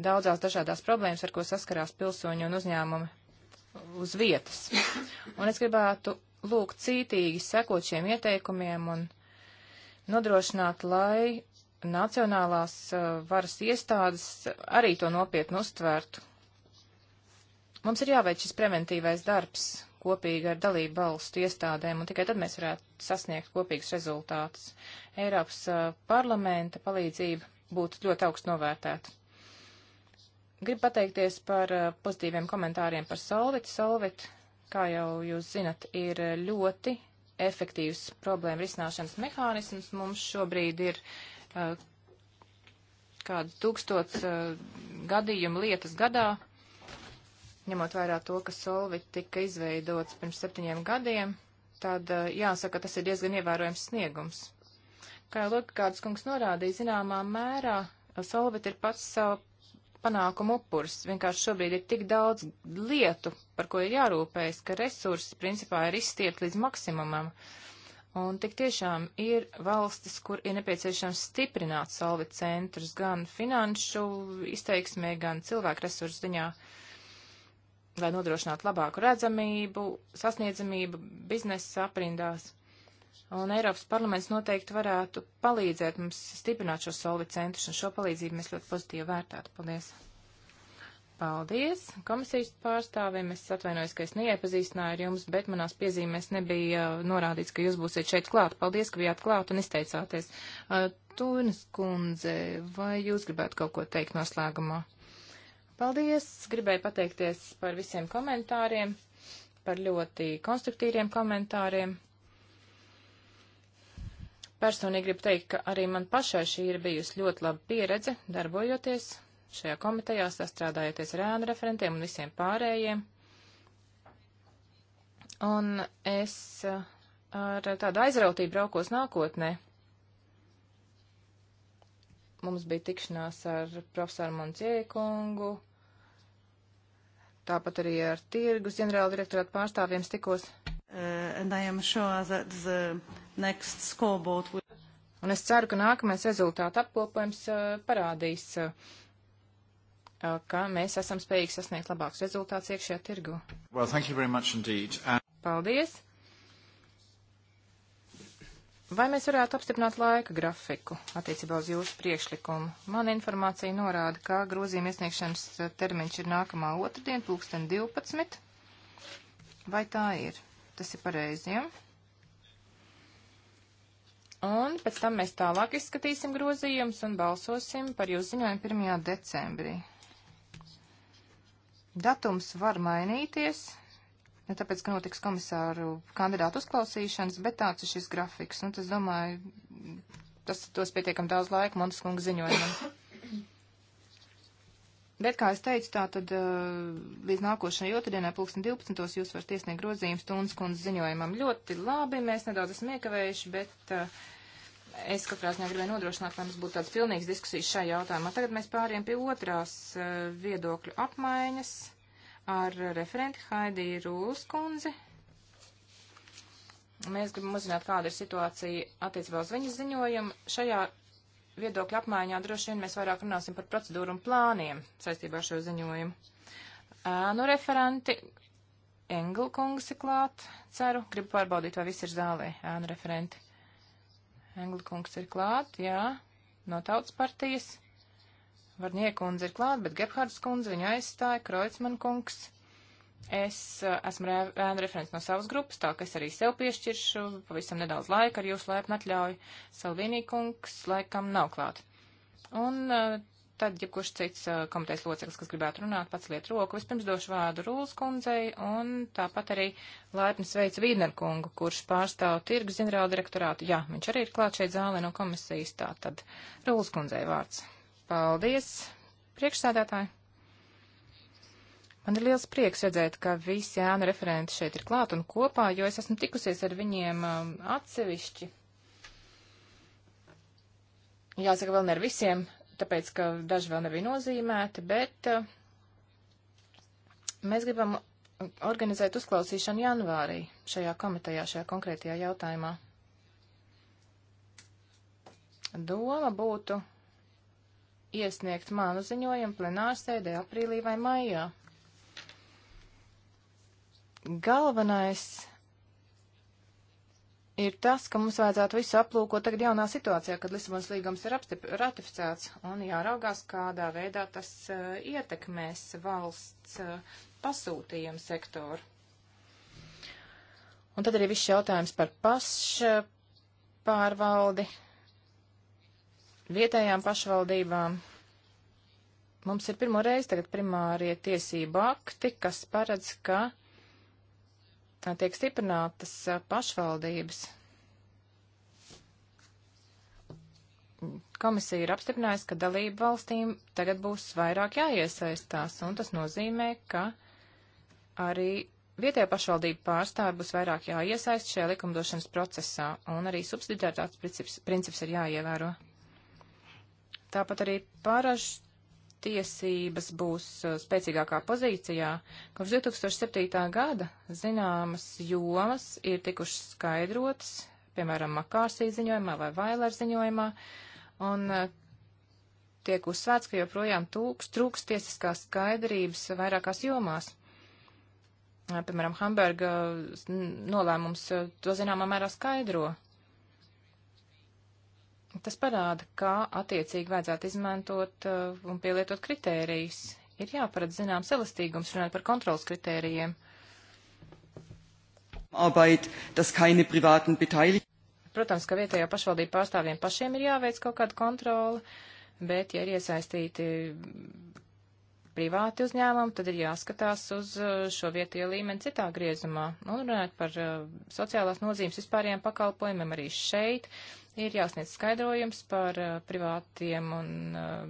daudzās dažādās problēmas, ar ko saskarās pilsoņi un uzņēmumi uz vietas. Un es gribētu lūgt cītīgi sekot šiem ieteikumiem un nodrošināt, lai nacionālās uh, varas iestādes arī to nopietni uztvērtu. Mums ir jāveic šis preventīvais darbs, kopīgi ar dalību valstu iestādēm, un tikai tad mēs varētu sasniegt kopīgus rezultātus. Eiropas parlamenta palīdzība būtu ļoti augstu novērtēta. Gribu pateikties par pozitīviem komentāriem par Solvit. Solvit, kā jau jūs zinat, ir ļoti efektīvs problēma risināšanas mehānisms. Mums šobrīd ir kāds tūkstots gadījumu lietas gadā ņemot vērā to, ka Solvit tika izveidots pirms septiņiem gadiem, tad eh, jāsaka, tas ir diezgan ievērojams sniegums. Kā jau Lukāds kungs norādīja, zināmā mērā eh, Solvit ir pats savu panākumu upurs. Vienkārši šobrīd ir tik daudz lietu, par ko ir jārūpējas, ka resursi principā ir izstiet līdz maksimumam. Un tik tiešām ir valstis, kur ir nepieciešams stiprināt solvi centrus gan finanšu izteiksmē, gan cilvēku resursu ziņā. Uh, lai nodrošinātu labāku redzamību, sasniedzamību biznesa aprindās. Un Eiropas parlaments noteikti varētu palīdzēt mums stiprināt šo solvi centrus, un šo palīdzību mēs ļoti pozitīvi vērtētu. Paldies! Paldies! Komisijas pārstāvim es atvainojos, ka es neiepazīstināju ar jums, bet manās piezīmēs nebija uh, norādīts, ka jūs būsiet šeit klāt. Paldies, ka bijāt klāt un izteicāties. Uh, Tūnas kundze, vai jūs gribētu kaut ko teikt noslēgumā? Uh, Paldies! Gribēju pateikties par visiem komentāriem, par ļoti konstruktīviem komentāriem. Personīgi gribu teikt, ka arī man pašai šī ir bijusi ļoti laba pieredze darbojoties šajā komitejā, sastrādājoties ar ēnu referentiem un visiem pārējiem. Un es eh, ar tādu aizrautību braukos nākotnē. Mums bija tikšanās ar profesoru Montjē kungu, Tāpat arī ar tirgus ģenerāla direktorāta pārstāvjiem tikos. Uh, sure will... Un es ceru, ka nākamais rezultātu apkopojums uh, parādīs, uh, uh, ka mēs esam spējīgi sasniegt labākus rezultātus iekšējā tirgu. Well, And... Paldies! Vai mēs varētu apstiprināt laika grafiku attiecībā uz jūsu priekšlikumu? Man informācija norāda, ka grozījuma iesniegšanas eh, termiņš ir nākamā otrdien, pulksten 12. Vai tā ir? Tas ir pareizi, ja? Un pēc tam mēs tālāk izskatīsim grozījumus un balsosim par jūsu ziņojumu 1. decembrī. Datums var mainīties, tāpēc, ka notiks komisāru kandidātu uzklausīšanas, bet tāds ir šis grafiks. Un nu, tas, domāju, tas tos pietiekam daudz laika Monteskunga ziņojumam. Bet, kā es teicu, tā tad līdz nākošajai otrdienai, pulksten 12. jūs varat iesniegt grozījums Tūnas kundzes ziņojumam. Ļoti labi, mēs nedaudz esam iekavējuši, bet uh, es katrā ziņā gribēju nodrošināt, lai mums būtu tāds pilnīgs diskusijas šajā jautājumā. Tagad mēs pāriem pie otrās uh, viedokļu apmaiņas. Uh, ar referenti Haidī Rūlas kundzi. Mēs gribam uzzināt, kāda ir situācija attiecībā uz viņas ziņojumu. Šajā viedokļa apmaiņā droši vien mēs vairāk runāsim par procedūru un plāniem saistībā ar šo ziņojumu. Ēnu referenti Engelkungs ir klāt, ceru, gribu pārbaudīt, vai viss ir zālē, ēnu referenti. Engelkungs ir klāt, jā, no tautas partijas. Varniekundze ir klāt, bet Gebhards kundze viņu aizstāja, Kreutzmann kungs. Es eh, esmu ēnu referents no savas grupas, tā ka es arī sev piešķiršu pavisam nedaudz laika ar jūsu laipnu atļauju. Salvīnī kungs laikam nav klāt. Un eh, tad, ja kurš cits eh, komitejas loceklis, kas gribētu runāt, pats liet roku, vispirms došu vārdu Rūlas kundzei un tāpat arī laipni sveicu Vīdner kungu, kurš pārstāv tirgus ģenerāla direktorātu. Jā, viņš arī ir klāt šeit zālē no komisijas, tā tad Rūlas kundzei vārds. Paldies, priekšsādātāji! Man ir liels prieks redzēt, ka visi ēnu referenti šeit ir klāt un kopā, jo es esmu tikusies ar viņiem um, atsevišķi. Jāsaka, vēl ne ar visiem, tāpēc, ka daži vēl nebija nozīmēti, bet uh, mēs gribam organizēt uzklausīšanu janvārī šajā komitejā, šajā konkrētajā jautājumā. Doma būtu iesniegt manu ziņojumu plenārsēdē aprīlī vai maijā. Galvenais ir tas, ka mums vajadzētu visu aplūkot tagad jaunā situācijā, kad Lisabonas līgums ir ratificēts un jāraugās, kādā veidā tas uh, ietekmēs valsts uh, pasūtījumu sektoru. Un tad arī viss jautājums par pašu pārvaldi. Uh, vietējām pašvaldībām. Mums ir pirmo reizi tagad primārie tiesību akti, kas paredz, ka tiek stiprinātas pašvaldības. Komisija ir apstiprinājusi, ka dalību valstīm tagad būs vairāk jāiesaistās, un tas nozīmē, ka arī vietējā pašvaldība pārstāvi būs vairāk jāiesaist šajā likumdošanas procesā, un arī subsidiaritātes princips, princips ir jāievēro. Tāpat arī parašu tiesības būs uh, spēcīgākā pozīcijā. Kopš 2007. gada zināmas jomas ir tikušas skaidrotas, piemēram, Makārsī ziņojumā vai Vailēr ziņojumā, un uh, tiek uzsvērts, ka joprojām tūks, trūks tiesiskās skaidrības vairākās jomās. Uh, piemēram, Hamburga nolēmums to zināmā mērā skaidro. Tas parāda, kā attiecīgi vajadzētu izmantot uh, un pielietot kritērijus. Ir jāparedz zināms elastīgums runāt par kontrolas kritērijiem. Arbeit, das keine privaten beteiligt. Protams, ka vietējā pašvaldība pārstāvjiem pašiem ir jāveic kaut kāda kontrola, bet, ja ir iesaistīti privāti uzņēmumi, tad ir jāskatās uz uh, šo vietējo līmeni citā griezumā. Un runāt par uh, sociālās nozīmes vispārējiem pakalpojumiem arī šeit. Uh, ir jāsniedz skaidrojums par uh, privātiem un uh,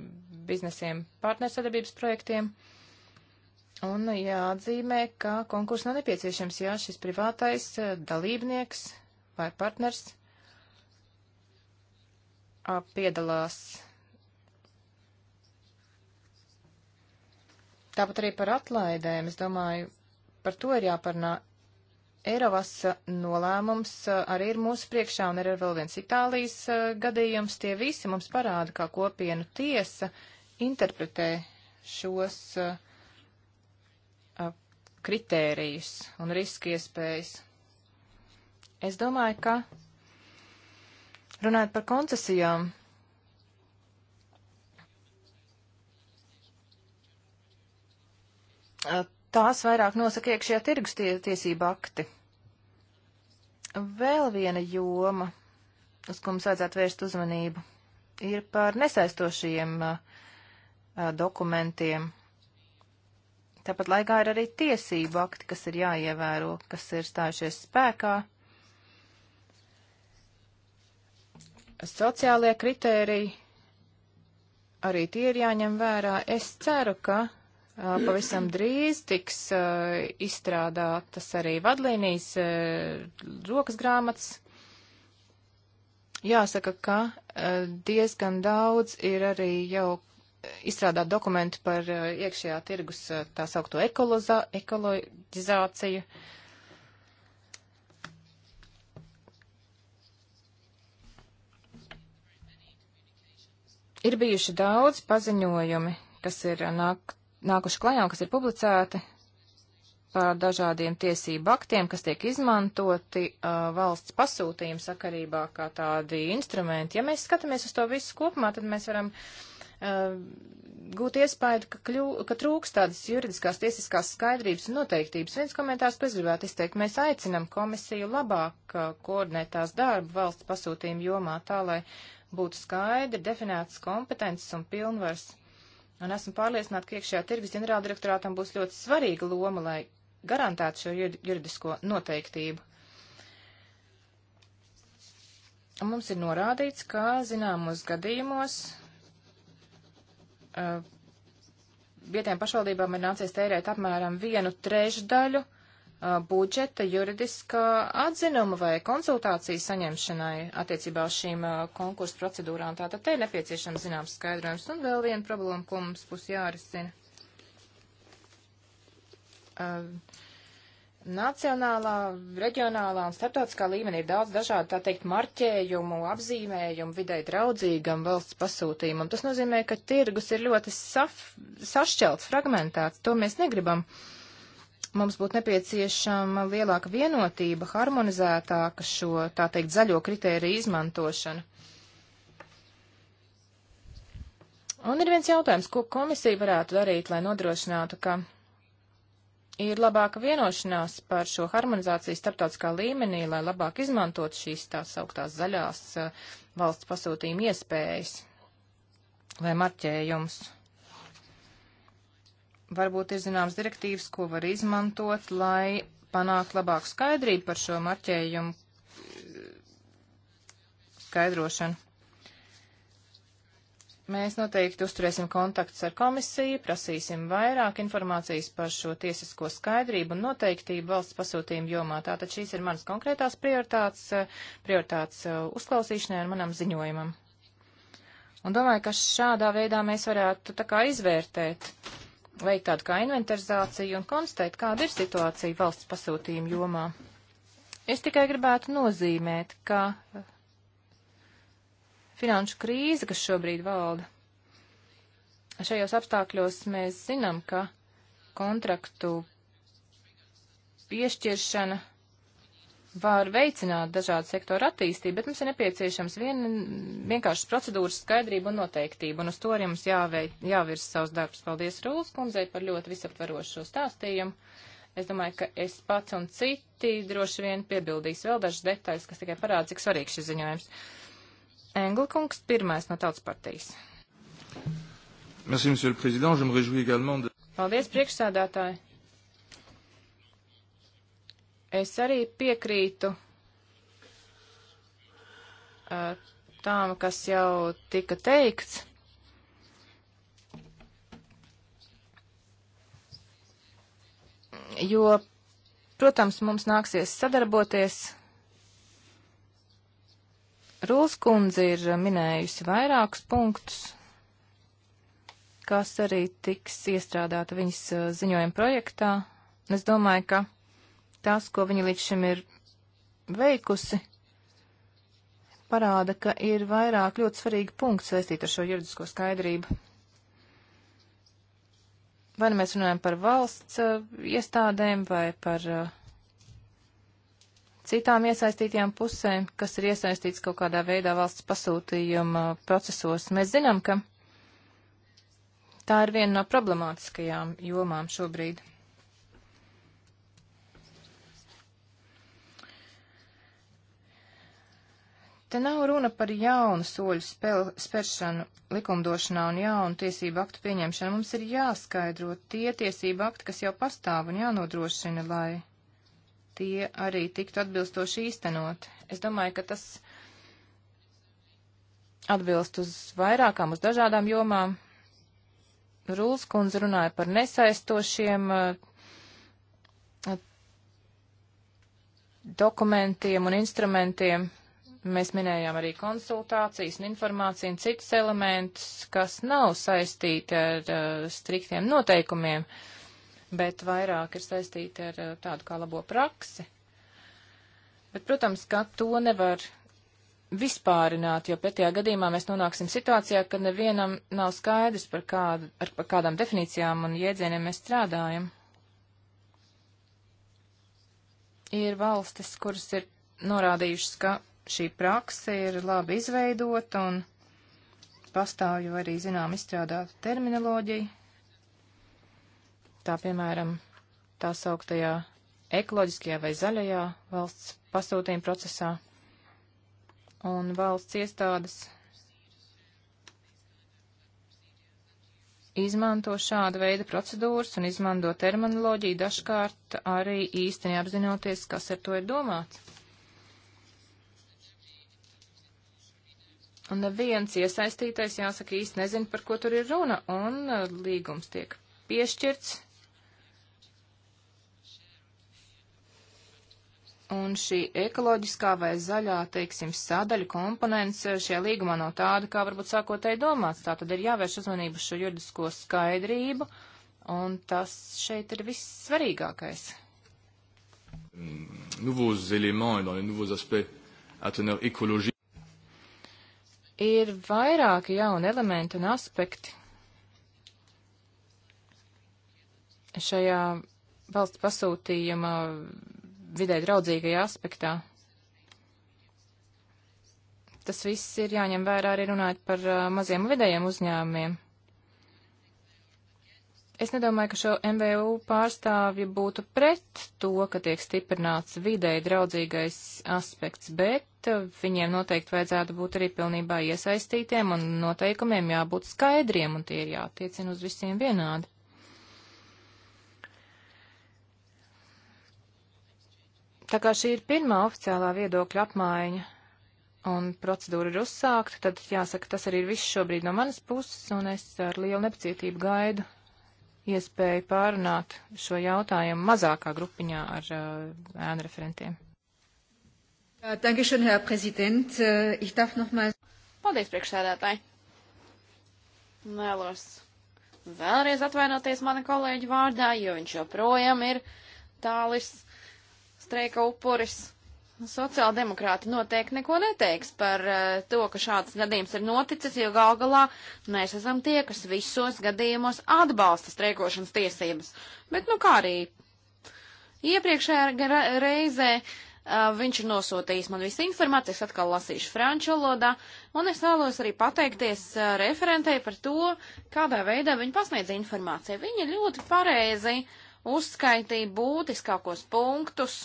biznesiem partnersadarbības projektiem. Un jāatzīmē, ka konkurss nav nepieciešams, ja šis privātais uh, dalībnieks vai partners piedalās. Tāpat arī par atlaidēm, es domāju, par to ir jāparunā Eirovas eh, nolēmums eh, arī ir mūsu priekšā, un ir vēl viens Itālijas eh, gadījums. Tie visi mums parāda, kā kopienu tiesa interpretē šos kritērijus un riski iespējas. Es domāju, ka runājot par koncesijām, tās vairāk nosaka iekšējā tirgus tie, tiesība akti. Vēl viena joma, uz ko mums vajadzētu vērst uzmanību, ir par nesaistošiem a, uh, uh, dokumentiem. Tāpat laikā ir arī tiesību akti, kas ir jāievēro, kas ir stājušies spēkā. Sociālie kritēriji arī tie ir jāņem vērā. Es ceru, ka Pavisam drīz tiks uh, izstrādātas arī vadlīnijas uh, rokas grāmatas. Jāsaka, ka uh, diezgan daudz ir arī jau izstrādāt dokumenti par iekšējā tirgus tā saukto ekoloza, ekoloģizāciju. Ir bijuši daudz paziņojumi, kas ir nākt nākuši klajā un kas ir publicēti par dažādiem tiesību aktiem, kas tiek izmantoti uh, valsts pasūtījuma sakarībā kā tādi instrumenti. Ja mēs skatāmies uz to visu kopumā, tad mēs varam uh, gūt iespēju, ka, kļū, ka trūks tādas juridiskās tiesiskās skaidrības un noteiktības. Viens komentārs, ko es gribētu izteikt, mēs aicinam komisiju labāk uh, koordinēt tās darbu valsts pasūtījuma jomā tā, lai būtu skaidri definētas kompetences un pilnvars Un esmu pārliecināta, ka iekšējā tirgus ģenerāldirektorātam būs ļoti svarīga loma, lai garantētu šo juridisko noteiktību. Un mums ir norādīts, ka zināmos gadījumos uh, vietējām pašvaldībām ir nācies tērēt apmēram vienu trešdaļu uh, budžeta juridiskā atzinuma vai konsultāciju saņemšanai attiecībā uz šīm konkursu procedūrām. Tātad te ir nepieciešams zināms skaidrojums. Un vēl viena problēma, ko mums būs jārisina. Nacionālā, reģionālā un starptautiskā līmenī ir daudz dažādu, tā teikt, marķējumu, apzīmējumu vidē draudzīgam valsts pasūtījumam. Tas nozīmē, ka tirgus ir ļoti saf, sašķelts, fragmentēts. To mēs negribam. Uh, mums būtu nepieciešama lielāka vienotība, harmonizētāka šo, tā teikt, zaļo kritēriju izmantošana. Un ir viens jautājums, ko komisija varētu darīt, lai nodrošinātu, ka ir labāka vienošanās par šo harmonizāciju starptautiskā līmenī, lai labāk izmantot šīs tās augtās zaļās eh, valsts pasūtījuma iespējas vai marķējumus varbūt ir zināms direktīvas, ko var izmantot, lai panāktu labāku skaidrību par šo marķējumu eh, skaidrošanu. Mēs noteikti uzturēsim kontaktus ar komisiju, prasīsim vairāk informācijas par šo tiesisko skaidrību un noteiktību valsts pasūtījumu jomā. Tātad šīs ir manas konkrētās prioritātes, eh, prioritātes eh, uzklausīšanai un manam ziņojumam. Un domāju, ka šādā veidā mēs varētu tā kā izvērtēt veikt tādu kā inventarizāciju un konstatēt, kāda ir situācija valsts pasūtījuma jomā. Es tikai gribētu nozīmēt, ka eh, finanšu krīze, kas šobrīd valda, šajos apstākļos mēs zinām, ka kontraktu piešķiršana var veicināt dažādu sektoru attīstību, bet mums ir nepieciešams vien, vienkāršas procedūras skaidrība un noteiktība, un uz to arī mums jāvei, jāvirs savus darbus. Paldies Rūlas kundzei par ļoti visaptvarošo stāstījumu. Es domāju, ka es pats un citi droši vien piebildīs vēl dažas detaļas, kas tikai parāda, cik svarīgs šis ziņojums. Engelkungs, pirmais no tautas partijas. Merci, Paldies, priekšsādātāji! Es arī piekrītu uh, tām, kas jau tika teikts. Jo, protams, mums nāksies sadarboties. Rūls kundze ir minējusi vairākus punktus, kas arī tiks iestrādāta viņas ziņojuma projektā. Es domāju, ka Tas, ko viņa līdz šim ir veikusi, parāda, ka ir vairāk ļoti svarīgi punkti saistīti ar šo juridisko skaidrību. Vai nu mēs runājam par valsts uh, iestādēm vai par uh, citām iesaistītajām pusēm, kas ir iesaistīts kaut kādā veidā valsts pasūtījuma procesos. Mēs zinām, ka tā ir viena no problemātiskajām jomām šobrīd. Te nav runa par jaunu soļu spēl, spēršanu likumdošanā un jaunu tiesību aktu pieņemšanu. Mums ir jāskaidro tie tiesību akti, kas jau pastāv un jānodrošina, lai tie arī tiktu atbilstoši īstenot. Es domāju, ka tas atbilst uz vairākām, uz dažādām jomām. Rūls kundze runāja par nesaistošiem eh, dokumentiem un instrumentiem. Mēs minējām arī konsultācijas un informāciju un citus elementus, kas nav saistīti ar uh, striktiem noteikumiem, bet vairāk ir saistīti ar uh, tādu kā labo praksi. Bet, protams, ka to nevar vispārināt, jo pretējā gadījumā mēs nonāksim situācijā, kad nevienam nav skaidrs, par, kādu, ar, par kādām definīcijām un jēdzieniem mēs strādājam. Ir valstis, kuras ir norādījušas, ka šī prakse ir labi izveidota un pastāv jau arī, zinām, izstrādāta terminoloģija. Tā, piemēram, tā sauktajā ekoloģiskajā vai zaļajā valsts pasūtījuma procesā. Un valsts iestādes izmanto šāda veida procedūras un izmanto terminoloģiju dažkārt arī īsti neapzinoties, kas ar to ir domāts. Un neviens iesaistītais, jāsaka, īsti nezina, par ko tur ir runa, un uh, līgums tiek piešķirts. Un šī ekoloģiskā vai zaļā, teiksim, sadaļa komponents uh, šajā līgumā nav tāda, kā varbūt sākotēji domāts. Tā tad ir jāvērš uzmanību šo juridisko skaidrību, un tas šeit ir viss svarīgākais. Nouveaux éléments et dans les nouveaux aspects à teneur écologique ir vairāki jauni elementi un aspekti šajā valsts pasūtījuma vidē draudzīgajā aspektā. Tas viss ir jāņem vērā arī runājot par uh, maziem vidējiem uzņēmumiem. Es nedomāju, ka šo MVU pārstāvju būtu pret to, ka tiek stiprināts videi draudzīgais aspekts, bet uh, viņiem noteikti vajadzētu būt arī pilnībā iesaistītiem un noteikumiem jābūt skaidriem un tie ir jātiecina uz visiem vienādi. Tā kā šī ir pirmā oficiālā viedokļa apmaiņa un procedūra ir uzsākta, tad jāsaka, tas arī ir viss šobrīd no manas puses un es ar lielu nepacietību gaidu iespēju pārunāt šo jautājumu mazākā grupiņā ar uh, ēnu uh, referentiem. Dankeschön, Herr Präsident. Äh, ich darf nochmal. Paldies, priekšsēdētāji. Vēlos vēlreiz atvainoties mana kolēģa vārdā, jo viņš joprojām ir tālis streika upuris. Sociāldemokrāti noteikti neko neteiks par uh, to, ka šāds gadījums ir noticis, jo gal galā mēs esam tie, kas visos gadījumos atbalsta streikošanas tiesības. Bet nu kā arī iepriekšējā reizē uh, viņš ir nosūtījis man visu informāciju, es atkal lasīšu franču valodā, un es vēlos arī pateikties uh, referentei par to, kādā veidā viņa pasniedz informāciju. Viņa ļoti pareizi uzskaitīja būtiskākos punktus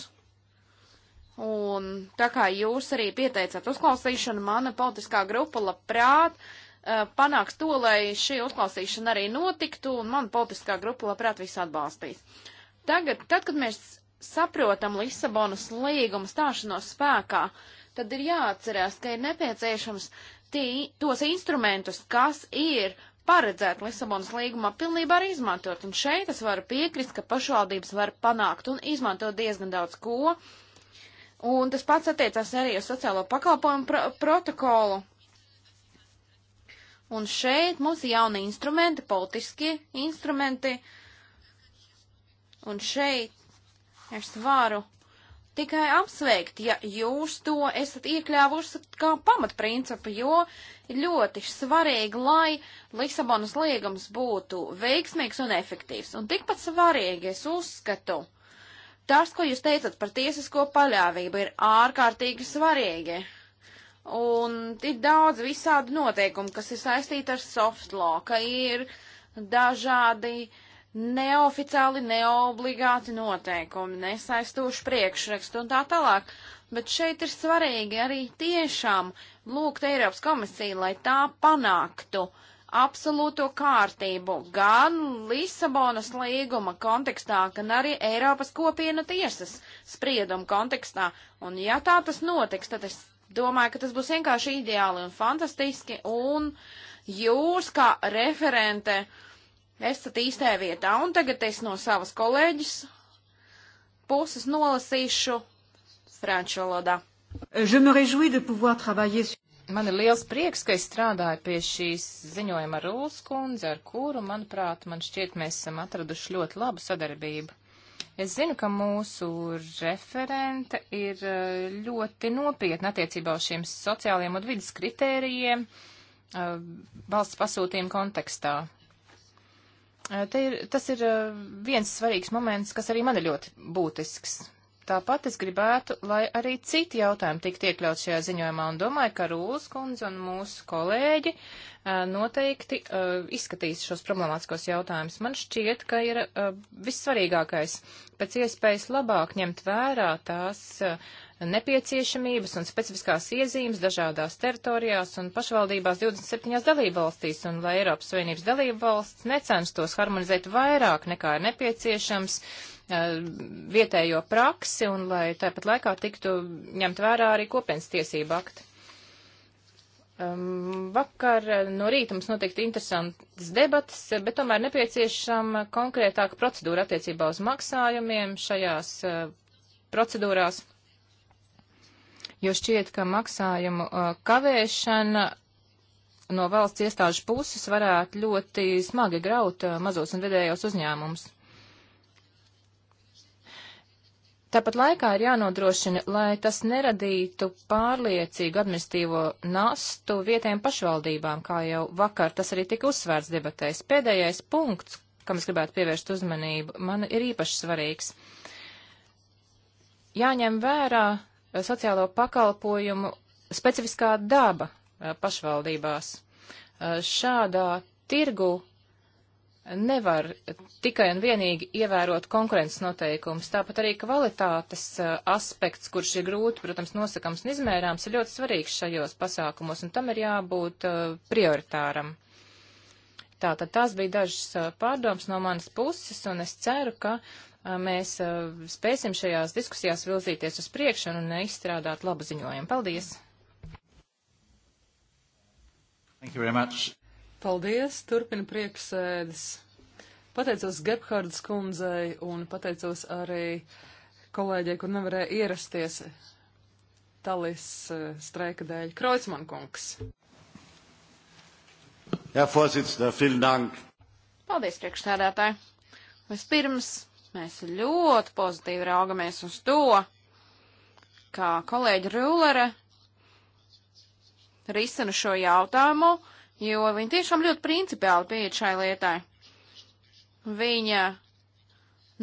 Un tā kā jūs arī pieteicāt uzklausīšanu, mana politiskā grupa labprāt uh, panāks to, lai šī uzklausīšana arī notiktu, un mana politiskā grupa labprāt visu atbalstīs. Tagad, tad, kad mēs saprotam Lisabonas līguma stāšanos spēkā, tad ir jāatcerās, ka ir nepieciešams tī, tos instrumentus, kas ir paredzēti Lisabonas līgumā, pilnībā arī izmantot. Un šeit es varu piekrist, ka pašvaldības var panākt un izmantot diezgan daudz ko, uh, Un tas pats attiecās arī uz sociālo pakalpojumu pro protokolu. Un šeit mums ir jauni instrumenti, politiski instrumenti. Un šeit es varu tikai apsveikt, ja jūs to esat iekļāvuši kā pamatprincipu, jo ir ļoti svarīgi, lai Lisabonas liegums būtu veiksmīgs un efektīvs. Un tikpat svarīgi es uzskatu, Tas, ko jūs teicat par tiesisko paļāvību, ir ārkārtīgi svarīgi. Un ir daudz visādi noteikumi, kas ir saistīti ar soft law, ka ir dažādi neoficiāli, neobligāti noteikumi, nesaistoši priekšrakstu un tā tālāk. Bet šeit ir svarīgi arī tiešām lūgt Eiropas komisiju, lai tā panāktu uh, absolūto kārtību gan Lisabonas līguma kontekstā, gan arī Eiropas kopiena tiesas sprieduma kontekstā. Un ja tā tas notiks, tad es domāju, ka tas būs vienkārši ideāli un fantastiski, un jūs kā referente esat īstajā vietā. Un tagad es no savas kolēģis puses nolasīšu franču valodā. Je me réjouis de pouvoir travailler sur Man ir liels prieks, ka es strādāju pie šīs ziņojuma ar Rūlas kundzi, ar kuru, manuprāt, man šķiet, mēs esam atraduši ļoti labu sadarbību. Es zinu, ka mūsu referente ir eh, ļoti nopietna attiecībā uz šiem sociālajiem un vidas kritērijiem eh, valsts pasūtījuma kontekstā. Eh, te ir, tas ir viens svarīgs moments, kas arī man ir ļoti būtisks. Tāpat es gribētu, lai arī citi jautājumi tiktu iekļauts šajā ziņojumā, un domāju, ka Rūlas kundze un mūsu kolēģi noteikti izskatīs šos problemātiskos jautājumus. Man šķiet, ka ir vissvarīgākais pēc iespējas labāk ņemt vērā tās nepieciešamības un specifiskās iezīmes dažādās teritorijās un pašvaldībās 27 dalībvalstīs, un lai Eiropas Savienības dalībvalsts necenstos harmonizēt vairāk nekā ir nepieciešams, uh, Eh, vietējo praksi un lai tāpat laikā tiktu ņemt vērā arī kopienas tiesība akti. Vakar eh, no rīta mums noteikti interesants debats, eh, bet tomēr nepieciešama konkrētāka procedūra attiecībā uz maksājumiem šajās procedūrās, jo šķiet, ka maksājumu kavēšana no valsts iestāžu puses varētu ļoti smagi graut mazos un vidējos uzņēmumus. Tāpat laikā ir jānodrošina, lai tas neradītu pārliecīgu administīvo nastu vietējiem pašvaldībām, kā jau vakar tas arī tika uzsvērts debatēs. Pēdējais punkts, kam es gribētu pievērst uzmanību, man ir īpaši svarīgs. Jāņem vērā eh, sociālo pakalpojumu specifiskā daba eh, pašvaldībās. Eh, šādā tirgu nevar tikai un vienīgi ievērot konkurences noteikumus. Tāpat arī kvalitātes uh, aspekts, kurš ir grūti, protams, nosakams un izmērāms, ir ļoti svarīgs šajos pasākumos, un tam ir jābūt uh, prioritāram. Tātad tās bija dažas uh, pārdomas no manas puses, un es ceru, ka mēs spēsim šajās diskusijās vilzīties uz priekšu un izstrādāt labu ziņojumu. Paldies! Thank you very much. Paldies, turpina prieksēdis. Pateicos Gebhardas kundzei un pateicos arī kolēģei, kur nevarēja ierasties talis eh, streika dēļ. Kreutzmann kungs. Jā, ja, Fosicina, vielen dank. Paldies, priekšstādātāji. Vispirms mēs ļoti pozitīvi raugamies uz to, kā kolēģi Rūlere risina šo jautājumu jo viņa tiešām ļoti principiāli pieiet šai lietai. Viņa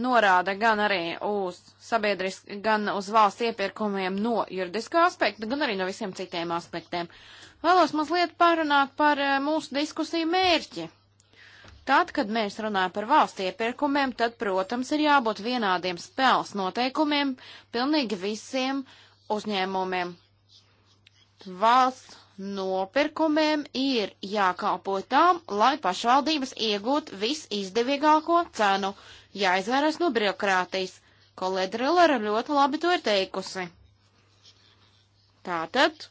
norāda gan arī uz sabiedriski, gan uz valsts iepirkumiem no juridiskā aspekta, gan arī no visiem citiem aspektiem. Vēlos mazliet parunāt par eh, mūsu diskusiju mērķi. Tad, kad mēs runājam par valsts iepirkumiem, tad, protams, ir jābūt vienādiem spēles noteikumiem pilnīgi visiem uzņēmumiem. Valsts nopirkumiem ir jākalpo tam, lai pašvaldības iegūtu visizdevīgāko cenu, jāizvērās no birokrātijas. Kolēģi Rillera ļoti labi to ir teikusi. Tātad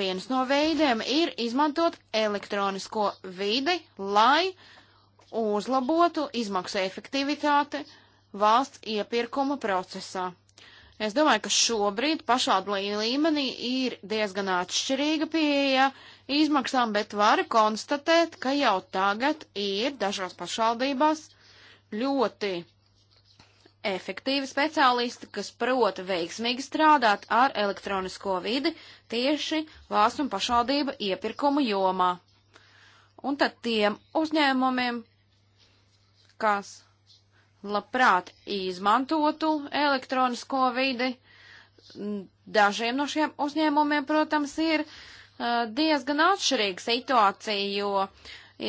viens no veidiem ir izmantot elektronisko vidi, lai uzlabotu izmaksu efektivitāti valsts iepirkuma procesā. Es domāju, ka šobrīd pašvaldību līmenī ir diezgan atšķirīga pieeja izmaksām, bet varu konstatēt, ka jau tagad ir dažās pašvaldībās ļoti efektīvi speciālisti, kas prot veiksmīgi strādāt ar elektronisko vidi tieši valsts un pašvaldība iepirkumu jomā. Un tad tiem uzņēmumiem, kas labprāt izmantotu elektronisko vidi. Dažiem no šiem uzņēmumiem, protams, ir uh, diezgan atšķirīga situācija, jo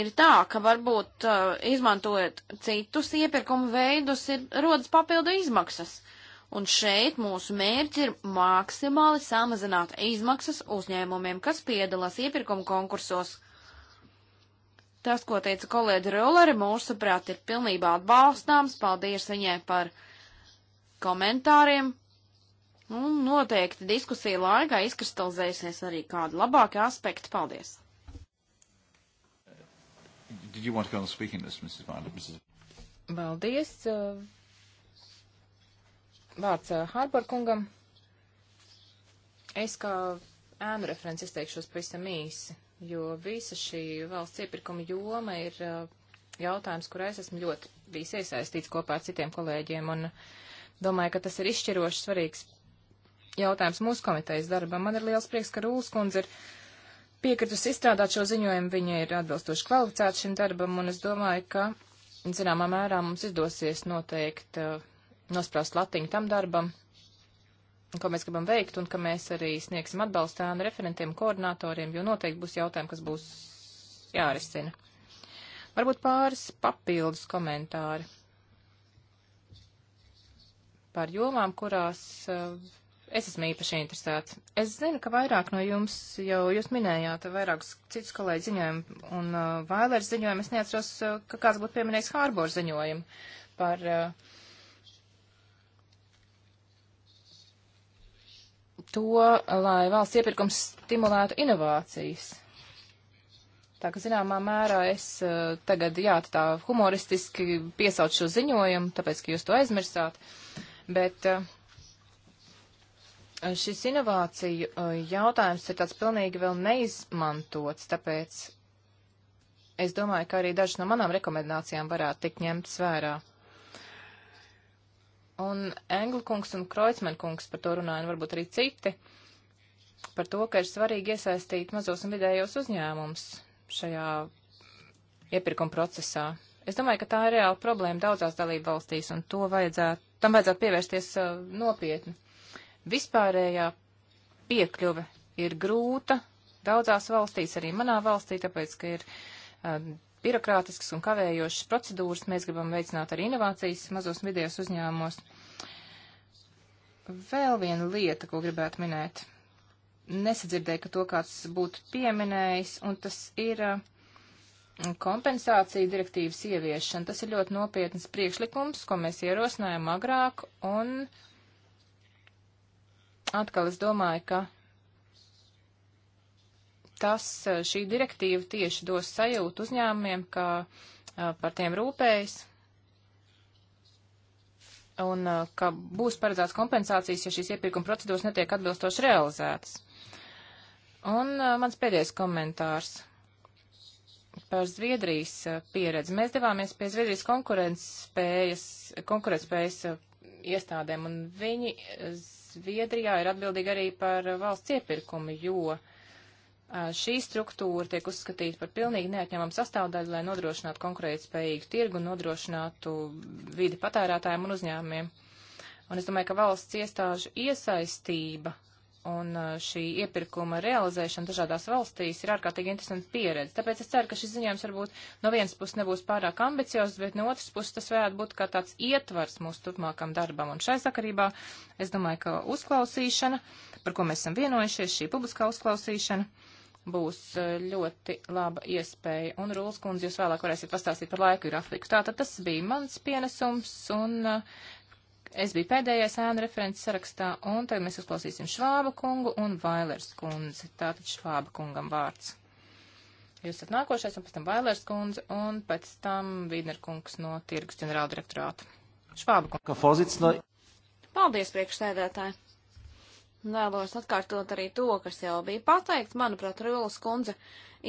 ir tā, ka varbūt uh, izmantojot citus iepirkumu veidus, ir rodas papildu izmaksas. Un šeit mūsu mērķi ir maksimāli samazināt izmaksas uzņēmumiem, kas piedalās iepirkumu konkursos. Uh, Tas, ko teica kolēģi Rolleri, mūsuprāt, ir pilnībā atbalstāms. Paldies viņai par komentāriem. Un noteikti diskusija laikā izkristalizēsies arī kādi labāki aspekti. Paldies! Did you want to go on speaking this, Mrs. Violet? Mrs. Paldies. Vārds eh, Harbor kungam. Es kā ēnu referents izteikšos pavisam īsi jo visa šī valsts iepirkuma joma ir uh, jautājums, kurā es esmu ļoti bijis iesaistīts kopā ar citiem kolēģiem, un domāju, ka tas ir izšķiroši svarīgs jautājums mūsu komitejas darbam. Man ir liels prieks, ka Rūlas kundze ir piekritusi izstrādāt šo ziņojumu, viņa ir atbilstoši kvalificēta šim darbam, un es domāju, ka, zināmā mērā, mums izdosies noteikt, uh, nospraust latiņu tam darbam, ko mēs gribam veikt un ka mēs arī sniegsim atbalstu ēnu referentiem, koordinatoriem, jo noteikti būs jautājumi, kas būs jārisina. Varbūt pāris papildus komentāri par jomām, kurās uh, es esmu īpaši interesēts. Es zinu, ka vairāk no jums jau jūs minējāt vairākus citus kolēģi ziņojumu un uh, Vailers ziņojumu. Es neatceros, uh, ka kāds būtu pieminējis Hārbor ziņojumu par uh, to, lai valsts iepirkums stimulētu inovācijas. Tā ka zināmā mērā es uh, tagad, jā, tā humoristiski piesaucu šo ziņojumu, tāpēc, ka jūs to aizmirsāt, bet uh, šis inovāciju uh, jautājums ir tāds pilnīgi vēl neizmantots, tāpēc es domāju, ka arī dažas no manām rekomendācijām varētu tikt ņemtas vērā. Un Engla kungs un Kreutzmann kungs par to runāja, un varbūt arī citi, par to, ka ir svarīgi iesaistīt mazos un vidējos uzņēmumus šajā iepirkuma procesā. Es domāju, ka tā ir reāla problēma daudzās dalību valstīs, un to vajadzētu, tam vajadzētu pievērsties uh, nopietni. Vispārējā piekļuve ir grūta daudzās valstīs, arī manā valstī, tāpēc, ka ir uh, birokrātiskas un kavējošas procedūras. Mēs gribam veicināt arī inovācijas mazos un vidējos uzņēmumos. Vēl viena lieta, ko gribētu minēt. Nesadzirdēju, ka to kāds būtu pieminējis, un tas ir uh, kompensācija direktīvas ieviešana. Tas ir ļoti nopietnas priekšlikums, ko mēs ierosinājām agrāk, un atkal es domāju, ka tas eh, šī direktīva tieši dos sajūtu uzņēmumiem, ka a, eh, par tiem rūpējas un a, eh, ka būs paredzēts kompensācijas, ja šīs iepirkuma procedūras netiek atbilstoši realizētas. Un a, mans pēdējais komentārs par Zviedrijas pieredzi. Mēs devāmies pie Zviedrijas konkurētspējas, konkurētspējas iestādēm, un viņi Zviedrijā ir atbildīgi arī par valsts iepirkumu, jo uh, Šī struktūra tiek uzskatīta par pilnīgi neatņemamu sastāvdaļu, lai nodrošinātu konkurētspējīgu tirgu un nodrošinātu vidi patērētājiem un uzņēmumiem. Un es domāju, ka valsts iestāžu iesaistība un šī iepirkuma realizēšana dažādās valstīs ir ārkārtīgi interesanta pieredze. Tāpēc es ceru, ka šis ziņojums varbūt no vienas puses nebūs pārāk ambiciozs, bet no otras puses tas varētu būt kā tāds ietvars mūsu turpmākam darbam. Un šai sakarībā es domāju, ka uzklausīšana, par ko mēs esam vienojušies, šī publiskā uzklausīšana, būs eh, ļoti laba iespēja. Un, Rūls kundze, jūs vēlāk varēsiet pastāstīt par laiku grafiku. Tātad tas bija mans pienesums, un eh, es biju pēdējais ēnu referents sarakstā, un tagad mēs uzklausīsim Švāba kungu un Vailers kundzi. Tātad Švāba kungam vārds. Jūs esat nākošais, un pēc tam Vailers kundze, un pēc tam Vīdner kungs no Tirgus ģenerāldirektorāta. Švāba kungs. Paldies, priekšsēdētāji! Vēlos atkārtot arī to, kas jau bija pateikts. Manuprāt, Rūlas kundze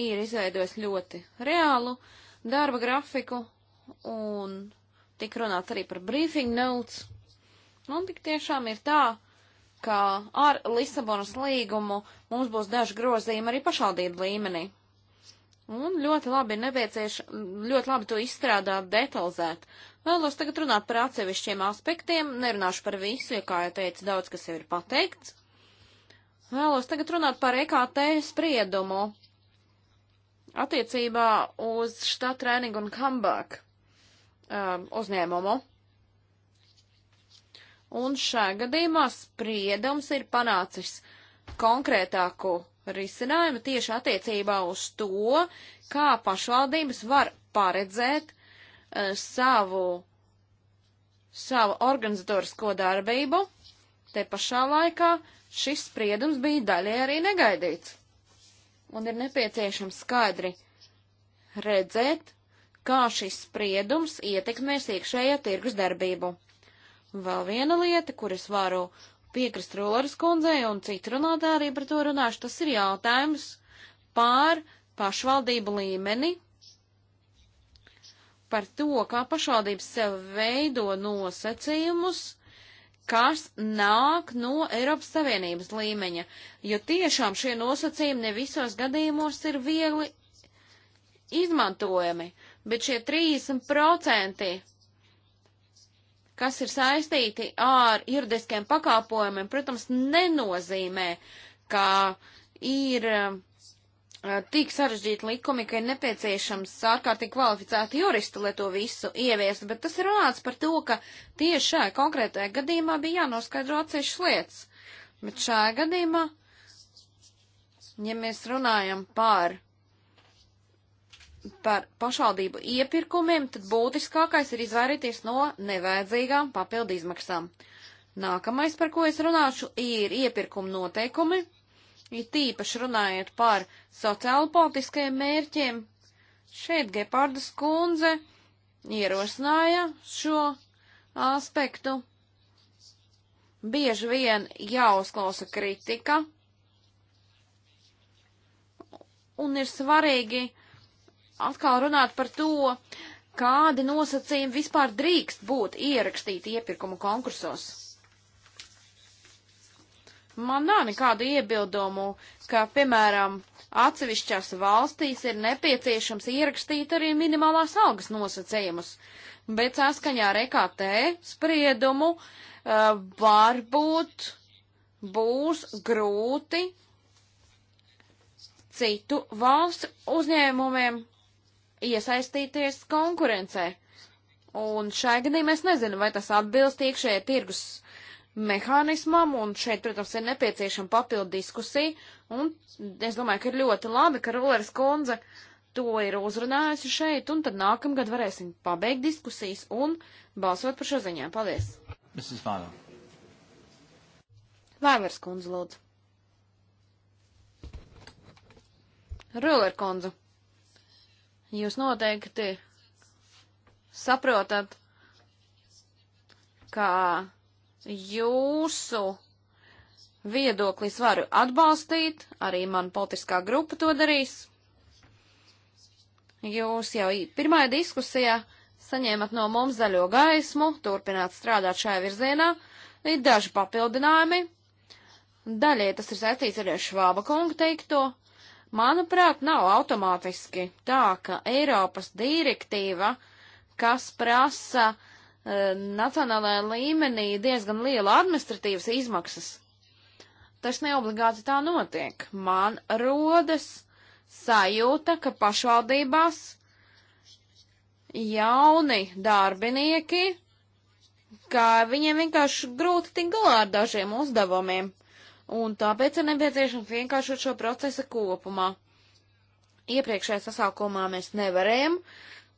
ir izveidojusi ļoti reālu darba grafiku un tik runāts arī par briefing notes. Un tik tiešām ir tā, ka ar Lisabonas līgumu mums būs daži grozījumi arī pašvaldību līmenī. Un ļoti labi ir nepieciešams, ļoti labi to izstrādāt, detalizēt. Vēlos tagad runāt par atsevišķiem aspektiem, nerunāšu par visu, jo, kā jau teicu, daudz kas jau ir pateikts. Vēlos tagad runāt par EKT spriedumu attiecībā uz štat training un comeback um, uzņēmumu. Un šajā gadījumā spriedums ir panācis konkrētāku risinājumu tieši attiecībā uz to, kā pašvaldības var paredzēt uh, savu, savu organizatorisko darbību Te pašā laikā šis spriedums bija daļai arī negaidīts. Un ir nepieciešams skaidri redzēt, kā šis spriedums ietekmēs iekšējā tirgus darbību. Vēl viena lieta, kuras varu piekrist Rularas kundzei un citu runātāju arī par to runāšu, tas ir jautājums pār pašvaldību līmeni, par to, kā pašvaldības sev veido nosacījumus kas nāk no Eiropas Savienības līmeņa, jo tiešām šie nosacījumi ne visos gadījumos ir viegli izmantojami, bet šie 30%, kas ir saistīti ar juridiskiem pakāpojumiem, protams, nenozīmē, ka ir uh, Eh, tik sarežģīti likumi, ka ir nepieciešams ārkārtīgi kvalificēti juristi, lai to visu ieviestu, bet tas ir runāts par to, ka tieši šajā konkrētajā gadījumā bija jānoskaidro atsevišķas lietas. Bet šajā gadījumā, ja mēs runājam par, par pašvaldību iepirkumiem, tad būtiskākais ir izvairīties no nevajadzīgām papildu izmaksām. Nākamais, par ko es runāšu, ir iepirkuma noteikumi it tīpaši runājot par sociālo-politiskajiem mērķiem. Šeit Gepardas kundze ierosināja šo aspektu. Bieži vien jāuzklausa kritika, un ir svarīgi atkal runāt par to, kādi nosacījumi vispār drīkst būt ierakstīti iepirkuma konkursos. Man nav nekādu iebildumu, ka, piemēram, atsevišķās valstīs ir nepieciešams ierakstīt arī minimālās algas nosacījumus, bet saskaņā ar EKT spriedumu uh, varbūt būs grūti citu valstu uzņēmumiem iesaistīties konkurencē. Un šai gadījumā es nezinu, vai tas atbilst iekšējai tirgus mehānismam, un šeit, protams, ir nepieciešama papildu diskusija, un es domāju, ka ir ļoti labi, ka Rulers kundze to ir uzrunājusi šeit, un tad nākamgad varēsim pabeigt diskusijas un balsot par šo ziņām. Paldies! Mrs. Vāla. Vēlers kundze, lūdzu. Ruler kundze, jūs noteikti saprotat, ka jūsu viedoklis varu atbalstīt, arī man politiskā grupa to darīs. Jūs jau pirmajā diskusijā saņēmat no mums zaļo gaismu, turpināt strādāt šajā virzienā, ir daži papildinājumi. Daļai tas ir saistīts arī ar Švāba kungu teikto. Manuprāt, nav automātiski tā, ka Eiropas direktīva, kas prasa uh, E, nacionālajā līmenī diezgan liela administratīvas izmaksas. Tas neobligāti tā notiek. Man rodas sajūta, ka pašvaldībās jauni darbinieki, ka viņiem vienkārši grūti tik galā ar dažiem uzdevumiem, un tāpēc ir nepieciešams vienkāršot šo procesu kopumā. Iepriekšējā sasākumā mēs nevarējam uh,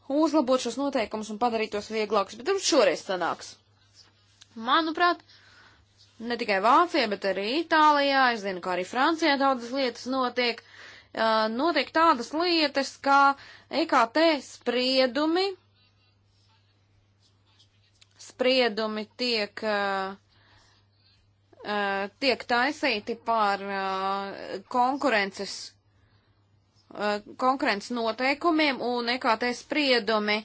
uzlabot šos noteikumus un padarīt tos vieglākus, bet šoreiz sanāks. Manuprāt, ne tikai Vācijā, bet arī Itālijā, es zinu, ka arī Francijā daudzas lietas notiek, uh, notiek tādas lietas, kā EKT spriedumi, spriedumi tiek, uh, uh, tiek taisīti par uh, konkurences Uh, konkurences noteikumiem un EKT spriedumi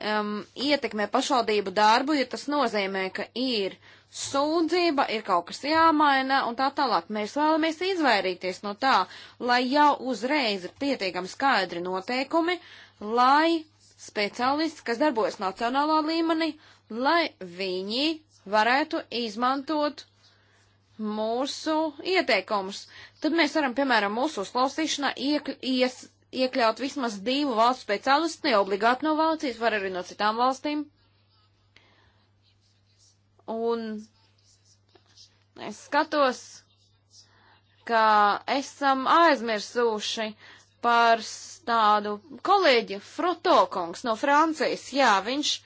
um, ietekmē pašvaldību darbu, ja tas nozīmē, ka ir sūdzība, ir kaut kas jāmaina un tā tālāk. Mēs vēlamies izvairīties no tā, lai jau uzreiz ir pietiekami skaidri noteikumi, lai speciālisti, kas darbojas nacionālā līmenī, lai viņi varētu izmantot mūsu ieteikumus. Tad mēs varam, piemēram, mūsu uzklausīšanā iek, ies, iekļaut vismaz divu valstu speciālistu, ne obligāti no Vācijas, var arī no citām valstīm. Un es skatos, ka esam aizmirsuši par tādu kolēģi Frotokungs no Francijas. Jā, viņš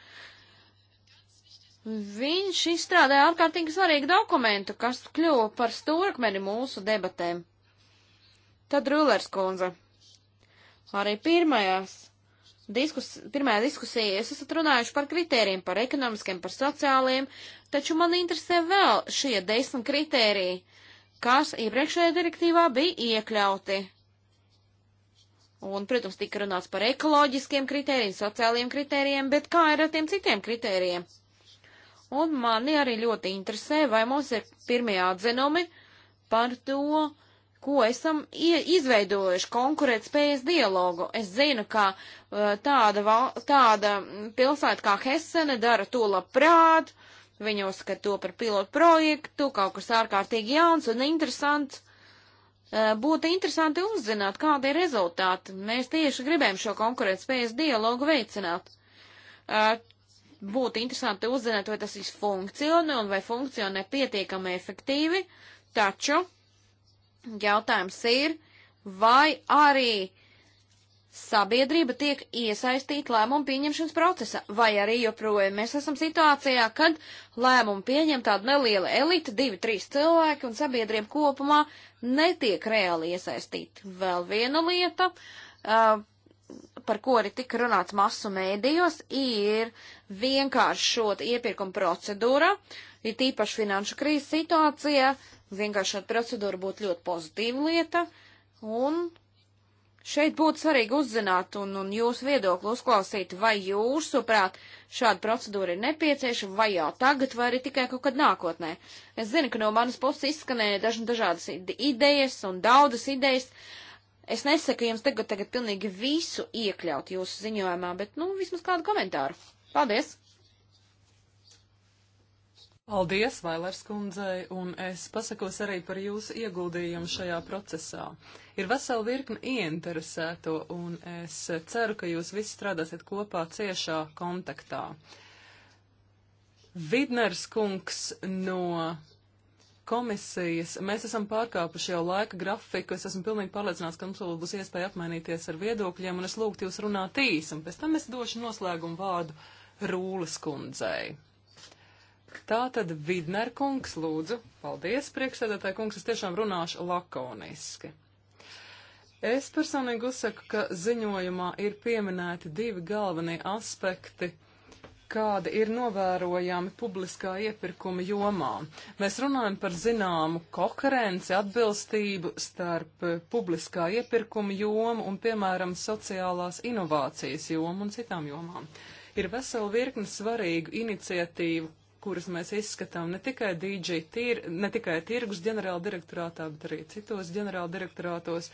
Viņš izstrādāja ārkārtīgi svarīgu dokumentu, kas kļuva par stūrakmeni mūsu debatēm. Tad Rulers kundze. Arī pirmajās diskus, pirmajā diskusijā es esat runājuši par kritērijiem, par ekonomiskiem, par sociāliem, taču man interesē vēl šie desmit kritēriji, kas iepriekšējā direktīvā bija iekļauti. Un, protams, tika runāts par ekoloģiskiem kritērijiem, sociālajiem kritērijiem, bet kā ir ar tiem citiem kritērijiem? Un mani arī ļoti interesē, vai mums ir pirmie atzinumi par to, ko esam izveidojuši konkurētspējas dialogu. Es zinu, ka uh, tāda, val, tāda pilsēta kā Hessene dara to labprāt, viņi uzskata to par pilotu projektu, kaut kas ārkārtīgi jauns un interesants. Uh, būtu interesanti uzzināt, kādi ir rezultāti. Mēs tieši gribējam šo konkurētspējas dialogu veicināt. Uh, būtu interesanti uzzināt, vai tas viss funkcionē un vai funkcionē pietiekami efektīvi, taču jautājums ir, vai arī sabiedrība tiek iesaistīta lēmumu pieņemšanas procesā, vai arī joprojām mēs esam situācijā, kad lēmumu pieņem tāda neliela elita, divi, trīs cilvēki un sabiedrība kopumā netiek reāli iesaistīta. Vēl viena lieta. Uh, par ko arī tika runāts masu mēdījos, ir vienkāršot iepirkuma procedūra, ir tīpaši finanšu krīzes situācijā, vienkāršot procedūru būtu ļoti pozitīva lieta, un šeit būtu svarīgi uzzināt un, un jūsu viedokli uzklausīt, vai jūsuprāt šāda procedūra ir nepieciešama, vai jau tagad, vai arī tikai kaut kad nākotnē. Es zinu, ka no manas puses izskanēja dažādas idejas un daudzas idejas, uh, Es nesaku jums tagad, tagad pilnīgi visu iekļaut jūsu ziņojumā, bet, nu, vismaz kādu komentāru. Paldies! Paldies, Vailers kundzei, un es pasakos arī par jūsu ieguldījumu šajā procesā. Ir vesela virkne ieinteresēto, un es ceru, ka jūs visi strādāsiet kopā ciešā kontaktā. Vidners kungs no komisijas. Mēs esam pārkāpuši jau laika grafiku. Es esmu pilnīgi pārliecināts, ka mums vēl būs iespēja apmainīties ar viedokļiem, un es lūgtu jūs runāt īsi, un pēc tam es došu noslēgumu vārdu Rūles kundzei. Tā tad Vidner kungs, lūdzu, paldies, priekšsēdētāji kungs, es tiešām runāšu lakoniski. Es personīgi uzsaku, ka ziņojumā ir pieminēti divi galvenie aspekti kāda ir novērojama publiskā iepirkuma jomā. Mēs runājam par zināmu koherenci, atbilstību starp publiskā iepirkuma jomu un, piemēram, sociālās inovācijas jomu un citām jomām. Ir vesela virkne svarīgu iniciatīvu, kurus mēs izskatām ne tikai DJ, tir, ne tikai tirgus ģenerāla direktorātā, bet arī citos ģenerāla direktorātos.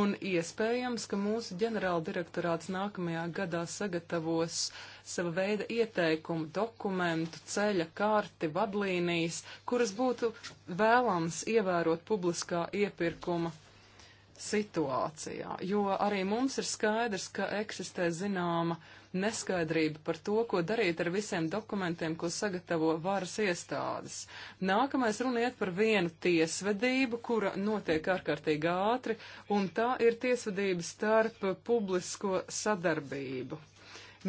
Un iespējams, ka mūsu ģenerāla direktorāts nākamajā gadā sagatavos sava veida ieteikumu, dokumentu, ceļa karti, vadlīnijas, kuras būtu vēlams ievērot publiskā iepirkuma situācijā. Jo arī mums ir skaidrs, ka eksistē zināma neskaidrība par to, ko darīt ar visiem dokumentiem, ko sagatavo varas iestādes. Nākamais runiet par vienu tiesvedību, kura notiek ārkārtīgi ātri, un tā ir tiesvedība starp publisko sadarbību.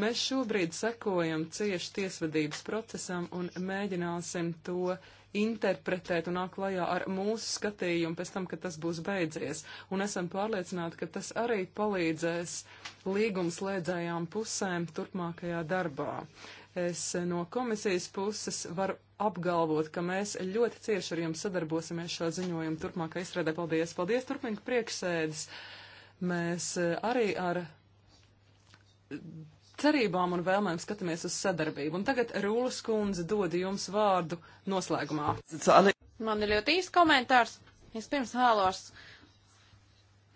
Mēs šobrīd sekojam cieši tiesvedības procesam un mēģināsim to interpretēt un nāk klajā ar mūsu skatījumu pēc tam, kad tas būs beidzies. Un esam pārliecināti, ka tas arī palīdzēs līgumslēdzējām pusēm turpmākajā darbā. Es no komisijas puses varu apgalvot, ka mēs ļoti cieši ar jums sadarbosimies šā ziņojuma turpmākā izstrādē. Paldies! Paldies, turpmīgi priekšsēdis! Mēs eh, arī ar cerībām un vēlmēm skatāmies uz sadarbību. Un tagad Rūlas kundze dod jums vārdu noslēgumā. Man ir ļoti īsts komentārs. Es pirms vēlos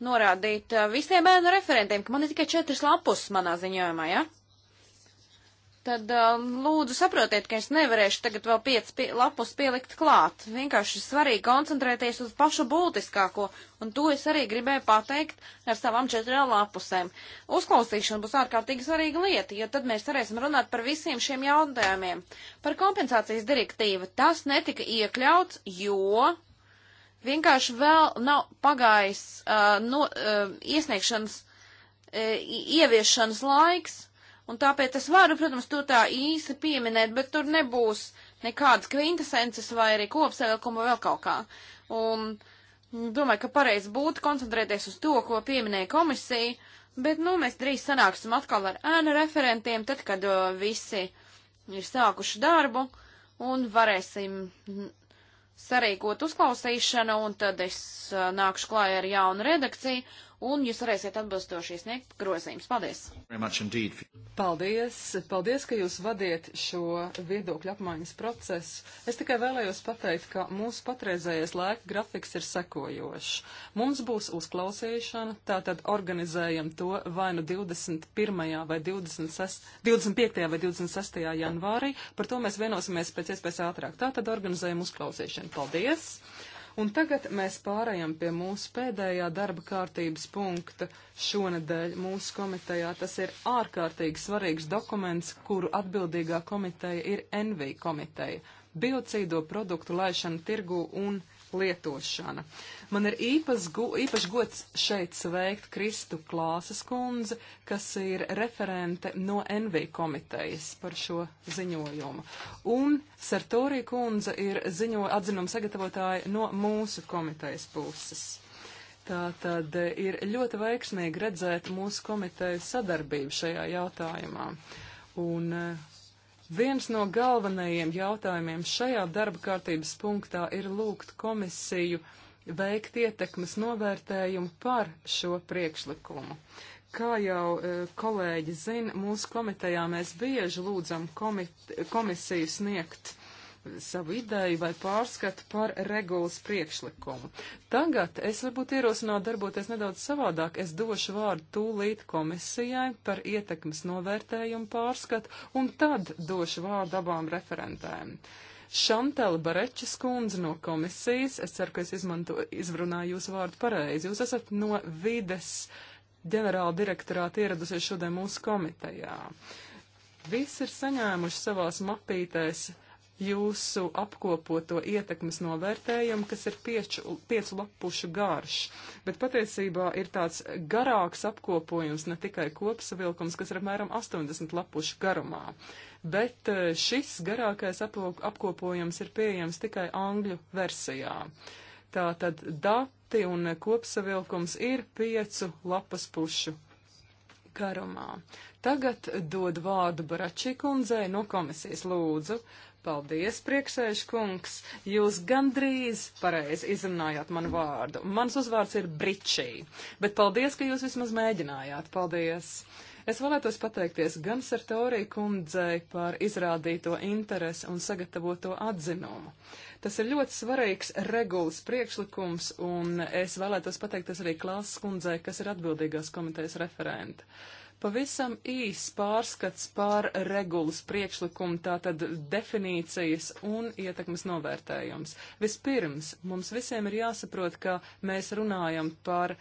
norādīt uh, visiem bērnu referentiem, ka man ir tikai četras lapus manā ziņojumā, ja? tad um, lūdzu saprotiet, ka es nevarēšu tagad vēl piecas pie, lapus pielikt klāt. Vienkārši svarīgi koncentrēties uz pašu būtiskāko, un to es arī gribēju pateikt ar savām četrām lapusēm. Uzklausīšana būs ārkārtīgi svarīga lieta, jo tad mēs varēsim runāt par visiem šiem jautājumiem. Par kompensācijas direktīvu tas netika iekļauts, jo. Vienkārši vēl nav pagājis uh, no, uh, iesniegšanas, uh, ieviešanas laiks, Un tāpēc es varu, protams, to tā īsi pieminēt, bet tur nebūs nekādas kvintesences vai arī kopsavilkuma vēl kaut kā. Un domāju, ka pareizi būtu koncentrēties uz to, ko pieminēja komisija, bet, nu, mēs drīz sanāksim atkal ar ēnu referentiem, tad, kad o, uh, visi ir sākuši darbu un varēsim sarīkot uzklausīšanu, un tad es uh, nākšu klāj ar jaunu redakciju, un jūs varēsiet atbilstoši sniegt grozījumus. Paldies! Paldies! Paldies, ka jūs vadiet šo viedokļu apmaiņas procesu. Es tikai vēlējos pateikt, ka mūsu patreizējais laika grafiks ir sekojošs. Mums būs uzklausīšana, tātad organizējam to vai nu 21. vai 26, 25. vai 26. janvārī. Par to mēs vienosimies pēc iespējas ātrāk. Tātad organizējam uzklausīšanu. Paldies! Un tagad mēs pārējām pie mūsu pēdējā darba kārtības punkta šonadēļ mūsu komitejā. Tas ir ārkārtīgi svarīgs dokuments, kuru atbildīgā komiteja ir NV komiteja - biocīdo produktu laišana tirgu un tirgu lietošana. Man ir īpašs go, īpaš gods šeit sveikt Kristu Klāsas kundzi, kas ir referente no NV komitejas par šo ziņojumu. Un Sartori kundze ir ziņo atzinuma sagatavotāja no mūsu komitejas puses. Tā tad ir ļoti veiksmīgi redzēt mūsu komiteju sadarbību šajā jautājumā. Un Viens no galvenajiem jautājumiem šajā darba kārtības punktā ir lūgt komisiju veikt ietekmes novērtējumu par šo priekšlikumu. Kā jau e, kolēģi zina, mūsu komitejā mēs bieži lūdzam komit, komisiju sniegt savu ideju vai pārskatu par regulas priekšlikumu. Tagad es varbūt ierosinātu darboties nedaudz savādāk. Es došu vārdu tūlīt komisijai par ietekmes novērtējumu pārskatu un tad došu vārdu abām referentēm. Šantela Bareča skundze no komisijas, es ceru, ka es izmanto, izrunāju jūsu vārdu pareizi. Jūs esat no vides ģenerāla direktorāta ieradusies šodien mūsu komitejā. Visi ir saņēmuši savās mapītēs jūsu apkopoto ietekmes novērtējumu, kas ir pieču, piecu lapušu garš. Bet patiesībā ir tāds garāks apkopojums, ne tikai kopsavilkums, kas ir apmēram 80 lapušu garumā. Bet eh, šis garākais apkopojums ir pieejams tikai angļu versijā. Tātad dati un kopsavilkums ir piecu lapas pušu garumā. Tagad dod vārdu Baračī kundzei no komisijas lūdzu. Paldies, priekšsēžkungs. Jūs gandrīz pareizi izrunājāt manu vārdu. Mans uzvārds ir Bričī, bet paldies, ka jūs vismaz mēģinājāt. Paldies! Es vēlētos pateikties gan Sartorī kundzei par izrādīto interesi un sagatavoto atzinumu. Tas ir ļoti svarīgs regulas priekšlikums, un es vēlētos pateikties arī Klāsas kundzei, kas ir atbildīgās komitejas referenta. Uh, Pavisam īs pārskats pār regulas priekšlikumu, tātad definīcijas un ietekmes novērtējums. Vispirms, mums visiem ir jāsaprot, ka mēs runājam par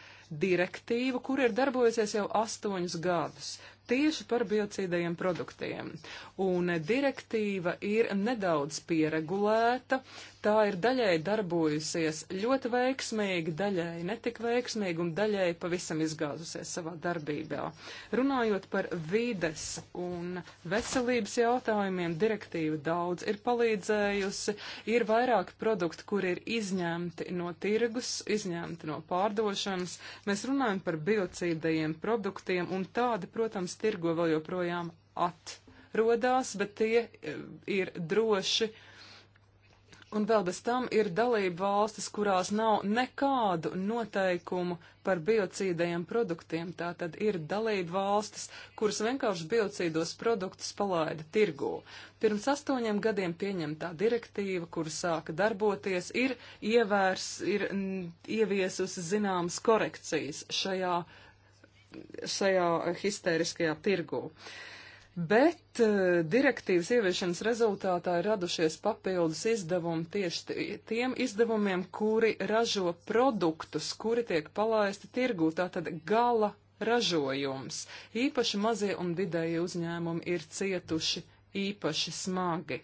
direktīvu, kur ir darbojusies jau astoņus gadus tieši par biocīdajiem produktiem. Un direktīva ir nedaudz pieregulēta, tā ir daļai darbojusies ļoti veiksmīgi, daļai netik veiksmīgi un daļai pavisam izgāzusies savā darbībā. Runājot par vides un veselības jautājumiem, direktīva daudz ir palīdzējusi, ir vairāki produkti, kur ir izņemti no tirgus, izņemti no pārdošanas. Mēs runājam par biocīdajiem produktiem un tādi, protams, tirgo vēl joprojām at. Rodās, bet tie eh, ir droši uh, Un vēl bez tam ir dalība valstis, kurās nav nekādu noteikumu par biocīdajiem produktiem. Tā tad ir dalība valstis, kuras vienkārši biocīdos produktus palaida tirgū. Pirms astoņiem gadiem pieņemtā direktīva, kura sāka darboties, ir, ievērs, ir ieviesusi zināmas korekcijas šajā, šajā histēriskajā tirgū. Uh, bet eh, direktīvas ieviešanas rezultātā ir radušies papildus izdevumi tieši tiem izdevumiem, kuri ražo produktus, kuri tiek palaisti tirgū, tātad gala ražojums. Īpaši mazie un vidēji uzņēmumi ir cietuši īpaši smagi.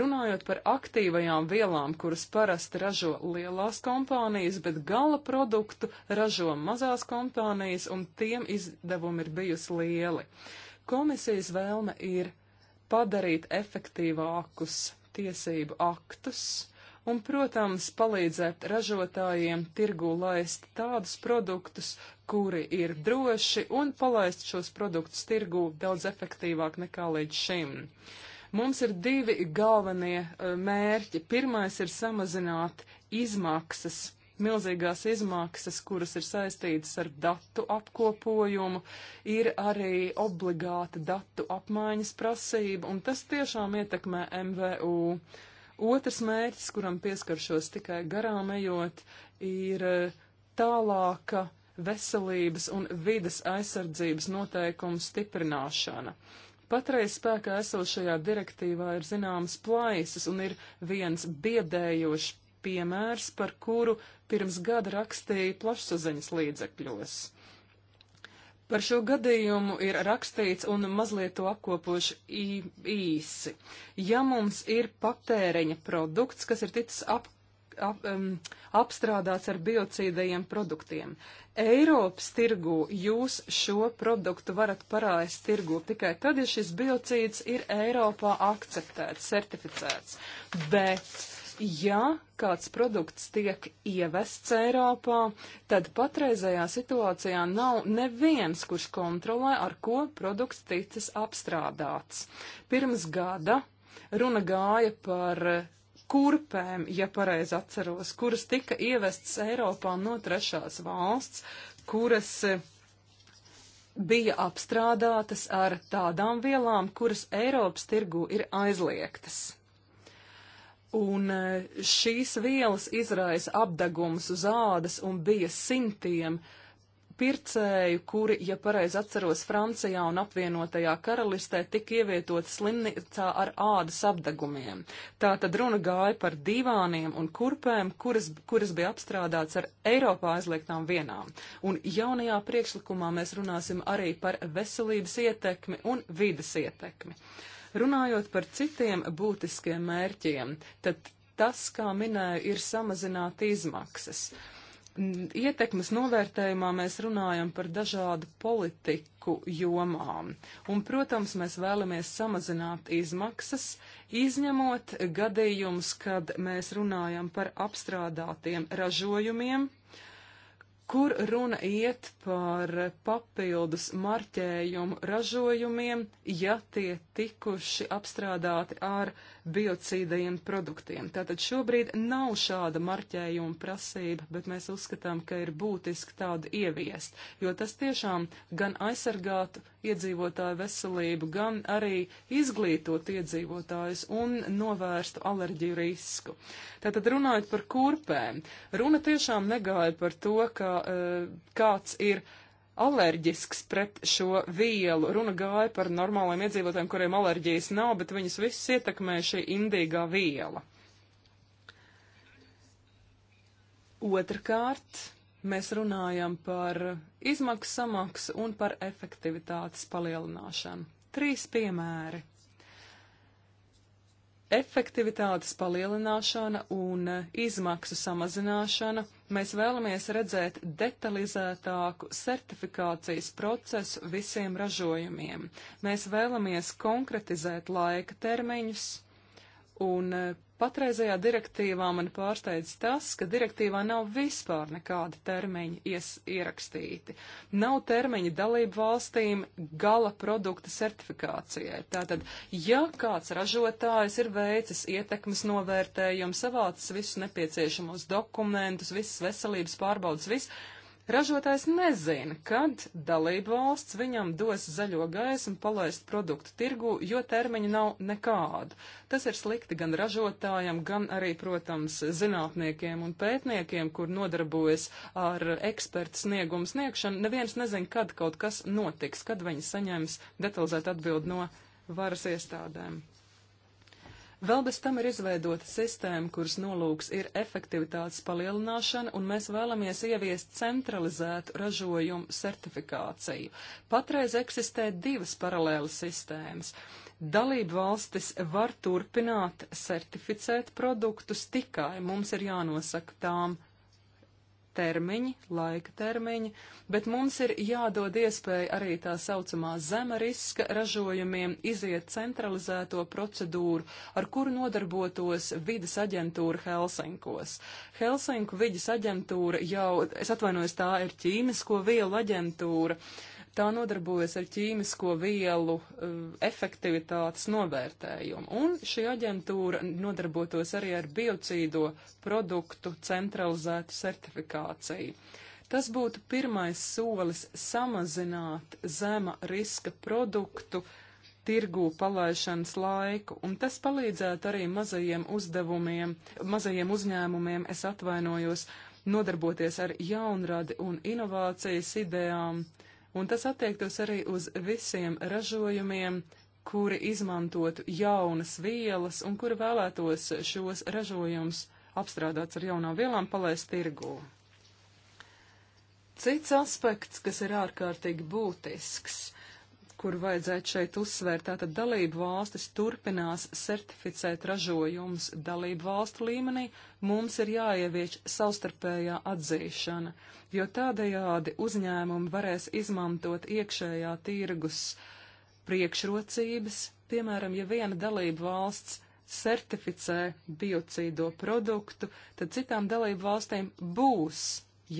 Runājot par aktīvajām vielām, kuras parasti ražo lielās kompānijas, bet gala produktu ražo mazās kompānijas, un tiem izdevumi ir bijusi lieli. Komisijas vēlme ir padarīt efektīvākus tiesību aktus un, protams, palīdzēt ražotājiem tirgu laist tādus produktus, kuri ir droši un palaist šos produktus tirgu daudz efektīvāk nekā līdz šim. Mums ir divi galvenie eh, mērķi. Pirmais ir samazināt izmaksas milzīgās izmaksas, kuras ir saistītas ar datu apkopojumu, ir arī obligāta datu apmaiņas prasība, un tas tiešām ietekmē MVU. Otrs mērķis, kuram pieskaršos tikai garām ejot, ir eh, tālāka veselības un vides aizsardzības noteikumu stiprināšana. Patreiz spēkā esošajā direktīvā ir zināmas plaisas un ir viens biedējošs piemērs, par kuru pirms gada rakstīja plašsaziņas līdzekļos. Par šo gadījumu ir rakstīts un mazliet to apkopoši īsi. Ja mums ir patēriņa produkts, kas ir ticis ap, ap, um, apstrādāts ar biocīdajiem produktiem, Eiropas tirgu jūs šo produktu varat parāst tirgu tikai tad, ja šis biocīds ir Eiropā akceptēts, certificēts. Bet Ja kāds produkts tiek ievests Eiropā, tad patreizajā situācijā nav neviens, kurš kontrolē, ar ko produkts ticis apstrādāts. Pirms gada runa gāja par kurpēm, ja pareizi atceros, kuras tika ievestas Eiropā no trešās valsts, kuras bija apstrādātas ar tādām vielām, kuras Eiropas tirgu ir aizliegtas. Un eh, šīs vielas izraisa apdegums uz ādas un bija simtiem pircēju, kuri, ja pareizi atceros, Francijā un apvienotajā karalistē tika ievietoti slimnīcā ar ādas apdegumiem. Tā tad runa gāja par divāniem un kurpēm, kuras, kuras bija apstrādāts ar Eiropā aizliegtām vienām. Un jaunajā priekšlikumā mēs runāsim arī par veselības ietekmi un vidas ietekmi. Uh, Runājot par citiem būtiskiem mērķiem, tad tas, kā minēju, ir samazināt izmaksas. Ietekmes novērtējumā mēs runājam par dažādu politiku jomām, un, protams, mēs vēlamies samazināt izmaksas, izņemot gadījumus, kad mēs runājam par apstrādātiem ražojumiem, kur runa iet par papildus marķējumu ražojumiem, ja tie tikuši apstrādāti ar biocīdajiem produktiem. Tātad šobrīd nav šāda marķējuma prasība, bet mēs uzskatām, ka ir būtiski tādu ieviest, jo tas tiešām gan aizsargātu iedzīvotāju veselību, gan arī izglītot iedzīvotājus un novērstu alerģiju risku. Tātad runājot par kurpēm, runa tiešām negāja par to, ka uh, kāds ir uh, alerģisks pret šo vielu. Runa gāja par normāliem iedzīvotājiem, kuriem alerģijas nav, bet viņus visus ietekmē šī indīgā viela. Otrkārt, mēs runājam par izmaksu samaksu un par efektivitātes palielināšanu. Trīs piemēri efektivitātes palielināšana un eh, izmaksu samazināšana. Mēs vēlamies redzēt detalizētāku certifikācijas procesu visiem ražojumiem. Mēs vēlamies konkretizēt laika termiņus Un eh, patreizajā direktīvā man pārsteidz tas, ka direktīvā nav vispār nekādi termiņi ies, ierakstīti. Nav termiņi dalību valstīm gala produkta certifikācijai. Tātad, ja kāds ražotājs ir veicis ietekmes novērtējumu, savācis visus nepieciešamos dokumentus, visas veselības pārbaudas, viss, Ražotājs nezina, kad dalība valsts viņam dos zaļo gaisu un palaist produktu tirgu, jo termiņa nav nekādu. Tas ir slikti gan ražotājam, gan arī, protams, zinātniekiem un pētniekiem, kur nodarbojas ar ekspertu sniegumu sniegšanu. Neviens nezina, kad kaut kas notiks, kad viņi saņems detalizēt atbildi no varas iestādēm. Vēl bez tam ir izveidota sistēma, kuras nolūks ir efektivitātes palielināšana, un mēs vēlamies ieviest centralizētu ražojumu certifikāciju. Patreiz eksistē divas paralēlas sistēmas. Dalību valstis var turpināt certificēt produktus tikai mums ir jānosaka tām termiņi, laika termiņi, bet mums ir jādod iespēja arī tā saucamā zema riska ražojumiem iziet centralizēto procedūru, ar kuru nodarbotos vidas aģentūra Helsinkos. Helsinku vidas aģentūra jau, es atvainojos, tā ir ķīmisko vielu aģentūra. Uh, Tā nodarbojas ar ķīmisko vielu eh, efektivitātes novērtējumu. Un šī aģentūra nodarbotos arī ar biocīdo produktu centralizētu certifikāciju. Tas būtu pirmais solis samazināt zema riska produktu tirgū palaišanas laiku, un tas palīdzētu arī mazajiem uzdevumiem, mazajiem uzņēmumiem, es atvainojos, nodarboties ar jaunradi un inovācijas idejām, uh, un tas attiektos arī uz visiem ražojumiem, kuri izmantotu jaunas vielas un kuri vēlētos šos ražojumus apstrādāts ar jaunām vielām palaist tirgū. Cits aspekts, kas ir ārkārtīgi būtisks, kuru vajadzētu šeit uzsvērt, tātad dalību valstis turpinās certificēt ražojumus dalību valstu līmenī, mums ir jāievieš savstarpējā atzīšana, jo tādējādi uzņēmumi varēs izmantot iekšējā tirgus priekšrocības, piemēram, ja viena dalību valsts certificē biocīdo produktu, tad citām dalību valstīm būs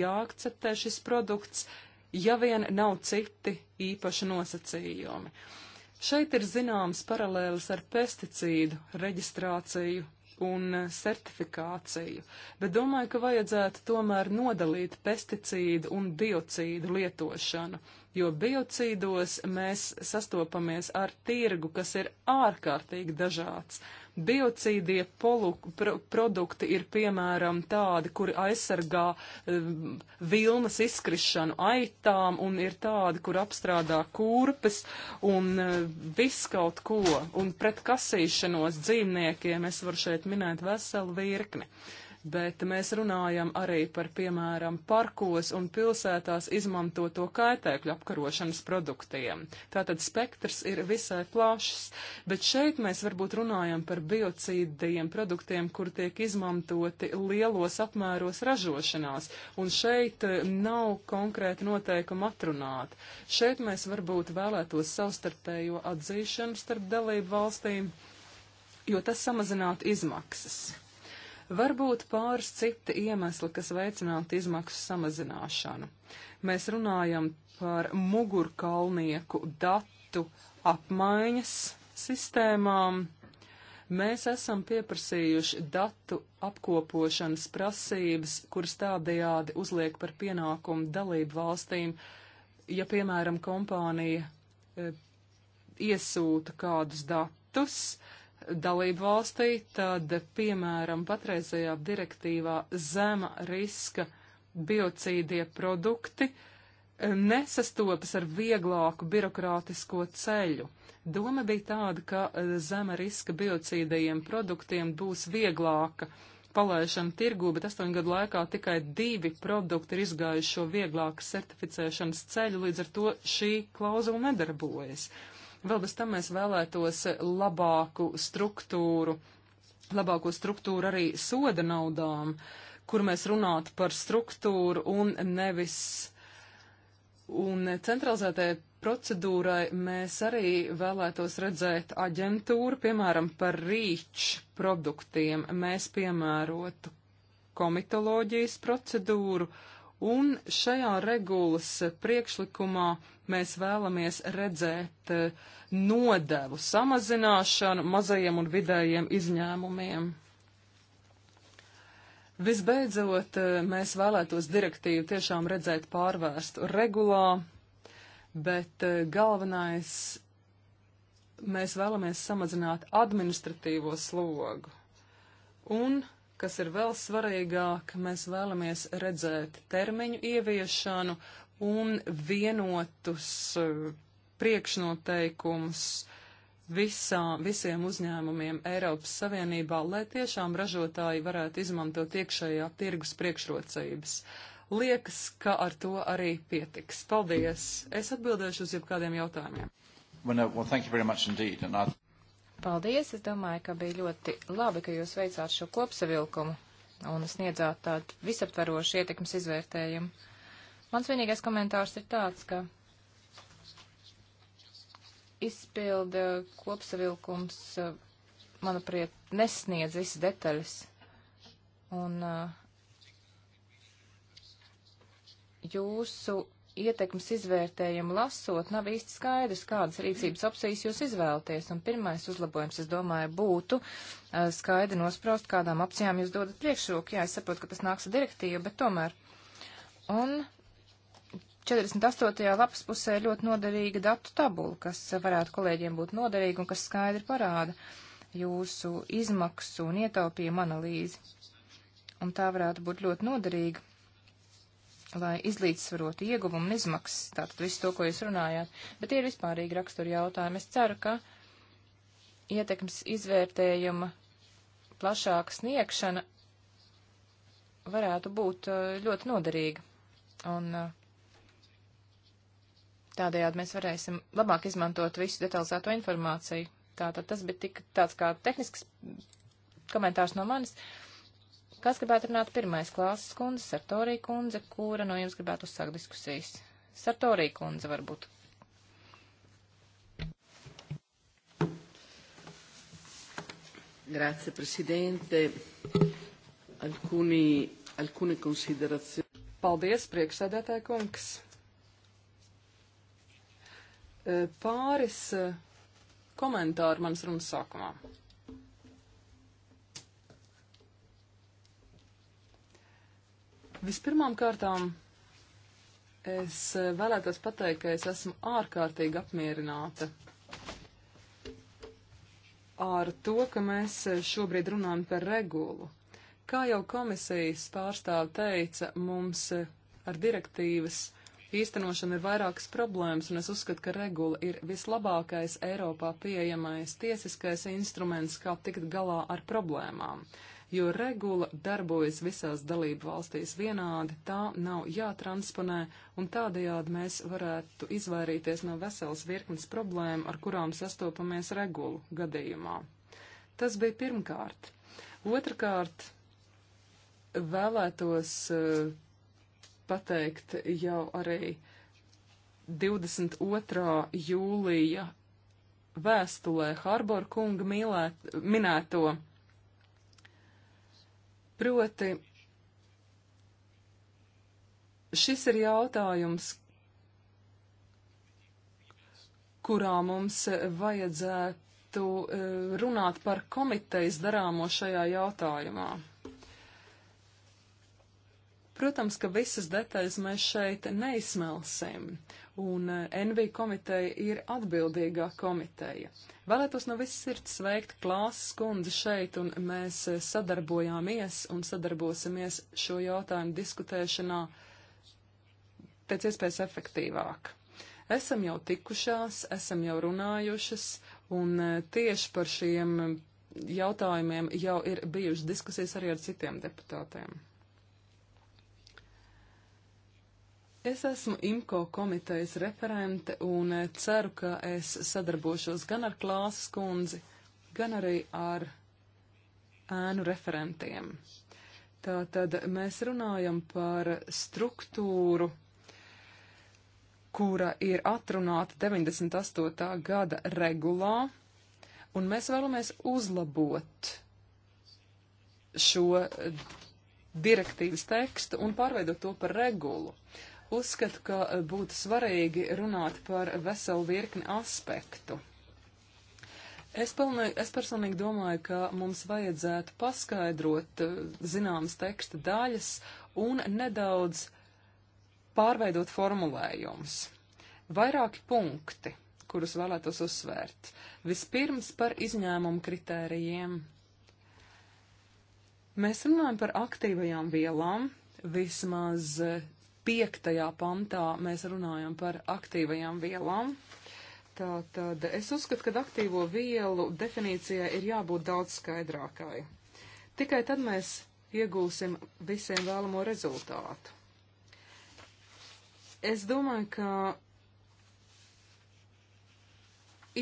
jāakceptē šis produkts, ja vien nav citi īpaši nosacījumi. Šeit ir zināms paralēlis ar pesticīdu reģistrāciju un certifikāciju, bet domāju, ka vajadzētu tomēr nodalīt pesticīdu un biocīdu lietošanu, jo biocīdos mēs sastopamies ar tirgu, kas ir ārkārtīgi dažāds. Biocīdie polu, pro, produkti ir piemēram tādi, kuri aizsargā um, vilnas izkrišanu aitām un ir tādi, kur apstrādā kurpes un uh, viss kaut ko. Un pret kasīšanos dzīvniekiem es varu šeit minēt veselu virkni. Uh, bet mēs runājam arī par, piemēram, parkos un pilsētās izmantoto kaitēkļu apkarošanas produktiem. Tātad spektrs ir visai plašs, bet šeit mēs varbūt runājam par biocīdiem produktiem, kur tiek izmantoti lielos apmēros ražošanās, un šeit eh, nav konkrēti noteikumi atrunāt. Šeit mēs varbūt vēlētos savstarpējo atzīšanu starp dalību valstīm, jo tas samazinātu izmaksas. Varbūt pāris citi iemesli, kas veicinātu izmaksu samazināšanu. Mēs runājam par mugurkalnieku datu apmaiņas sistēmām. Mēs esam pieprasījuši datu apkopošanas prasības, kuras tādējādi uzliek par pienākumu dalību valstīm, ja, piemēram, kompānija e, iesūta kādus datus, dalību valstī, tad, piemēram, patreizajā direktīvā zema riska biocīdie produkti eh, nesastopas ar vieglāku birokrātisko ceļu. Doma bija tāda, ka eh, zema riska biocīdajiem produktiem būs vieglāka palaišana tirgū, bet astoņu gadu laikā tikai divi produkti ir izgājuši šo vieglāku certificēšanas ceļu, līdz ar to šī klauzula nedarbojas. Uh, Vēl bez tam mēs vēlētos labāku struktūru, labāko struktūru arī soda naudām, kur mēs runātu par struktūru un nevis. Un centralizētajai procedūrai mēs arī vēlētos redzēt aģentūru, piemēram, par rīč produktiem mēs piemērotu komitoloģijas procedūru, uh, Un šajā regulas priekšlikumā mēs vēlamies redzēt eh, nodevu samazināšanu mazajiem un vidējiem izņēmumiem. Visbeidzot, eh, mēs vēlētos direktīvu tiešām redzēt pārvērstu regulā, bet eh, galvenais mēs vēlamies samazināt administratīvo slogu. Un Kas ir vēl svarīgāk, mēs vēlamies redzēt termiņu ieviešanu un vienotus eh, priekšnoteikumus visā, visiem uzņēmumiem Eiropas Savienībā, lai tiešām ražotāji varētu izmantot iekšējā tirgus priekšrocības. Liekas, ka ar to arī pietiks. Paldies! Es atbildēšu uz jebkādiem jautājumiem. Well, no, well, thank you very much indeed. And I... Paldies! Es domāju, ka bija ļoti labi, ka jūs veicāt šo kopsavilkumu un sniedzāt tādu visaptverošu ietekmes izvērtējumu. Mans vienīgais komentārs ir tāds, ka izpilda kopsavilkums, eh, manuprāt, nesniedz visas detaļas. Un eh, jūsu ietekmes izvērtējumu lasot, nav īsti skaidrs, kādas rīcības opcijas jūs izvēlaties. Un pirmais uzlabojums, es domāju, būtu skaidri nospraust, kādām opcijām jūs dodat priekšroku. Jā, es saprotu, ka tas nāks ar direktīvu, bet tomēr. Un 48. lapas pusē ļoti noderīga datu tabula, kas varētu kolēģiem būt noderīga un kas skaidri parāda jūsu izmaksu un ietaupījumu analīzi. Un tā varētu būt ļoti noderīga lai izlīdzsvarotu ieguvumu un izmaksas, tātad visu to, ko jūs runājāt, bet tie ir vispārīgi raksturi jautājumi. Es ceru, ka ietekmes izvērtējuma plašāka sniegšana varētu būt uh, ļoti noderīga. Un uh, tādējādi mēs varēsim labāk izmantot visu detalizēto informāciju. Tātad tas bija tik tāds kā tehnisks komentārs no manis. Uh, Kas gribētu runāt pirmais? Klāsas kundze, Sartorī kundze, kura no jums gribētu uzsākt diskusijas? Sartorī kundze varbūt. Grazie Presidente. Alcuni, alcune considerazioni. Paldies, priekšsēdētāja kungs. Eh, pāris eh, komentāri manas runas sākumā. Vispirmām kārtām es eh, vēlētos pateikt, ka es esmu ārkārtīgi apmierināta ar to, ka mēs eh, šobrīd runājam par regulu. Kā jau komisijas pārstāve teica, mums eh, ar direktīvas īstenošana ir vairākas problēmas, un es uzskatu, ka regula ir vislabākais Eiropā pieejamais tiesiskais instruments, kā tikt galā ar problēmām jo regula darbojas visās dalību valstīs vienādi, tā nav jātransponē, un tādējādi mēs varētu izvairīties no veselas virknes problēmu, ar kurām sastopamies regulu gadījumā. Tas bija pirmkārt. Otrakārt, vēlētos uh, pateikt jau arī 22. jūlija vēstulē Harbor kunga mīlēt, minēto Proti, šis ir jautājums, kurā mums vajadzētu e, runāt par komitejas darāmo šajā jautājumā. Protams, ka visas detaļas mēs šeit neizsmelsim, un eh, NV komiteja ir atbildīgā komiteja. Vēlētos no viss sirds sveikt klāsas kundzi šeit, un mēs eh, sadarbojāmies un sadarbosimies šo jautājumu diskutēšanā pēc iespējas efektīvāk. Esam jau tikušās, esam jau runājušas, un eh, tieši par šiem jautājumiem jau ir bijušas diskusijas arī ar citiem deputātiem. Es esmu IMCO komitejas referente un eh, ceru, ka es sadarbošos gan ar Klāsas kundzi, gan arī ar ēnu referentiem. Tātad mēs runājam par struktūru, kura ir atrunāta 98. gada regulā, un mēs vēlamies uzlabot šo eh, direktīvas tekstu un pārveidot to par regulu. Uzskatu, ka eh, būtu svarīgi runāt par veselu virkni aspektu. Es, pilnīgi, es personīgi domāju, ka mums vajadzētu paskaidrot eh, zināmas teksta daļas un nedaudz pārveidot formulējumus. Vairāki punkti, kurus vēlētos uzsvērt. Vispirms par izņēmumu kritērijiem. Mēs runājam par aktīvajām vielām, vismaz eh, piektajā pantā mēs runājam par aktīvajām vielām. Tātad es uzskatu, ka aktīvo vielu definīcijai ir jābūt daudz skaidrākai. Tikai tad mēs iegūsim visiem vēlamo rezultātu. Es domāju, ka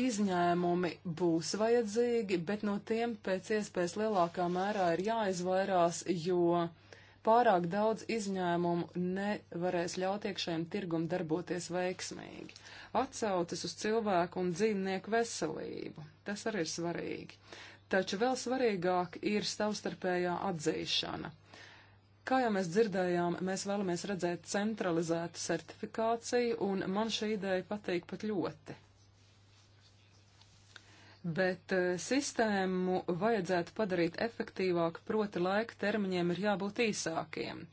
izņēmumi būs vajadzīgi, bet no tiem pēc iespējas lielākā mērā ir jāizvairās, jo pārāk daudz izņēmumu nevarēs ļaut iekšējiem tirgum darboties veiksmīgi. Atsaucas uz cilvēku un dzīvnieku veselību. Tas arī ir svarīgi. Taču vēl svarīgāk ir savstarpējā atzīšana. Kā jau mēs dzirdējām, mēs vēlamies redzēt centralizētu certifikāciju, un man šī ideja patīk pat ļoti bet eh, sistēmu vajadzētu padarīt efektīvāku, proti laika termiņiem ir jābūt īsākiem.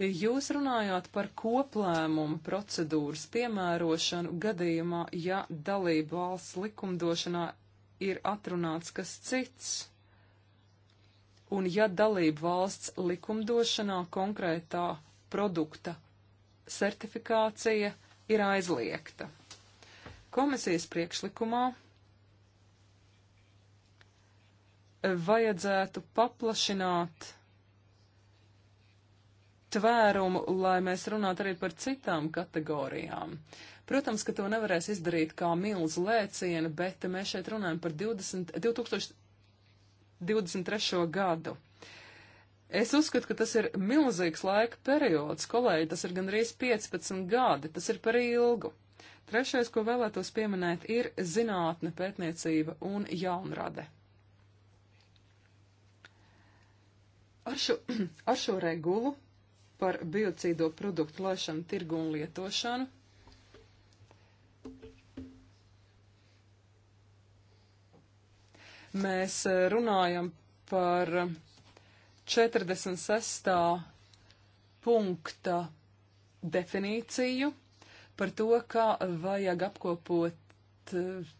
Jūs runājāt par koplēmumu procedūras piemērošanu gadījumā, ja dalību valsts likumdošanā ir atrunāts kas cits, un ja dalību valsts likumdošanā konkrētā produkta certifikācija ir aizliegta. Komisijas priekšlikumā vajadzētu paplašināt tvērumu, lai mēs runātu arī par citām kategorijām. Protams, ka to nevarēs izdarīt kā milzu lēcienu, bet mēs šeit runājam par 20, 2023. gadu. Es uzskatu, ka tas ir milzīgs laika periods, kolēģi, tas ir gandrīz 15 gadi, tas ir par ilgu. Trešais, ko vēlētos pieminēt, ir zinātne, pētniecība un jaunrade. Ar šo, ar šo regulu par biocīdo produktu laišanu tirgu un lietošanu mēs eh, runājam par 46. punkta definīciju, par to, kā vajag apkopot eh,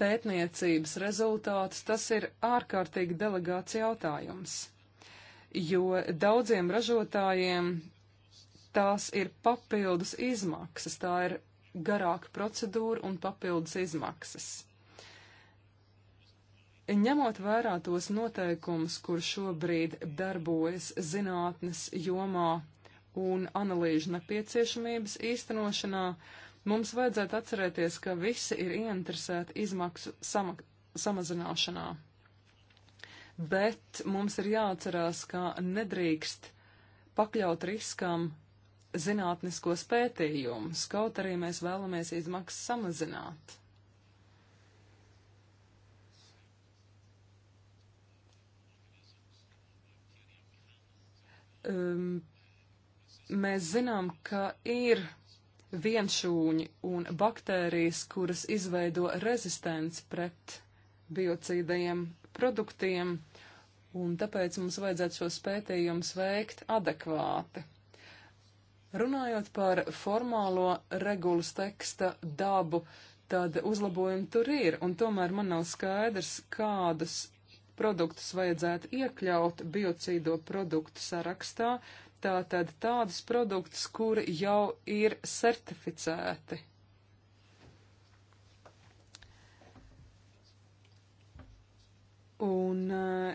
pētniecības rezultātus, tas ir ārkārtīgi delegāts jautājums, jo daudziem ražotājiem tās ir papildus izmaksas, tā ir garāka procedūra un papildus izmaksas. Ņemot vērā tos noteikumus, kur šobrīd darbojas zinātnes jomā un analīžu nepieciešamības īstenošanā, uh, Mums vajadzētu atcerēties, ka visi ir ieinteresēti izmaksu sama samazināšanā. Bet mums ir jāatcerās, ka nedrīkst pakļaut riskam zinātniskos pētījumus, kaut arī mēs vēlamies izmaksas samazināt. Um, mēs zinām, ka ir vienšūņi un baktērijas, kuras izveido rezistents pret biocīdajiem produktiem, un tāpēc mums vajadzētu šos pētījumus veikt adekvāti. Runājot par formālo regulas teksta dabu, tad uzlabojumi tur ir, un tomēr man nav skaidrs, kādus produktus vajadzētu iekļaut biocīdo produktu sarakstā, tātad tādus produktus, kuri jau ir certificēti. Un uh,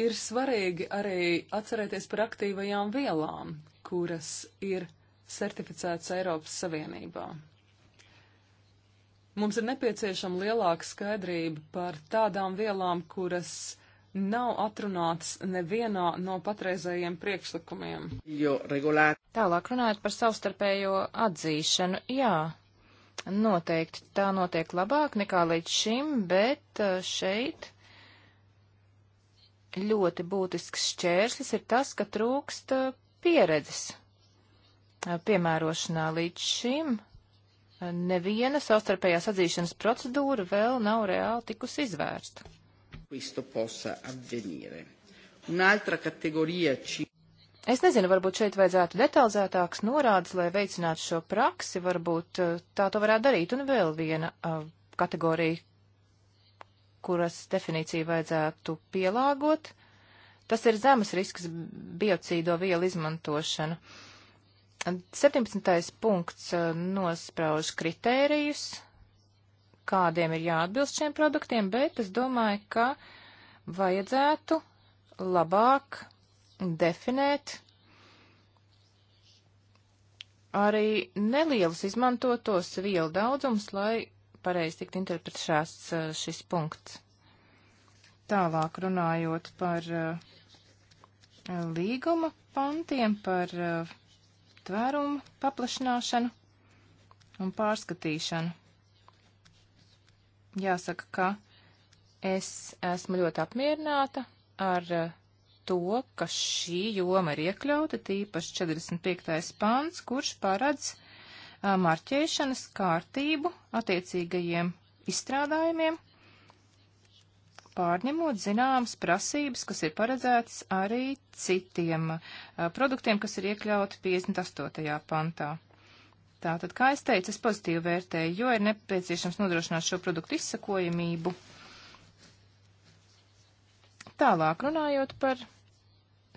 ir svarīgi arī atcerēties par aktīvajām vielām, kuras ir certificētas Eiropas Savienībā. Mums ir nepieciešama lielāka skaidrība par tādām vielām, kuras nav atrunāts nevienā no patreizējiem priekšlikumiem. Jo regulāri. Tālāk runājot par savstarpējo atzīšanu, jā, noteikti tā notiek labāk nekā līdz šim, bet eh, šeit ļoti būtisks šķērslis ir tas, ka trūkst eh, pieredzes eh, piemērošanā līdz šim. Neviena savstarpējās atzīšanas procedūra vēl nav reāli tikusi izvērsta questo possa avvenire. Un'altra categoria ci. Es nezinu, varbūt šeit vajadzētu detalizētāks norādes, lai veicinātu šo praksi, varbūt eh, tā to varētu darīt. Un vēl viena uh, kategorija, kuras definīciju vajadzētu pielāgot, tas ir zemes risks biocīdo vielu izmantošana. 17. punkts uh, nosprauž kritērijus, kādiem ir jāatbilst šiem produktiem, bet es domāju, ka vajadzētu labāk definēt arī nelielus izmantotos vielu daudzums, lai pareizi tikt interpretēts uh, šis punkts. Tālāk runājot par uh, līguma pantiem, par uh, tvērumu paplašināšanu un pārskatīšanu jāsaka, ka es esmu ļoti apmierināta ar eh, to, ka šī joma ir iekļauta, tīpaši 45. pāns, kurš paredz eh, marķēšanas kārtību attiecīgajiem izstrādājumiem, pārņemot zināmas prasības, kas ir paredzētas arī citiem a, eh, produktiem, kas ir iekļauti 58. pantā. Tātad, kā es teicu, es pozitīvi vērtēju, jo ir nepieciešams nodrošināt šo produktu izsakojamību. Tālāk runājot par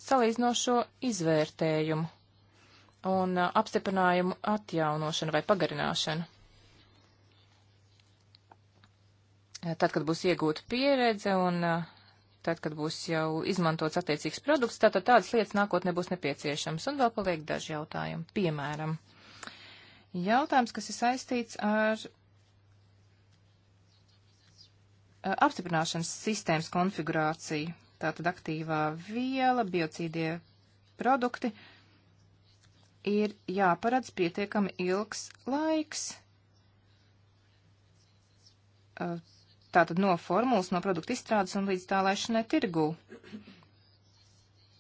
salīdzinošo izvērtējumu un apstiprinājumu atjaunošanu vai pagarināšanu. Tad, kad būs iegūta pieredze un tad, kad būs jau izmantots attiecīgs produkts, tātad tādas lietas nākotnē būs nepieciešams. Un vēl paliek daži jautājumi. Piemēram, Jautājums, kas ir saistīts ar eh, apstiprināšanas sistēmas konfigurāciju, tātad aktīvā viela, biocīdie produkti, ir jāparedz pietiekami ilgs laiks. Eh, tātad no formulas, no produkta izstrādes un līdz tā laišanai tirgū.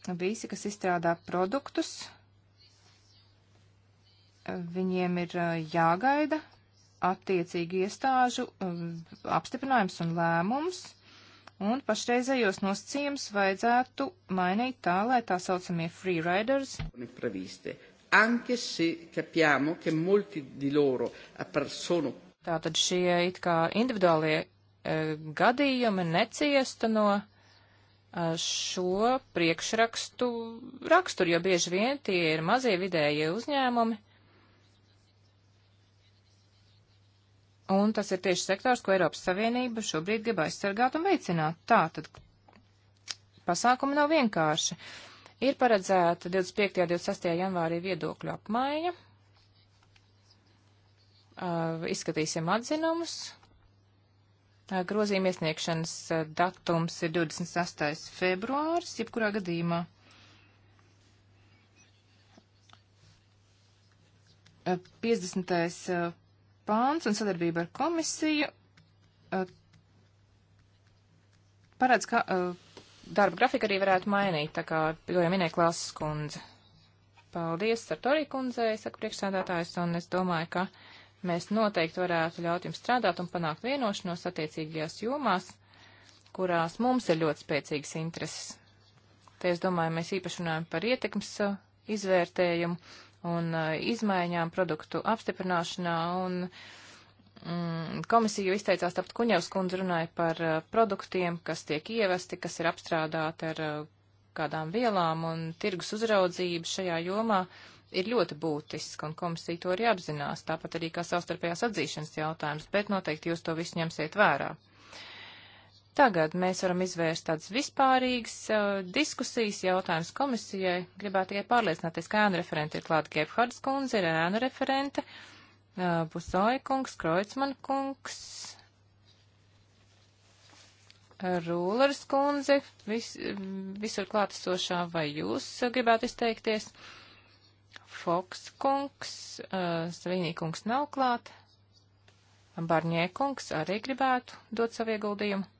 Visi, kas izstrādā produktus, viņiem ir jāgaida attiecīgi iestāžu um, apstiprinājums un lēmums, un pašreizējos nosacījums vajadzētu mainīt tā, lai tā saucamie freeriders. Anche se capiamo che molti di loro eh, sono. Tātad šie it kā individuālie e, gadījumi neciesta no šo priekšrakstu raksturu, jo bieži vien tie ir mazie vidējie uzņēmumi, Un tas ir tieši sektors, ko Eiropas Savienība šobrīd grib aizsargāt un veicināt. Tā tad pasākumi nav vienkārši. Ir paredzēta 25. un 26. janvārī viedokļu apmaiņa. Uh, izskatīsim atzinumus. Uh, grozījuma iesniegšanas uh, datums ir 26. februāris, jebkurā gadījumā. Uh, 50. Uh, pāns un sadarbība ar komisiju uh, paredz, ka uh, darba grafika arī varētu mainīt, tā kā to jau minēja Klāsas kundze. Paldies Sartori kundzei, saka priekšsādātājs, un es domāju, ka mēs noteikti varētu ļaut jums strādāt un panākt vienošanos attiecīgajās jomās, kurās mums ir ļoti spēcīgas intereses. Te es domāju, mēs īpaši runājam par ietekmes uh, izvērtējumu un uh, izmaiņām produktu apstiprināšanā. Un, mm, Komisija jau izteicās, tāpat Kuņevs kundze runāja par uh, produktiem, kas tiek ievesti, kas ir apstrādāti ar uh, kādām vielām, un tirgus uzraudzība šajā jomā ir ļoti būtiska, un komisija to arī apzinās, tāpat arī kā savstarpējās atzīšanas jautājums, bet noteikti jūs to visu ņemsiet vērā. Tagad mēs varam izvērst tādas vispārīgas uh, diskusijas jautājumas komisijai. Gribētu tikai pārliecināties, ka ēnu referenti ir klāta Gebhards kundze, ir ēnu referente, uh, Busoja kungs, Kreutzmann kungs, Rūlers kundze, vis, visur klātesošā, vai jūs uh, gribētu izteikties? Foks kungs, uh, Savinī kungs nav klāt, Barņē kungs arī gribētu dot savu ieguldījumu.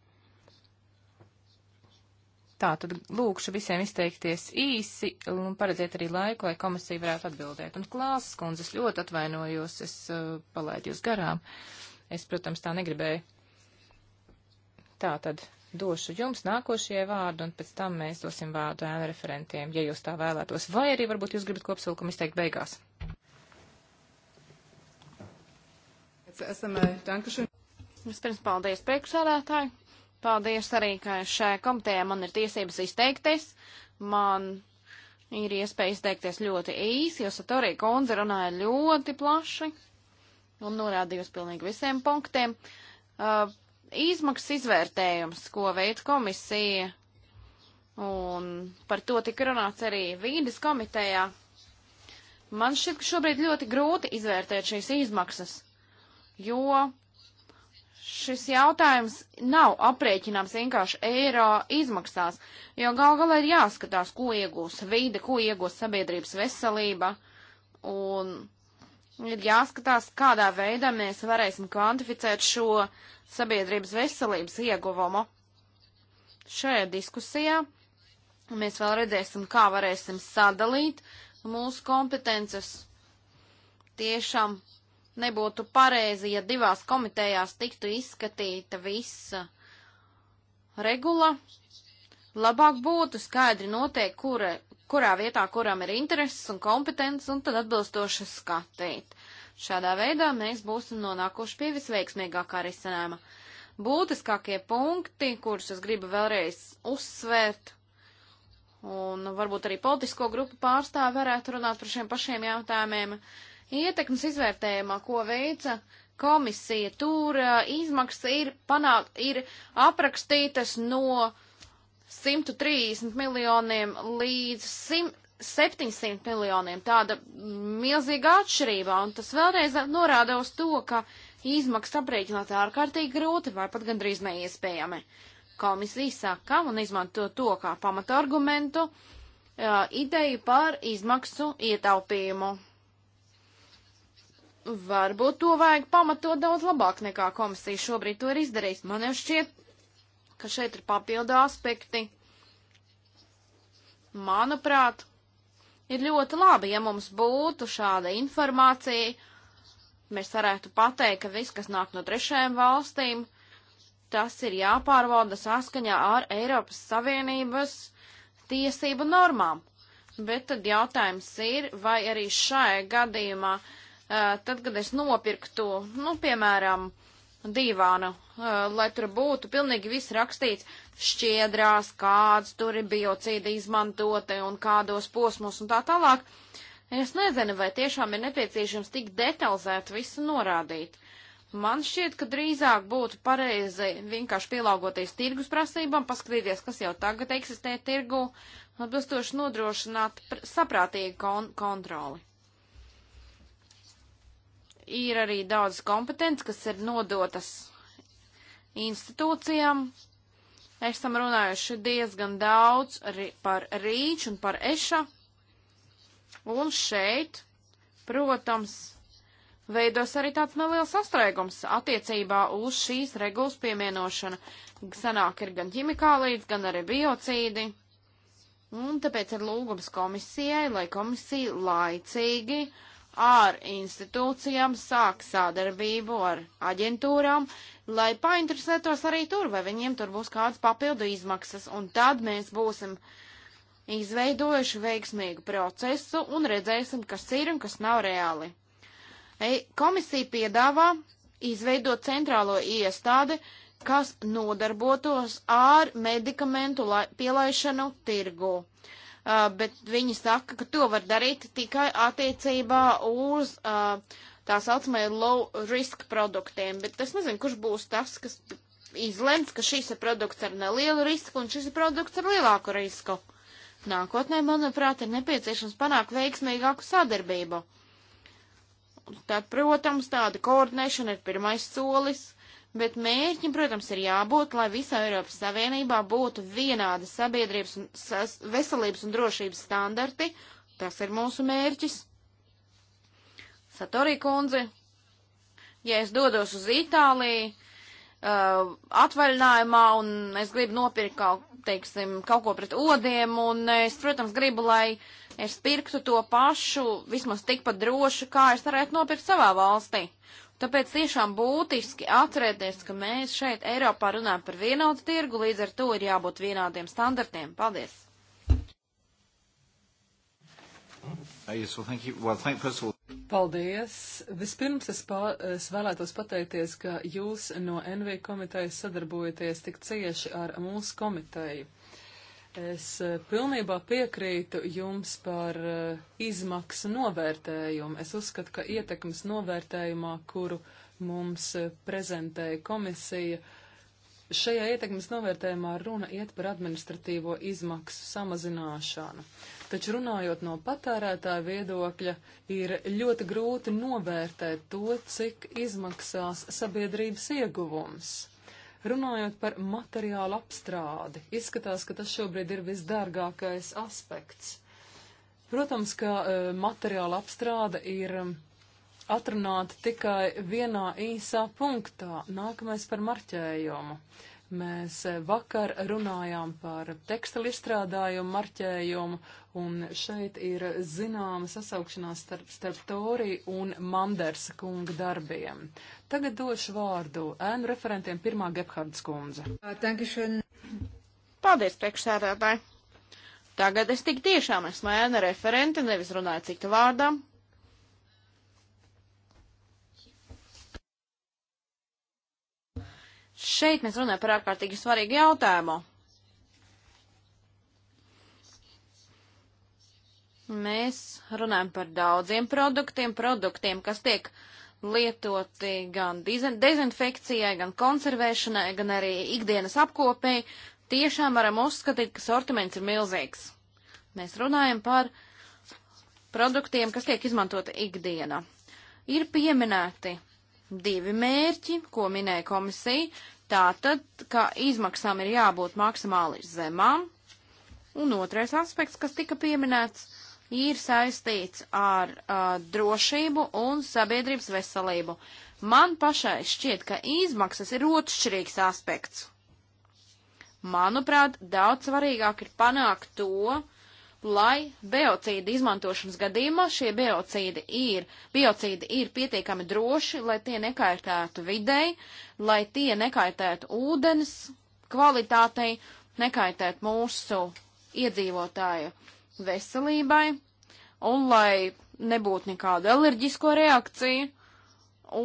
Tā tad lūkšu visiem izteikties īsi un paredzēt arī laiku, lai komisija varētu atbildēt. Un klāsas kundzes ļoti atvainojos, es uh, palaidu jūs garām. Es, protams, tā negribēju. Tā tad došu jums nākošie vārdu un pēc tam mēs dosim vārdu ēnu referentiem, ja jūs tā vēlētos. Vai arī varbūt jūs gribat kopsulkumu izteikt beigās. Es eh, pirms paldies priekšsēdētāju. Paldies arī, ka šajā komitejā man ir tiesības izteikties. Man ir iespēja izteikties ļoti īsi, jo Satorī kundze runāja ļoti plaši un norādīja uz pilnīgi visiem punktiem. Uh, izmaksas izvērtējums, ko veids komisija, un par to tika runāts arī vīdes komitejā. Man šķiet, ka šobrīd ļoti grūti izvērtēt šīs izmaksas, jo šis jautājums nav aprēķināms vienkārši eiro izmaksās, jo gal galā ir jāskatās, ko iegūs vīde, ko iegūs sabiedrības veselība, un ir jāskatās, kādā veidā mēs varēsim kvantificēt šo sabiedrības veselības ieguvumu. Šajā diskusijā mēs vēl redzēsim, kā varēsim sadalīt mūsu kompetences tiešām Nebūtu pareizi, ja divās komitejās tiktu izskatīta visa regula. Labāk būtu skaidri noteikt, kura, kurā vietā kuram ir intereses un kompetences, un tad atbilstoši skatīt. Šādā veidā mēs būsim nonākuši pie visveiksmīgākā risinājuma. Būtiskākie punkti, kurus es gribu vēlreiz uzsvērt, un varbūt arī politisko grupu pārstāvi varētu runāt par šiem pašiem jautājumiem, Ietekmes izvērtējumā, ko veica komisija, tur izmaksas ir, panāk, ir aprakstītas no 130 miljoniem līdz 100, 700 miljoniem. Tāda milzīga atšķirība, un tas vēlreiz norāda uz to, ka izmaksas aprēķināt ārkārtīgi grūti vai pat gandrīz neiespējami. Komisija saka un izmanto to kā pamatargumentu ideju par izmaksu ietaupījumu varbūt to vajag pamatot daudz labāk nekā komisija šobrīd to ir izdarījis. Man jau šķiet, ka šeit ir papildu aspekti. Manuprāt, ir ļoti labi, ja mums būtu šāda informācija. Mēs varētu pateikt, ka viss, kas nāk no trešajām valstīm, tas ir jāpārvalda saskaņā ar Eiropas Savienības tiesību normām. Bet tad jautājums ir, vai arī šajā gadījumā uh, Eh, tad, kad es nopirktu, nu, piemēram, divānu, eh, lai tur būtu pilnīgi viss rakstīts šķiedrās, kāds tur ir biocīdi izmantoti un kādos posmos un tā tālāk. Es nezinu, vai tiešām ir nepieciešams tik detalizēt visu norādīt. Man šķiet, ka drīzāk būtu pareizi vienkārši pielāgoties tirgus prasībām, paskatīties, kas jau tagad eksistē tirgu, atbilstoši nodrošināt saprātīgu kon kontroli ir arī daudz kompetences, kas ir nodotas institūcijām. Esam runājuši diezgan daudz arī par rīču un par eša. Un šeit, protams, veidos arī tāds neliels sastrēgums attiecībā uz šīs regulas piemienošanu. Sanāk ir gan ķimikālīds, gan arī biocīdi. Un tāpēc ir lūgums komisijai, lai komisija laicīgi uh, ar institūcijām, sāk sadarbību ar aģentūrām, lai painteresētos arī tur, vai viņiem tur būs kādas papildu izmaksas, un tad mēs būsim izveidojuši veiksmīgu procesu un redzēsim, kas ir un kas nav reāli. Komisija piedāvā izveidot centrālo iestādi, kas nodarbotos ar medikamentu pielaišanu tirgu. Uh, Uh, bet viņi saka, ka to var darīt tikai attiecībā uz uh, tā saucamajiem low risk produktiem, bet es nezinu, kurš būs tas, kas izlems, ka šis ir produkts ar nelielu risku un šis ir produkts ar lielāku risku. Nākotnē, manuprāt, ir nepieciešams panākt veiksmīgāku sadarbību. Tad, protams, tāda koordinēšana ir pirmais solis, bet mērķim, protams, ir jābūt, lai visā Eiropas Savienībā būtu vienādi sabiedrības un veselības un drošības standarti. Tas ir mūsu mērķis. Satorī kundze, ja es dodos uz Itāliju uh, atvaļinājumā un es gribu nopirkt kaut, teiksim, kaut ko pret odiem un es, protams, gribu, lai es pirktu to pašu vismaz tikpat droši, kā es varētu nopirkt savā valstī. Tāpēc tiešām būtiski atcerēties, ka mēs šeit Eiropā runājam par vienotu tirgu, līdz ar to ir jābūt vienādiem standartiem. Paldies! Uh, Paldies! Vispirms es, pā, es vēlētos pateikties, ka jūs no NV komitejas sadarbojaties tik cieši ar mūsu komiteju. Es eh, pilnībā piekrītu jums par eh, izmaksu novērtējumu. Es uzskatu, ka ietekmes novērtējumā, kuru mums eh, prezentēja komisija, šajā ietekmes novērtējumā runa iet par administratīvo izmaksu samazināšanu. Taču runājot no patērētāja viedokļa, ir ļoti grūti novērtēt to, cik izmaksās sabiedrības ieguvums Runājot par materiālu apstrādi, izskatās, ka tas šobrīd ir visdārgākais aspekts. Protams, ka uh, materiāla apstrāde ir atrunāta tikai vienā īsā punktā. Nākamais par marķējumu. Mēs eh, vakar runājām par tekstilu izstrādājumu, marķējumu, un šeit ir zināma sasaukšanās starp, starp Tori un Mandersa kunga darbiem. Tagad došu vārdu ēnu referentiem pirmā Gebhardas kundze. Paldies, priekšsēdētāji! Tagad es tik tiešām esmu ēna referente, nevis runāju citu vārdām. Šeit mēs runājam par ārkārtīgi svarīgu jautājumu. Mēs runājam par daudziem produktiem, produktiem, kas tiek lietoti gan dezinfekcijai, gan konservēšanai, gan arī ikdienas apkopēji. Tiešām varam uzskatīt, ka sortiments ir milzīgs. Mēs runājam par produktiem, kas tiek izmantota ikdienā. Ir pieminēti divi mērķi, ko minēja komisija. Tātad, ka izmaksām ir jābūt maksimāli zemām. Un otrais aspekts, kas tika pieminēts, ir saistīts ar uh, drošību un sabiedrības veselību. Man pašai šķiet, ka izmaksas ir otršķirīgs aspekts. Manuprāt, daudz svarīgāk ir panākt to, lai biocīdu izmantošanas gadījumā šie biocīdi ir, biocīdi ir pietiekami droši, lai tie nekaitētu videi, lai tie nekaitētu ūdens kvalitātei, nekaitētu mūsu iedzīvotāju veselībai un lai nebūtu nekādu alerģisko reakciju.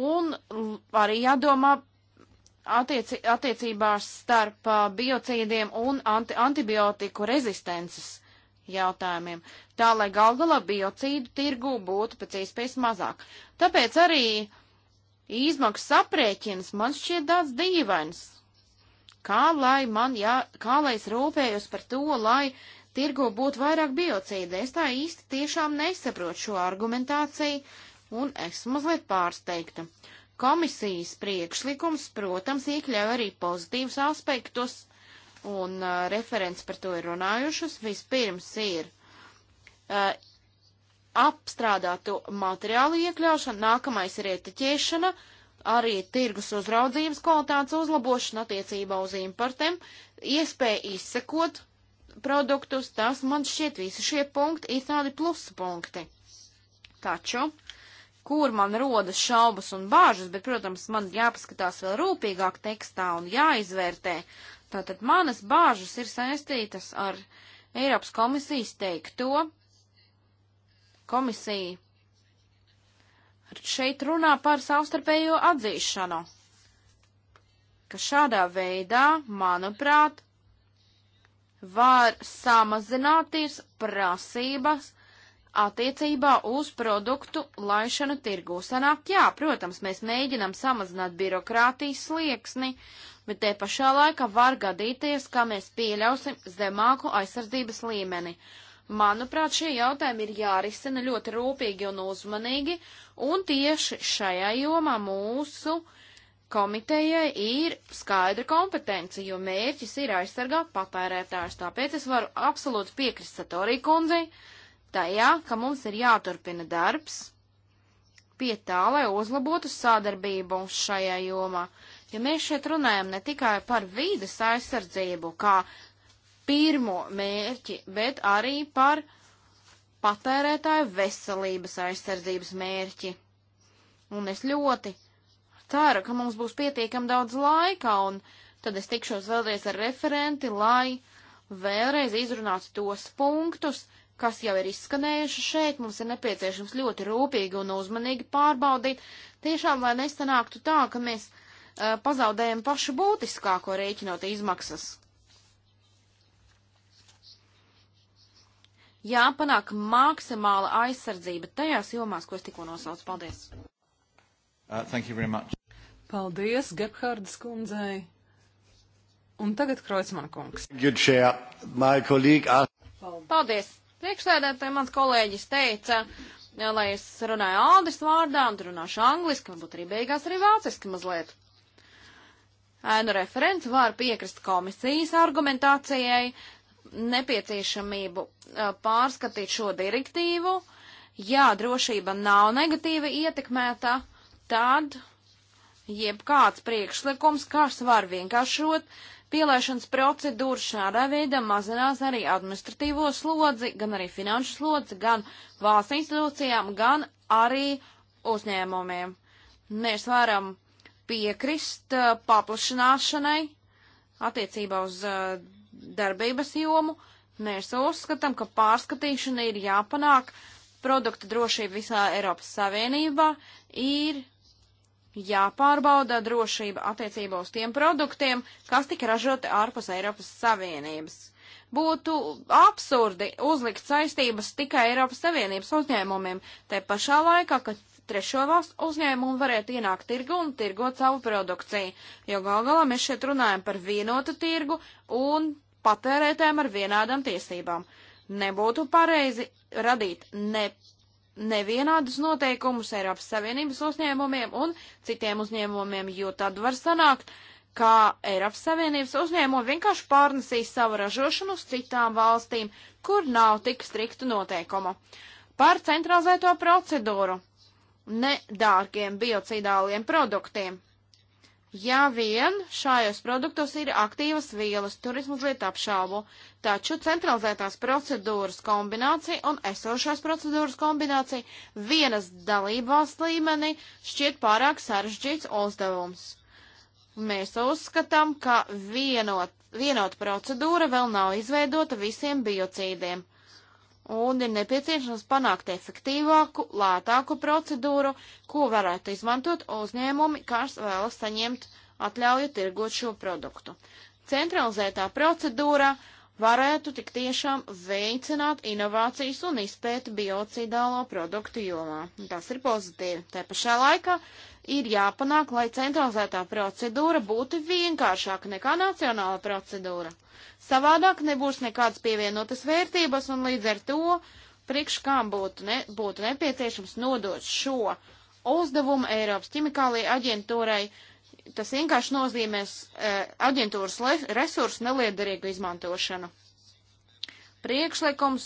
Un arī jādomā attieci, attiecībās starp uh, biocīdiem un anti, antibiotiku rezistences jautājumiem, tā lai gal galā biocīdu tirgu būtu pēc iespējas mazāk. Tāpēc arī izmaksas aprēķins man šķiet tāds dīvains. Kā lai man, jā, kā lai es rūpējos par to, lai tirgu būtu vairāk biocīda, es tā īsti tiešām nesaprotu šo argumentāciju un esmu mazliet pārsteigta. Komisijas priekšlikums, protams, iekļauj arī pozitīvus aspektus, un uh, referents par to ir runājušas. Vispirms ir uh, apstrādātu materiālu iekļaušana, nākamais ir etiķēšana, arī tirgus uzraudzības kvalitātes uzlabošana attiecībā uz importiem, iespēja izsekot produktus, tas man šķiet visi šie punkti ir tādi plusu punkti. Taču, kur man rodas šaubas un bāžas, bet, protams, man jāpaskatās vēl rūpīgāk tekstā un jāizvērtē, Tātad manas bāžas ir saistītas ar Eiropas komisijas teikto. Komisija šeit runā par savstarpējo atzīšanu, ka šādā veidā, manuprāt, var samazināties prasības attiecībā uz produktu laišanu tirgū. Sanāk, jā, protams, mēs mēģinam samazināt birokrātijas slieksni bet te pašā laikā var gadīties, ka mēs pieļausim zemāku aizsardzības līmeni. Manuprāt, šie jautājumi ir jārisina ļoti rūpīgi un uzmanīgi, un tieši šajā jomā mūsu komitejai ir skaidra kompetence, jo mērķis ir aizsargāt patērētājus. Tāpēc es varu absolūti piekrist Satorī kundzei tajā, ka mums ir jāturpina darbs pie tā, lai uzlabotu sadarbību šajā jomā. Ja mēs šeit runājam ne tikai par vīdes aizsardzību kā pirmo mērķi, bet arī par patērētāju veselības aizsardzības mērķi. Un es ļoti ceru, ka mums būs pietiekam daudz laika, un tad es tikšos vēlreiz ar referenti, lai vēlreiz izrunātu tos punktus, kas jau ir izskanējuši šeit, mums ir nepieciešams ļoti rūpīgi un uzmanīgi pārbaudīt, tiešām, lai nesanāktu tā, ka mēs Uh, pazaudējam pašu būtiskāko rēķinot izmaksas. Jāpanāk maksimāla aizsardzība tajās jomās, ko es tikko nosaucu. Paldies! Uh, Paldies, Gebhārdas kundzei! Un tagad Kreutzmann kungs. Paldies! Priekšsēdētāji mans kolēģis teica, lai es runāju Aldis vārdā, un runāšu angliski, varbūt arī beigās arī vāciski mazliet ēnu referents var piekrist komisijas argumentācijai, nepieciešamību pārskatīt šo direktīvu. Ja drošība nav negatīvi ietekmēta, tad jebkāds priekšlikums, kas var vienkāršot pielaišanas procedūru, šādā veidā mazinās arī administratīvo slodzi, gan arī finanšu slodzi, gan valsts institūcijām, gan arī uzņēmumiem. Mēs varam piekrist uh, paplašināšanai attiecībā uz uh, darbības jomu. Mēs uzskatām, ka pārskatīšana ir jāpanāk, produkta drošība visā Eiropas Savienībā ir jāpārbauda drošība attiecībā uz tiem produktiem, kas tika ražoti ārpus Eiropas Savienības. Būtu absurdi uzlikt saistības tikai Eiropas Savienības uzņēmumiem, te pašā laikā, kad trešo valstu uzņēmumu varētu ienākt tirgu un tirgot savu produkciju, jo gal galā mēs šeit runājam par vienotu tirgu un patērētēm ar vienādām tiesībām. Nebūtu pareizi radīt ne, nevienādus noteikumus Eiropas Savienības uzņēmumiem un citiem uzņēmumiem, jo tad var sanākt, ka Eiropas Savienības uzņēmumi vienkārši pārnesīs savu ražošanu uz citām valstīm, kur nav tik striktu noteikumu. Par centralizēto procedūru nedārgiem biocīdāliem produktiem. Ja vien šajos produktos ir aktīvas vielas, tur es mazliet apšaubu, taču centralizētās procedūras kombinācija un esošās procedūras kombinācija vienas dalībās līmenī šķiet pārāk sarežģīts uzdevums. Mēs uzskatām, ka vienot, vienot procedūra vēl nav izveidota visiem biocīdiem un ir nepieciešams panākt efektīvāku, lētāku procedūru, ko varētu izmantot uzņēmumi, kas vēlas saņemt atļauju tirgot šo produktu. Centralizētā procedūra uh, varētu tik tiešām veicināt inovācijas un izpēti biocidālo produktu jomā. Tas ir pozitīvi. Te pašā laikā ir jāpanāk, lai centralizētā procedūra būtu vienkāršāka nekā nacionāla procedūra. Savādāk nebūs nekādas pievienotas vērtības un līdz ar to priekš kām būtu, ne, būtu nepieciešams nodot šo uzdevumu Eiropas ķimikālajai aģentūrai uh, Tas vienkārši nozīmēs e, aģentūras resursu neliederīgu izmantošanu. Priekšlikums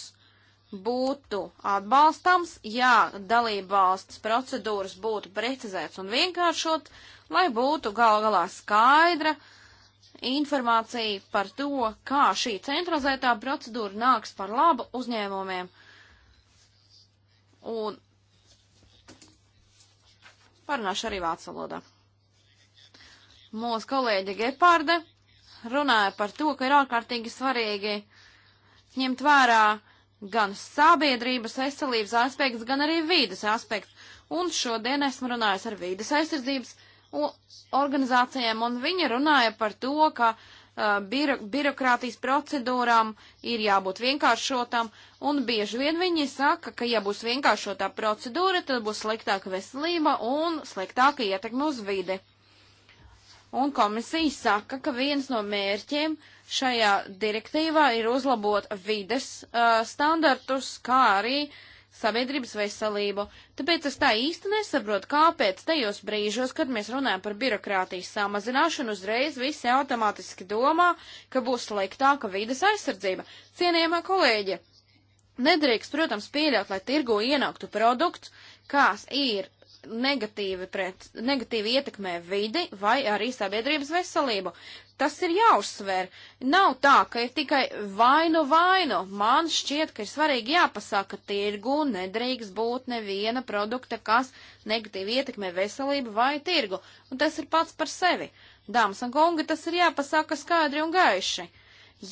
būtu atbalstams, ja dalība valsts procedūras būtu precizēts un vienkāršot, lai būtu gal galā skaidra informācija par to, kā šī centralizētā procedūra nāks par labu uzņēmumiem. Un parunāšu arī vācu valodā. Mūsu kolēģe Geparde runāja par to, ka ir ārkārtīgi svarīgi ņemt vērā gan sabiedrības veselības aspekts, gan arī vīdes aspekts. Un šodien esmu runājis ar vīdes aizsardzības organizācijām, un viņi runāja par to, ka uh, biro, birokrātijas procedūrām ir jābūt vienkāršotam, un bieži vien viņi saka, ka ja būs vienkāršotā procedūra, tad būs sliktāka veselība un sliktāka ietekme uz vidi. Un komisija saka, ka viens no mērķiem šajā direktīvā ir uzlabot vides uh, standartus, kā arī sabiedrības veselību. Tāpēc es tā īsti nesaprotu, kāpēc tajos brīžos, kad mēs runājam par birokrātijas samazināšanu, uzreiz visi automātiski domā, ka būs sliktāka vides aizsardzība. Cienījamā kolēģe, nedrīkst, protams, pieļaut, lai tirgu ienāktu produkts, kas ir negatīvi, pret, negatīvi ietekmē vidi vai arī sabiedrības veselību. Tas ir jāuzsver. Nav tā, ka ir tikai vainu vainu. Man šķiet, ka ir svarīgi jāpasaka, ka tirgu nedrīkst būt neviena produkta, kas negatīvi ietekmē veselību vai tirgu. Un tas ir pats par sevi. Dāmas un kungi, tas ir jāpasaka skaidri un gaiši.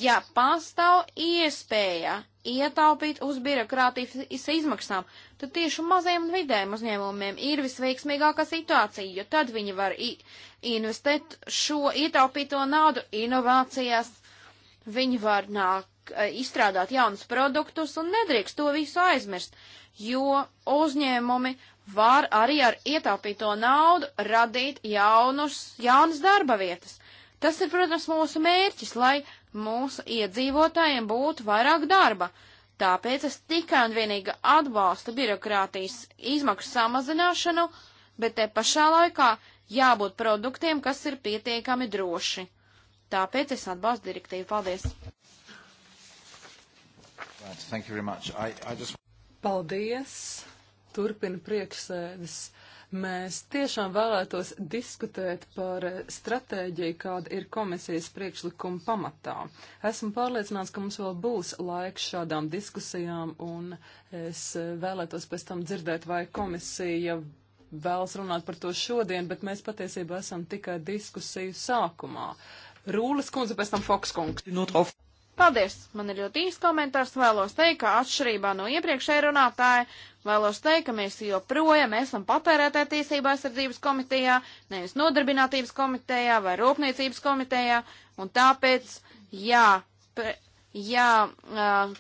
Ja pastāv iespēja ietaupīt uz birokrātijas izmaksām, tad tieši mazajiem un vidējiem uzņēmumiem ir visveiksmīgākā situācija, jo tad viņi var investēt šo ietaupīto naudu inovācijās, viņi var nāk e, izstrādāt jaunus produktus un nedrīkst to visu aizmirst, jo uzņēmumi var arī ar ietaupīto naudu radīt jaunus, jaunas darba vietas. Tas ir, protams, mūsu mērķis, lai mūsu iedzīvotājiem būtu vairāk darba. Tāpēc es tikai un vienīgi atbalstu birokrātijas izmaksu samazināšanu, bet te pašā laikā jābūt produktiem, kas ir pietiekami droši. Tāpēc es atbalstu direktīvu. Paldies! Right, I, I just... Paldies! Turpina priekšsēdis. Mēs tiešām vēlētos diskutēt par stratēģiju, kāda ir komisijas priekšlikuma pamatā. Esmu pārliecināts, ka mums vēl būs laiks šādām diskusijām, un es vēlētos pēc tam dzirdēt, vai komisija vēlas runāt par to šodien, bet mēs patiesībā esam tikai diskusiju sākumā. Rūlis kundze, pēc tam Fokskungs. Paldies! Man ir ļoti īsts komentārs. Vēlos teikt, ka atšķirībā no iepriekšējā runātāja Vēlos teikt, ka mēs joprojām esam patērētāja tiesībā aizsardzības komitejā, nevis nodarbinātības komitejā vai rūpniecības komitejā, un tāpēc, jā, pre, jā,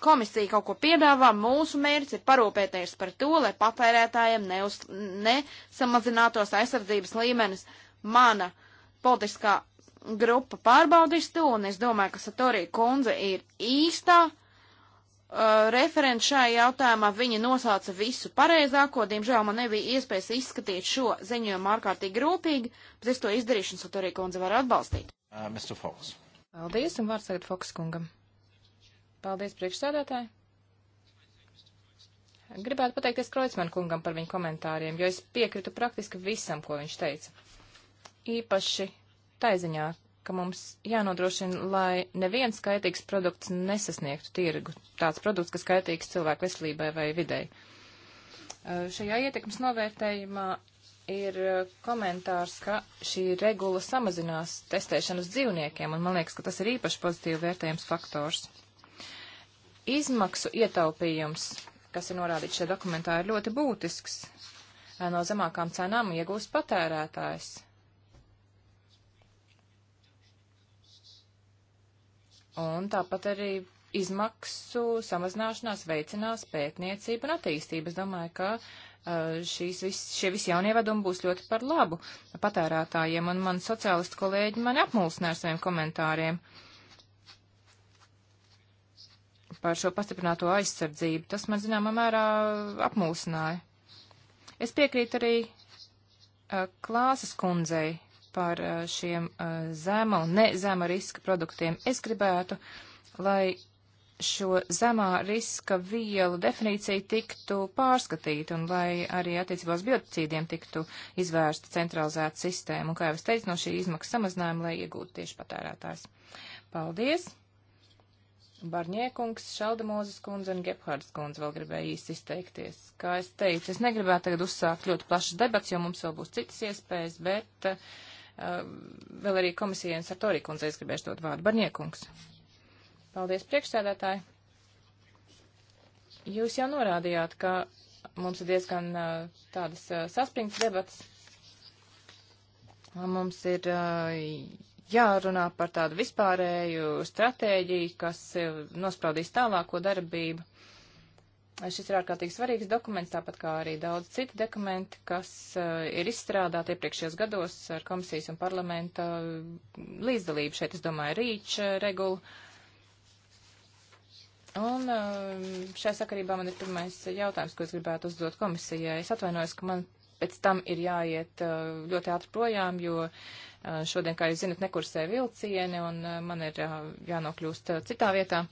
komisija kaut ko piedāvā, mūsu mērķis ir parūpēties par to, lai patērētājiem neuz, nesamazinātos aizsardzības līmenis. Mana politiskā grupa pārbaudīs to, un es domāju, ka Satorija kundze ir īstā Uh, eh, referents šajā jautājumā viņa nosauca visu pareizāko, diemžēl man nebija iespējas izskatīt šo ziņojumu ārkārtīgi rūpīgi, bet es to izdarīšu, un Satorī kundze var atbalstīt. Uh, Mr. Fox. Paldies, un vārds tagad Foks kungam. Paldies, priekšsēdētāji. Gribētu pateikties Kreutzmann kungam par viņu komentāriem, jo es piekritu praktiski visam, ko viņš teica. Īpaši taiziņā, ka mums jānodrošina, lai neviens skaitīgs produkts nesasniegtu tirgu. Tāds produkts, kas skaitīgs cilvēku veselībai vai videi. Uh, šajā ietekmes novērtējumā ir uh, komentārs, ka šī regula samazinās testēšanu uz dzīvniekiem, un man liekas, ka tas ir īpaši pozitīvi vērtējums faktors. Izmaksu ietaupījums, kas ir norādīts šajā dokumentā, ir ļoti būtisks. Uh, no zemākām cenām iegūst patērētājs Un tāpat arī izmaksu samazināšanās veicinās pētniecību un attīstību. Es domāju, ka uh, šīs vis, šie visi jaunievedumi būs ļoti par labu patērētājiem, un man sociālistu kolēģi mani apmulsināja ar saviem komentāriem par šo pastiprināto aizsardzību. Tas man zināmā mērā apmulsināja. Es piekrītu arī uh, Klāsas kundzei par eh, šiem eh, zema un ne zema riska produktiem. Es gribētu, lai šo zemā riska vielu definīcija tiktu pārskatīta un lai arī attiecībā uz biocīdiem tiktu izvērsta centralizēta sistēma. Un, kā jau es teicu, no šī izmaksa samazinājuma, lai iegūtu tieši patērētājs. Paldies! Barņiekungs, Šaldemozes kundze un Gebhards kundze vēl gribēja īsti izteikties. Kā es teicu, es negribētu tagad uzsākt ļoti plašas debats, jo mums vēl būs citas iespējas, bet uh, vēl arī komisijai un Sartori kundzei es gribēšu dot vārdu. Barniekungs. Paldies, priekšsēdētāji. Jūs jau norādījāt, ka mums ir diezgan tādas saspringts debats. Mums ir jārunā par tādu vispārēju stratēģiju, kas nospraudīs tālāko darbību. Šis ir ārkārtīgi svarīgs dokuments, tāpat kā arī daudz citi dokumenti, kas uh, ir izstrādāti iepriekšējos gados ar komisijas un parlamenta eh, līdzdalību. Šeit, es domāju, rīč uh, eh, regulu. Un uh, šai sakarībā man ir pirmais jautājums, ko es gribētu uzdot komisijai. Es atvainojos, ka man pēc tam ir jāiet ļoti ātri projām, jo šodien, kā jūs zinat, nekursē vilcieni un man ir jānokļūst citā vietā.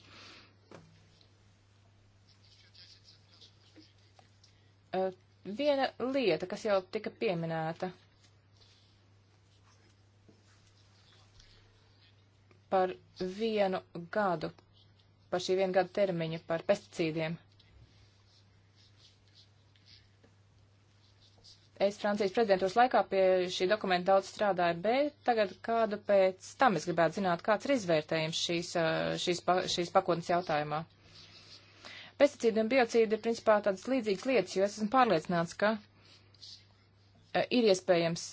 Eh, viena lieta, kas jau tika pieminēta par vienu gadu, par šī vienu gadu termiņu, par pesticīdiem. es Francijas prezidentūras laikā pie šī dokumenta daudz strādāju, bet tagad kādu pēc tam es gribētu zināt, kāds ir izvērtējums šīs, eh, šīs, šīs pakotnes jautājumā. Pesticīdi un biocīdi ir principā tādas līdzīgas lietas, jo es esmu pārliecināts, ka e, ir iespējams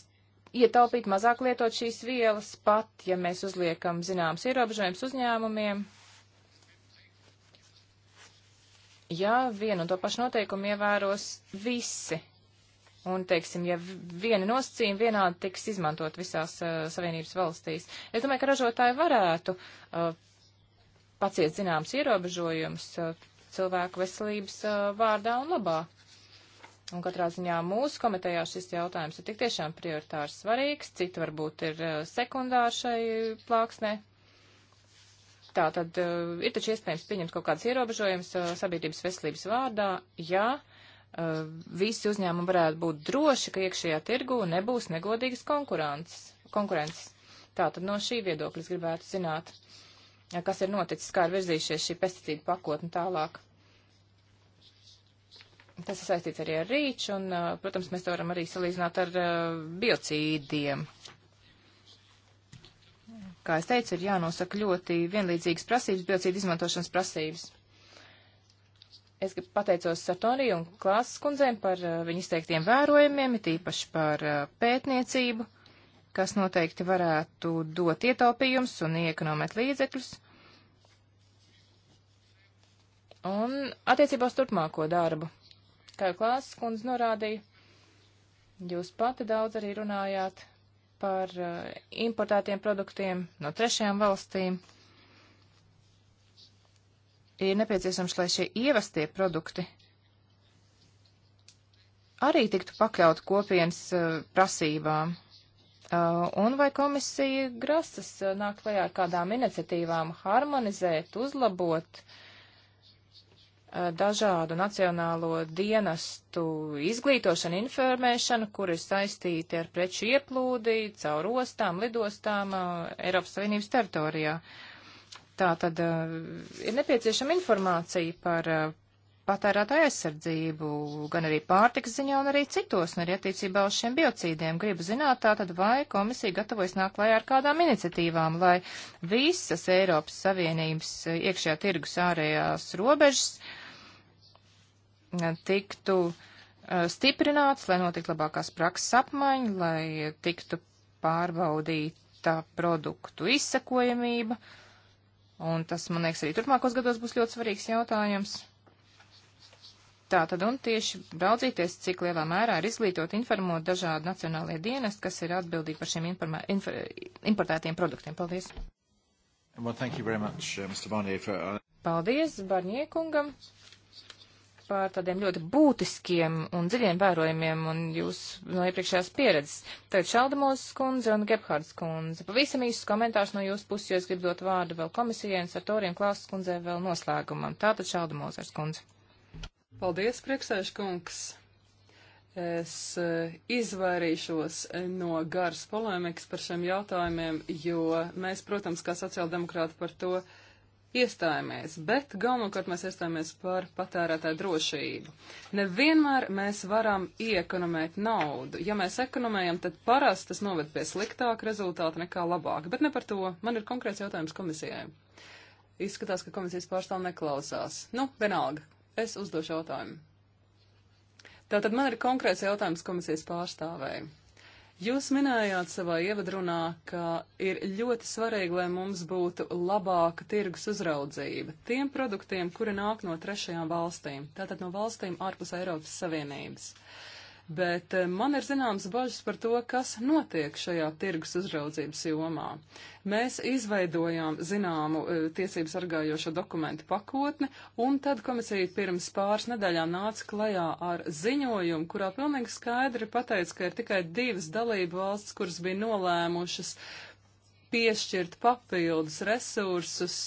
ietaupīt mazāk lietot šīs vielas, pat ja mēs uzliekam zināmas ierobežojumus uzņēmumiem. Ja vienu un to pašu noteikumu ievēros visi, Un, teiksim, ja viena nosacījuma vienādi tiks izmantot visās uh, Savienības valstīs, es domāju, ka ražotāji varētu uh, paciest zināms ierobežojums, uh, cilvēku veselības vārdā un labā. Un katrā ziņā mūsu komitejā šis jautājums ir tik tiešām prioritārs svarīgs, citi varbūt ir sekundāri šai plāksnē. Tā tad ir taču iespējams pieņemt kaut kādas ierobežojumus sabiedrības veselības vārdā, ja visi uzņēmumi varētu būt droši, ka iekšējā tirgū nebūs negodīgas konkurences. konkurences. Tā tad no šī viedokļa es gribētu zināt. Uh, kas ir noticis, kā ir virzījušies šī pesticīdu pakotne tālāk. Tas ir saistīts arī ar rīču, un, uh, protams, mēs to varam arī salīdzināt ar uh, biocīdiem. Kā es teicu, ir jānosaka ļoti vienlīdzīgas prasības, biocīdu izmantošanas prasības. Es pateicos Sartori un Klāsas kundzēm par uh, viņu izteiktiem vērojumiem, it īpaši par pētniecību kas noteikti varētu dot ietaupījums un iekonomēt līdzekļus. Un attiecībā uz turpmāko darbu, kā jau klāsts kundze norādīja, jūs pati daudz arī runājāt par uh, importētiem produktiem no trešajām valstīm. Ir nepieciešams, lai šie ievestie produkti arī tiktu pakļaut kopienas uh, prasībām. Uh, un vai komisija grasas uh, nākt klajā ar kādām iniciatīvām harmonizēt, uzlabot uh, dažādu nacionālo dienestu izglītošanu, informēšanu, kur ir saistīti ar preču ieplūdi caur ostām, lidostām Eiropas Savienības teritorijā. Tā tad ir nepieciešama informācija par patērētāju aizsardzību, gan arī pārtikas ziņā, un arī citos, un arī attiecībā uz šiem biocīdiem. Gribu zināt, tātad vai komisija gatavojas nākt klajā ar kādām iniciatīvām, lai visas Eiropas Savienības iekšējā tirgus ārējās robežas tiktu stiprināts, lai notiktu labākās prakses apmaiņa, lai tiktu pārbaudīta produktu izsekojamība. Un tas, man liekas, arī turpmākos gados būs ļoti svarīgs jautājums. Tā tad un tieši raudzīties, cik lielā mērā ir izglītot, informot dažādi nacionālie dienesti, kas ir atbildīgi par šiem informā, infor, importētiem produktiem. Paldies! Well, much, uh, Barnier, for... Uh, Paldies Barniekungam par tādiem ļoti būtiskiem un dziļiem vērojumiem un jūs no iepriekšējās pieredzes. Tagad Šaldamos kundze un Gebhards kundze. Pavisam īsts komentārs no jūsu puses, jo es gribu dot vārdu vēl komisijai un Sartoriem klāsts kundzei vēl noslēgumam. Tātad Šaldamos ar kundze. Paldies, priekšsēžkungs! Es eh, izvairīšos eh, no garas polēmikas par šiem jautājumiem, jo mēs, protams, kā sociāldemokrāti par to iestājāmies, bet galvenokārt mēs iestājāmies par patērētāju drošību. Nevienmēr mēs varam iekonomēt naudu. Ja mēs ekonomējam, tad parasti tas noved pie sliktāka rezultāta nekā labāka, bet ne par to. Man ir konkrēts jautājums komisijai. Izskatās, ka komisijas pārstāv neklausās. Nu, vienalga, Es uzdošu jautājumu. Tātad man ir konkrēts jautājums komisijas pārstāvēji. Jūs minējāt savā ievadrunā, ka ir ļoti svarīgi, lai mums būtu labāka tirgus uzraudzība tiem produktiem, kuri nāk no trešajām valstīm, tātad no valstīm ārpus Eiropas Savienības. Uh, bet eh, man ir zināms bažas par to, kas notiek šajā tirgus uzraudzības jomā. Mēs izveidojām zināmu eh, tiesību sargājošo dokumentu pakotni, un tad komisija pirms pāris nedēļām nāca klajā ar ziņojumu, kurā pilnīgi skaidri pateica, ka ir tikai divas dalību valsts, kuras bija nolēmušas piešķirt papildus resursus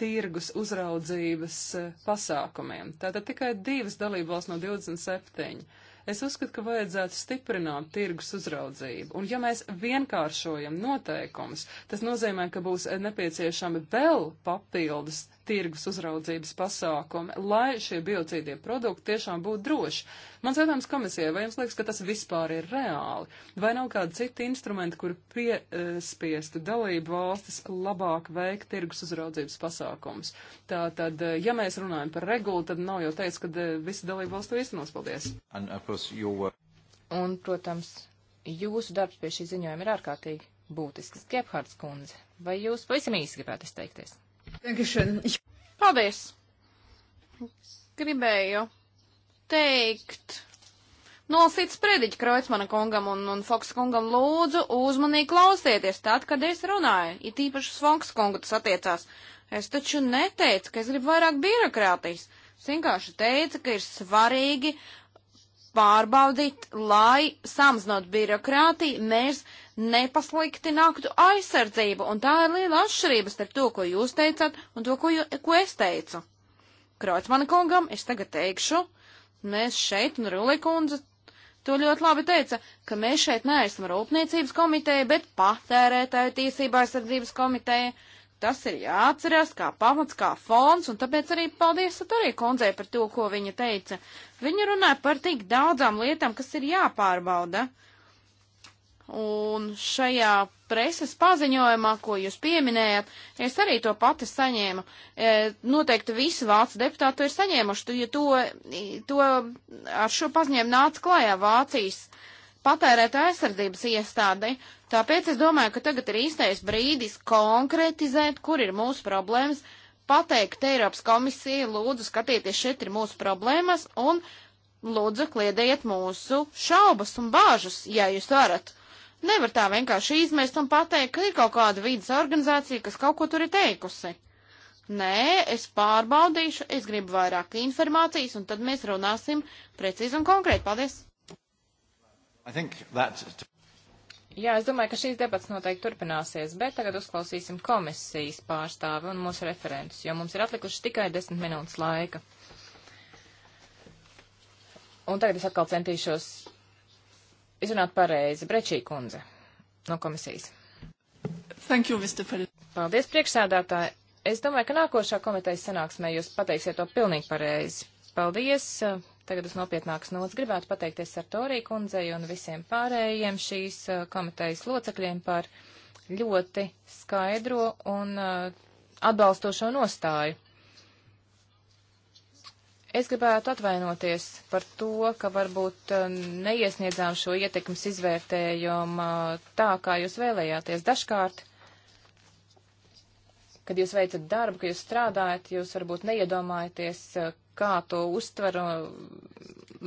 tirgus uzraudzības eh, pasākumiem. Tātad tikai divas dalībvalsts no 27. Es uzskatu, ka vajadzētu stiprināt tirgus uzraudzību. Un ja mēs vienkāršojam noteikumus, tas nozīmē, ka būs nepieciešami vēl papildus tirgus uzraudzības pasākumi, lai šie biocīdie produkti tiešām būtu droši. Mans jautājums komisijai, vai jums liekas, ka tas vispār ir reāli? Vai nav kāda cita instrumenta, kur piespiestu dalību valstis labāk veikt tirgus uzraudzības pasākumus? Tātad, ja mēs runājam par regulu, tad nav jau teicis, ka eh, visi dalību valstu īstenos. Paldies! Un, uh, because you were. Un, protams, jūsu darbs pie šī ziņojuma ir ārkārtīgi būtisks. Gebhards kundze, vai jūs pavisam īsi gribētu izteikties? Paldies! Gribēju teikt. Nolasīts prediķi Kreutzmana kungam un, un Foks kungam lūdzu uzmanīgi klausieties tad, kad es runāju. It īpaši uz Foks kungu tas attiecās. Es taču neteicu, ka es gribu vairāk birokrātijas. Es vienkārši teicu, ka ir svarīgi pārbaudīt, lai samazinot birokrātiju, mēs nepasliktinātu aizsardzību. Un tā ir liela atšķirība starp to, ko jūs teicāt, un to, ko, jū, ko es teicu. Kraucmana kungam es tagad teikšu, mēs šeit, un Rulī kundze to ļoti labi teica, ka mēs šeit neesam rūpniecības komiteja, bet patērētāju tiesībā aizsardzības komiteja. Uh, Tas ir jāatcerās kā pamats, kā fons, un tāpēc arī paldies arī kundzei par to, ko viņa teica. Viņa runāja par tik daudzām lietām, kas ir jāpārbauda. Un šajā preses paziņojumā, ko jūs pieminējat, es arī to pati saņēmu. E, noteikti visi vācu deputāti to ir saņēmuši, jo to, to ar šo paziņojumu nāca klājā Vācijas patērēta aizsardzības iestāde. Tāpēc es domāju, ka tagad ir īstais brīdis konkretizēt, kur ir mūsu problēmas, pateikt Eiropas komisija, lūdzu, skatieties, šeit ir mūsu problēmas un lūdzu, kliedējiet mūsu šaubas un bāžas, ja jūs varat. Nevar tā vienkārši izmest un pateikt, ka ir kaut kāda vīdas organizācija, kas kaut ko tur ir teikusi. Nē, es pārbaudīšu, es gribu vairāk informācijas, un tad mēs runāsim precīzi un konkrēti. Paldies! That... Jā, es domāju, ka šīs debats noteikti turpināsies, bet tagad uzklausīsim komisijas pārstāvi un mūsu referentus, jo mums ir atlikuši tikai desmit minūtes laika. Un tagad es atkal centīšos izrunāt pareizi. Brečī kundze no komisijas. Thank you, Mr. President. Paldies, priekšsēdātāji. Es domāju, ka nākošā komitejas sanāksmē jūs pateiksiet to pilnīgi pareizi. Paldies. Uh, Tagad uz nopietnākas nots gribētu pateikties ar Torī kundzei un visiem pārējiem šīs uh, komitejas locekļiem par ļoti skaidro un uh, atbalstošo nostāju. Es gribētu atvainoties par to, ka varbūt uh, neiesniedzām šo ietekmes izvērtējumu uh, tā, kā jūs vēlējāties. Dažkārt, kad jūs veicat darbu, kad jūs strādājat, jūs varbūt neiedomājaties, uh, kā to uztver uh,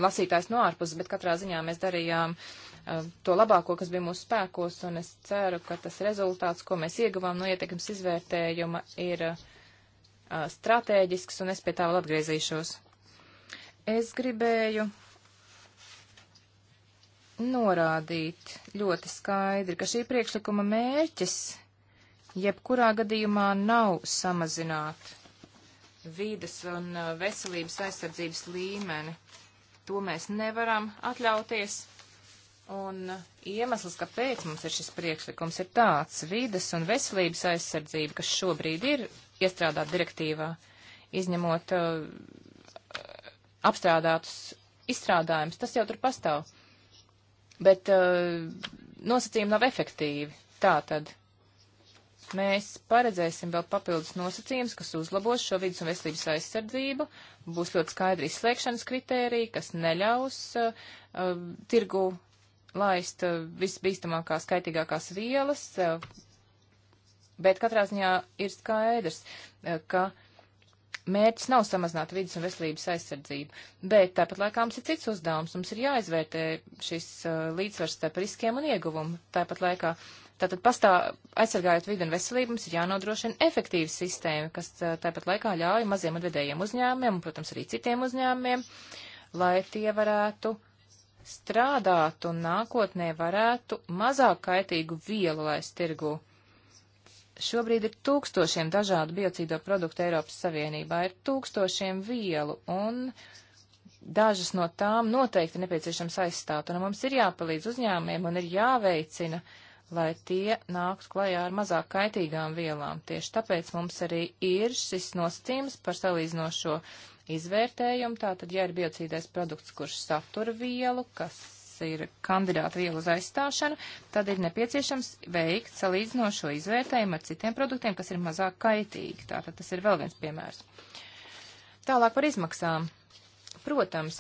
lasītājs no ārpuses, bet katrā ziņā mēs darījām uh, to labāko, kas bija mūsu spēkos, un es ceru, ka tas rezultāts, ko mēs ieguvām no ietekmes izvērtējuma, ir uh, stratēģisks, un es pie tā vēl atgriezīšos. Es gribēju norādīt ļoti skaidri, ka šī priekšlikuma mērķis jebkurā gadījumā nav samazināt vīdas un uh, veselības aizsardzības līmeni. To mēs nevaram atļauties. Un uh, iemesls, kāpēc mums ir šis priekšlikums, ir tāds - vīdas un veselības aizsardzība, kas šobrīd ir iestrādāta direktīvā, izņemot uh, apstrādātus izstrādājumus, tas jau tur pastāv. Bet uh, nosacījumi nav efektīvi. Tā tad Mēs paredzēsim vēl papildus nosacījumus, kas uzlabos šo vidus un veselības aizsardzību. Būs ļoti skaidri izslēgšanas kritērija, kas neļaus uh, uh, tirgu laist uh, visbīstamākās, kaitīgākās vielas, uh, bet katrā ziņā ir skaidrs, uh, ka mērķis nav samazināt vidus un veselības aizsardzību, bet tāpat laikā mums ir cits uzdevums. Mums ir jāizvērtē šis uh, līdzsvars starp riskiem un ieguvumu. Tāpat laikā Tātad pastā, aizsargājot vidu un veselību, mums ir jānodrošina efektīva sistēma, kas tāpat laikā ļauj maziem un vidējiem uzņēmumiem, un, protams, arī citiem uzņēmumiem, lai tie varētu strādāt un nākotnē varētu mazāk kaitīgu vielu laist tirgu. Šobrīd ir tūkstošiem dažādu biocīdo produktu Eiropas Savienībā, ir tūkstošiem vielu un dažas no tām noteikti nepieciešams aizstāt, un mums ir jāpalīdz uzņēmumiem un ir jāveicina uh, lai tie nāktu klajā ar mazāk kaitīgām vielām. Tieši tāpēc mums arī ir šis nosacījums par salīdzinošo izvērtējumu. Tātad, ja ir biocīdais produkts, kurš satura vielu, kas ir kandidāta vielu uz aizstāšanu, tad ir nepieciešams veikt salīdzinošo izvērtējumu ar citiem produktiem, kas ir mazāk kaitīgi. Tātad tas ir vēl viens piemērs. Tālāk par izmaksām. Protams,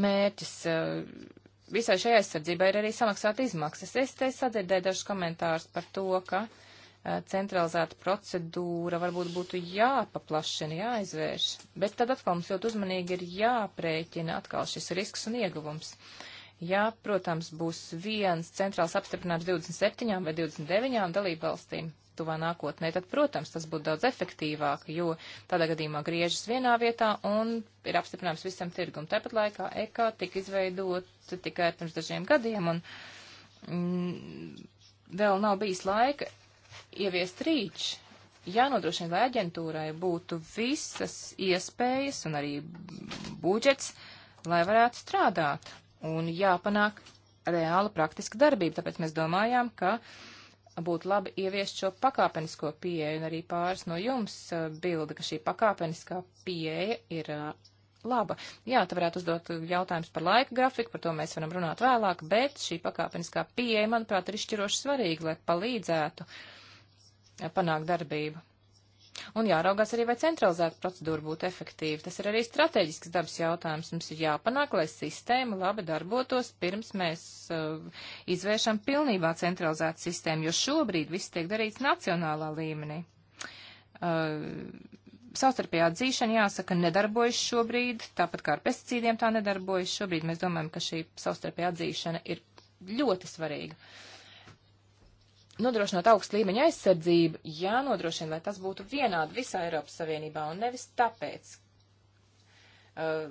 mērķis uh, visai šai aizsardzībai ir arī samaksāt izmaksas. Es te sadzirdēju dažus komentārus par to, ka e, centralizēta procedūra varbūt būtu jāpaplašina, jāizvērš. Bet tad atkal mums ļoti uzmanīgi ir jāprēķina atkal šis risks un ieguvums. Jā, protams, būs viens centrāls apstiprināts 27 vai 29 dalībvalstīm, tuvā nākotnē, tad, protams, tas būtu daudz efektīvāk, jo tādā gadījumā griežas vienā vietā un ir apstiprinājums visam tirgum. Tāpat laikā EK tika izveidot tikai pirms dažiem gadiem un mm, vēl nav bijis laika ieviest rīču. Jānodrošina, lai aģentūrai būtu visas iespējas un arī budžets, lai varētu strādāt un jāpanāk reāla praktiska darbība. Tāpēc mēs domājām, ka uh, būtu labi ieviest šo pakāpenisko pieeju, un arī pāris no jums uh, bilda, ka šī pakāpeniskā pieeja ir uh, laba. Jā, te varētu uzdot uh, jautājumus par laika grafiku, par to mēs varam runāt vēlāk, bet šī pakāpeniskā pieeja, manuprāt, ir izšķiroši svarīga, lai palīdzētu panākt darbību. Un jāraugās arī, vai centralizēta procedūra būtu efektīva. Tas ir arī strateģisks dabas jautājums. Mums ir jāpanāk, lai sistēma labi darbotos, pirms mēs uh, izvēršam pilnībā centralizētu sistēmu, jo šobrīd viss tiek darīts nacionālā līmenī. Uh, savstarpējā atzīšana, jāsaka, nedarbojas šobrīd, tāpat kā ar pesticīdiem tā nedarbojas. Šobrīd mēs domājam, ka šī savstarpējā atzīšana ir ļoti svarīga. Uh, nodrošinot augstu līmeņa aizsardzību, jānodrošina, lai tas būtu vienādi visā Eiropas Savienībā un nevis tāpēc, uh,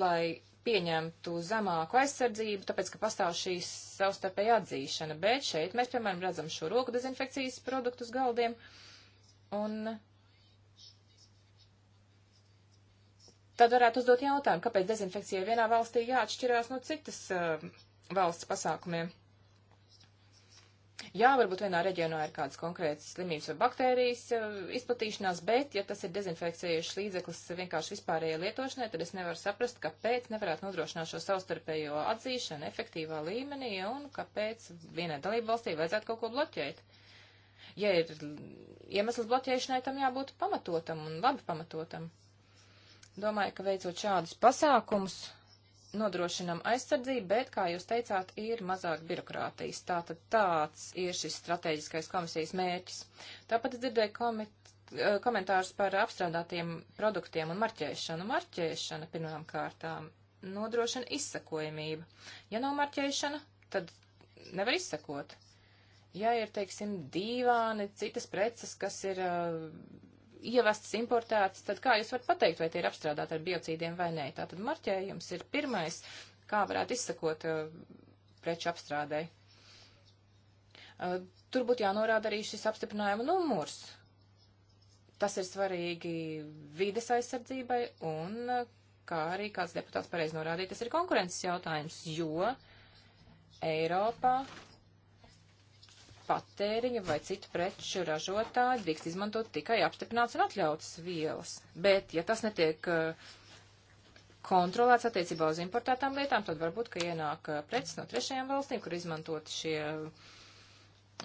lai pieņemtu zemāku aizsardzību, tāpēc, ka pastāv šī savstarpēja atzīšana. Bet šeit mēs, piemēram, redzam šo roku dezinfekcijas produktu uz galdiem un tad varētu uzdot jautājumu, kāpēc dezinfekcija vienā valstī jāatšķirās no citas uh, valsts pasākumiem. Jā, varbūt vienā reģionā ir kādas konkrētas slimības vai baktērijas eh, izplatīšanās, bet ja tas ir dezinfekcijas līdzeklis vienkārši vispārējai lietošanai, tad es nevaru saprast, kāpēc nevarētu nodrošināt šo savstarpējo atzīšanu efektīvā līmenī un kāpēc vienai dalību valstī vajadzētu kaut ko bloķēt ja ir iemesls bloķēšanai, tam jābūt pamatotam un labi pamatotam. Domāju, ka veicot šādus pasākumus, nodrošinam aizsardzību, bet, kā jūs teicāt, ir mazāk birokrātijas. Tātad tāds ir šis strateģiskais komisijas mērķis. Tāpat es dzirdēju komit, eh, komentārus par apstrādātiem produktiem un marķēšanu. Marķēšana pirmām kārtām nodrošina izsakojamību. Ja nav marķēšana, tad nevar izsakot. Ja ir, teiksim, dīvāni, citas preces, kas ir uh, ievestas, importētas, tad kā jūs varat pateikt, vai tie ir apstrādāti ar biocīdiem vai nē? Tātad marķējums ir pirmais, kā varētu izsakot uh, preču apstrādē. Uh, tur būtu jānorāda arī šis apstiprinājuma numurs. Tas ir svarīgi vides aizsardzībai un, uh, kā arī kāds deputāts pareizi norādīja, tas ir konkurences jautājums, jo Eiropā patēriņa vai citu preču ražotāji drīkst izmantot tikai apstiprināts un atļautas vielas. Bet, ja tas netiek eh, kontrolēts attiecībā uz importētām lietām, tad varbūt, ka ienāk eh, preces no trešajām valstīm, kur izmantot šie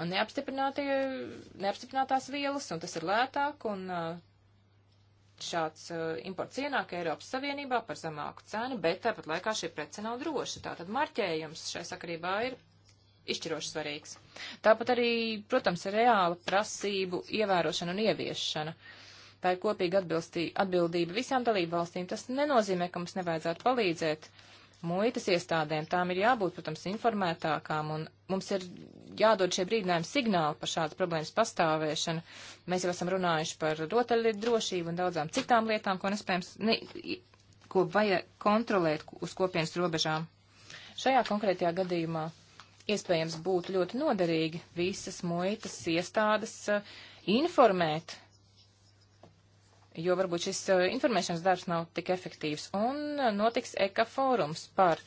neapstiprinātās vielas, un tas ir lētāk, un eh, šāds imports ienāk Eiropas Savienībā par zemāku cenu, bet tāpat laikā šī prece nav droša. Tātad marķējums šai sakarībā ir izšķiroši svarīgs. Tāpat arī, protams, ir reāla prasību ievērošana un ieviešana. Tā ir kopīga atbildība visām dalību valstīm. Tas nenozīmē, ka mums nevajadzētu palīdzēt muitas iestādēm. Tām ir jābūt, protams, informētākām, un mums ir jādod šie brīdinājumi signāli par šādas problēmas pastāvēšanu. Mēs jau esam runājuši par rotaļlietu drošību un daudzām citām lietām, ko nespējams, ne, ko vajag kontrolēt uz kopienas robežām. Šajā konkrētajā gadījumā iespējams būtu ļoti noderīgi visas muitas iestādes uh, informēt, jo varbūt šis uh, informēšanas darbs nav tik efektīvs. Un uh, notiks ekafórums par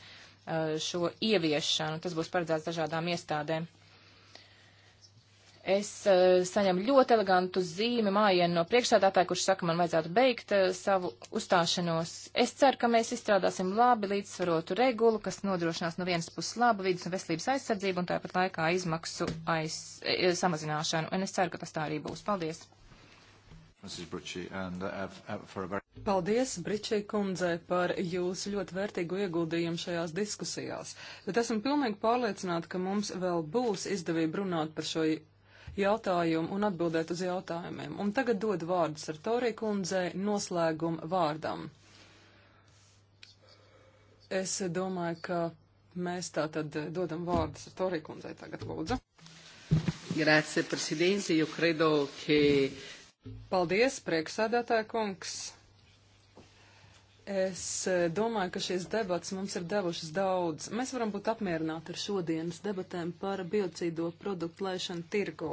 šo ieviešanu. Tas būs paredzēts dažādām iestādēm. Es uh, eh, saņemu ļoti elegantu zīmi mājienu no priekšsādātāja, kurš saka, man vajadzētu beigt uh, savu uzstāšanos. Es ceru, ka mēs izstrādāsim labi līdzsvarotu regulu, kas nodrošinās no vienas puses labu vidas un veselības aizsardzību un tāpat laikā izmaksu aiz, e, samazināšanu. Un es ceru, ka tas tā arī būs. Paldies! Uh, Paldies, Bričī kundzei, par jūsu ļoti vērtīgu ieguldījumu šajās diskusijās, bet esam pilnīgi pārliecināti, ka mums vēl būs izdevība runāt par šo jautājumu un atbildēt uz jautājumiem. Un tagad dod vārdus ar Torī kundzei noslēguma vārdam. Es domāju, ka mēs tā tad dodam vārdus ar Torī kundzei tagad lūdzu. Grazie, prezidente, jo credo, ka. Paldies, prieksēdētāja kungs. Es e, domāju, ka šīs debatas mums ir devušas daudz. Mēs varam būt apmierināti ar šodienas debatēm par biocīdo produktu laišanu tirgū.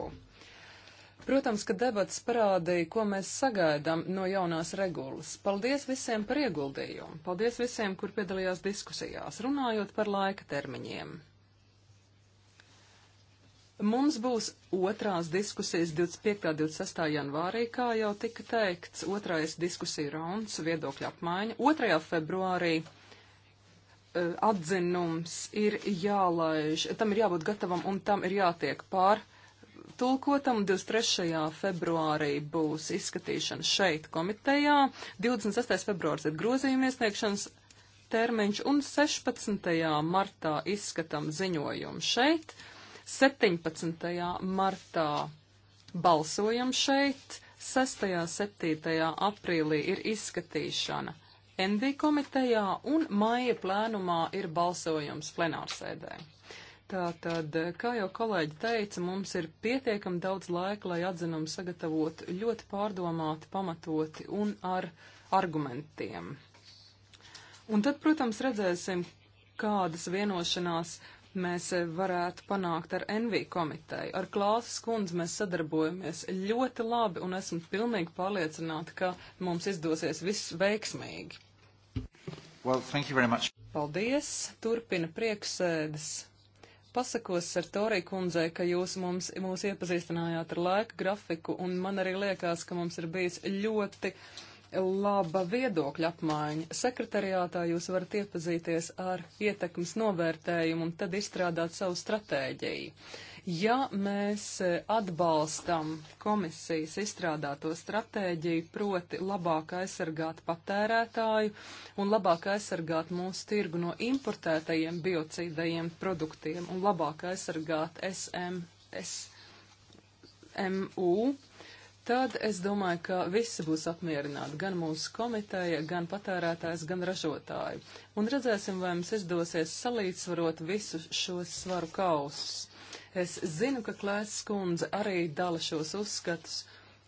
Protams, ka debats parādīja, ko mēs sagaidām no jaunās regulas. Paldies visiem par ieguldījumu. Paldies visiem, kur piedalījās diskusijās, runājot par laika termiņiem. Mums būs otrās diskusijas 25. un 26. janvārī, kā jau tika teikts, otrais diskusija rauns, viedokļa apmaiņa. 2. februārī e, atzinums ir jālaiž, tam ir jābūt gatavam un tam ir jātiek pār tulkotam 23. februārī būs izskatīšana šeit komitejā, 26. februārs ir grozījuma iesniegšanas termiņš un 16. martā izskatam ziņojumu šeit. 17. martā balsojam šeit, 6. 7. aprīlī ir izskatīšana NV komitejā un maija plēnumā ir balsojums plenārsēdē. Tātad, kā jau kolēģi teica, mums ir pietiekam daudz laika, lai atzinumu sagatavotu ļoti pārdomāti, pamatoti un ar argumentiem. Un tad, protams, redzēsim, kādas vienošanās mēs varētu panākt ar NV komiteju. Ar Klāsas kundzi mēs sadarbojamies ļoti labi un esmu pilnīgi pārliecināta, ka mums izdosies viss veiksmīgi. Well, thank you very much. Paldies, turpina prieksēdes. Pasakos ar Toriju kundzei, ka jūs mums, mūs iepazīstinājāt ar laika grafiku, un man arī liekas, ka mums ir bijis ļoti uh, laba viedokļa apmaiņa. Sekretariātā jūs varat iepazīties ar ietekmes novērtējumu un tad izstrādāt savu stratēģiju. Ja mēs eh, atbalstam komisijas izstrādāto stratēģiju, proti labāk aizsargāt patērētāju un labāk aizsargāt mūsu tirgu no importētajiem biocīdajiem produktiem un labāk aizsargāt SMS, MU, tad es domāju, ka visi būs apmierināti, gan mūsu komiteja, gan patērētājs, gan ražotāji. Un redzēsim, vai mums izdosies salīdzvarot visus šos svaru kausus. Es zinu, ka Klēs skundze arī dala šos uzskatus,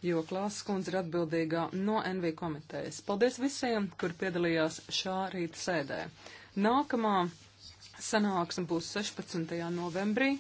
jo Klēs skundze ir atbildīgā no NV komitejas. Paldies visiem, kur piedalījās šā rīta sēdē. Nākamā sanāksme būs 16. novembrī.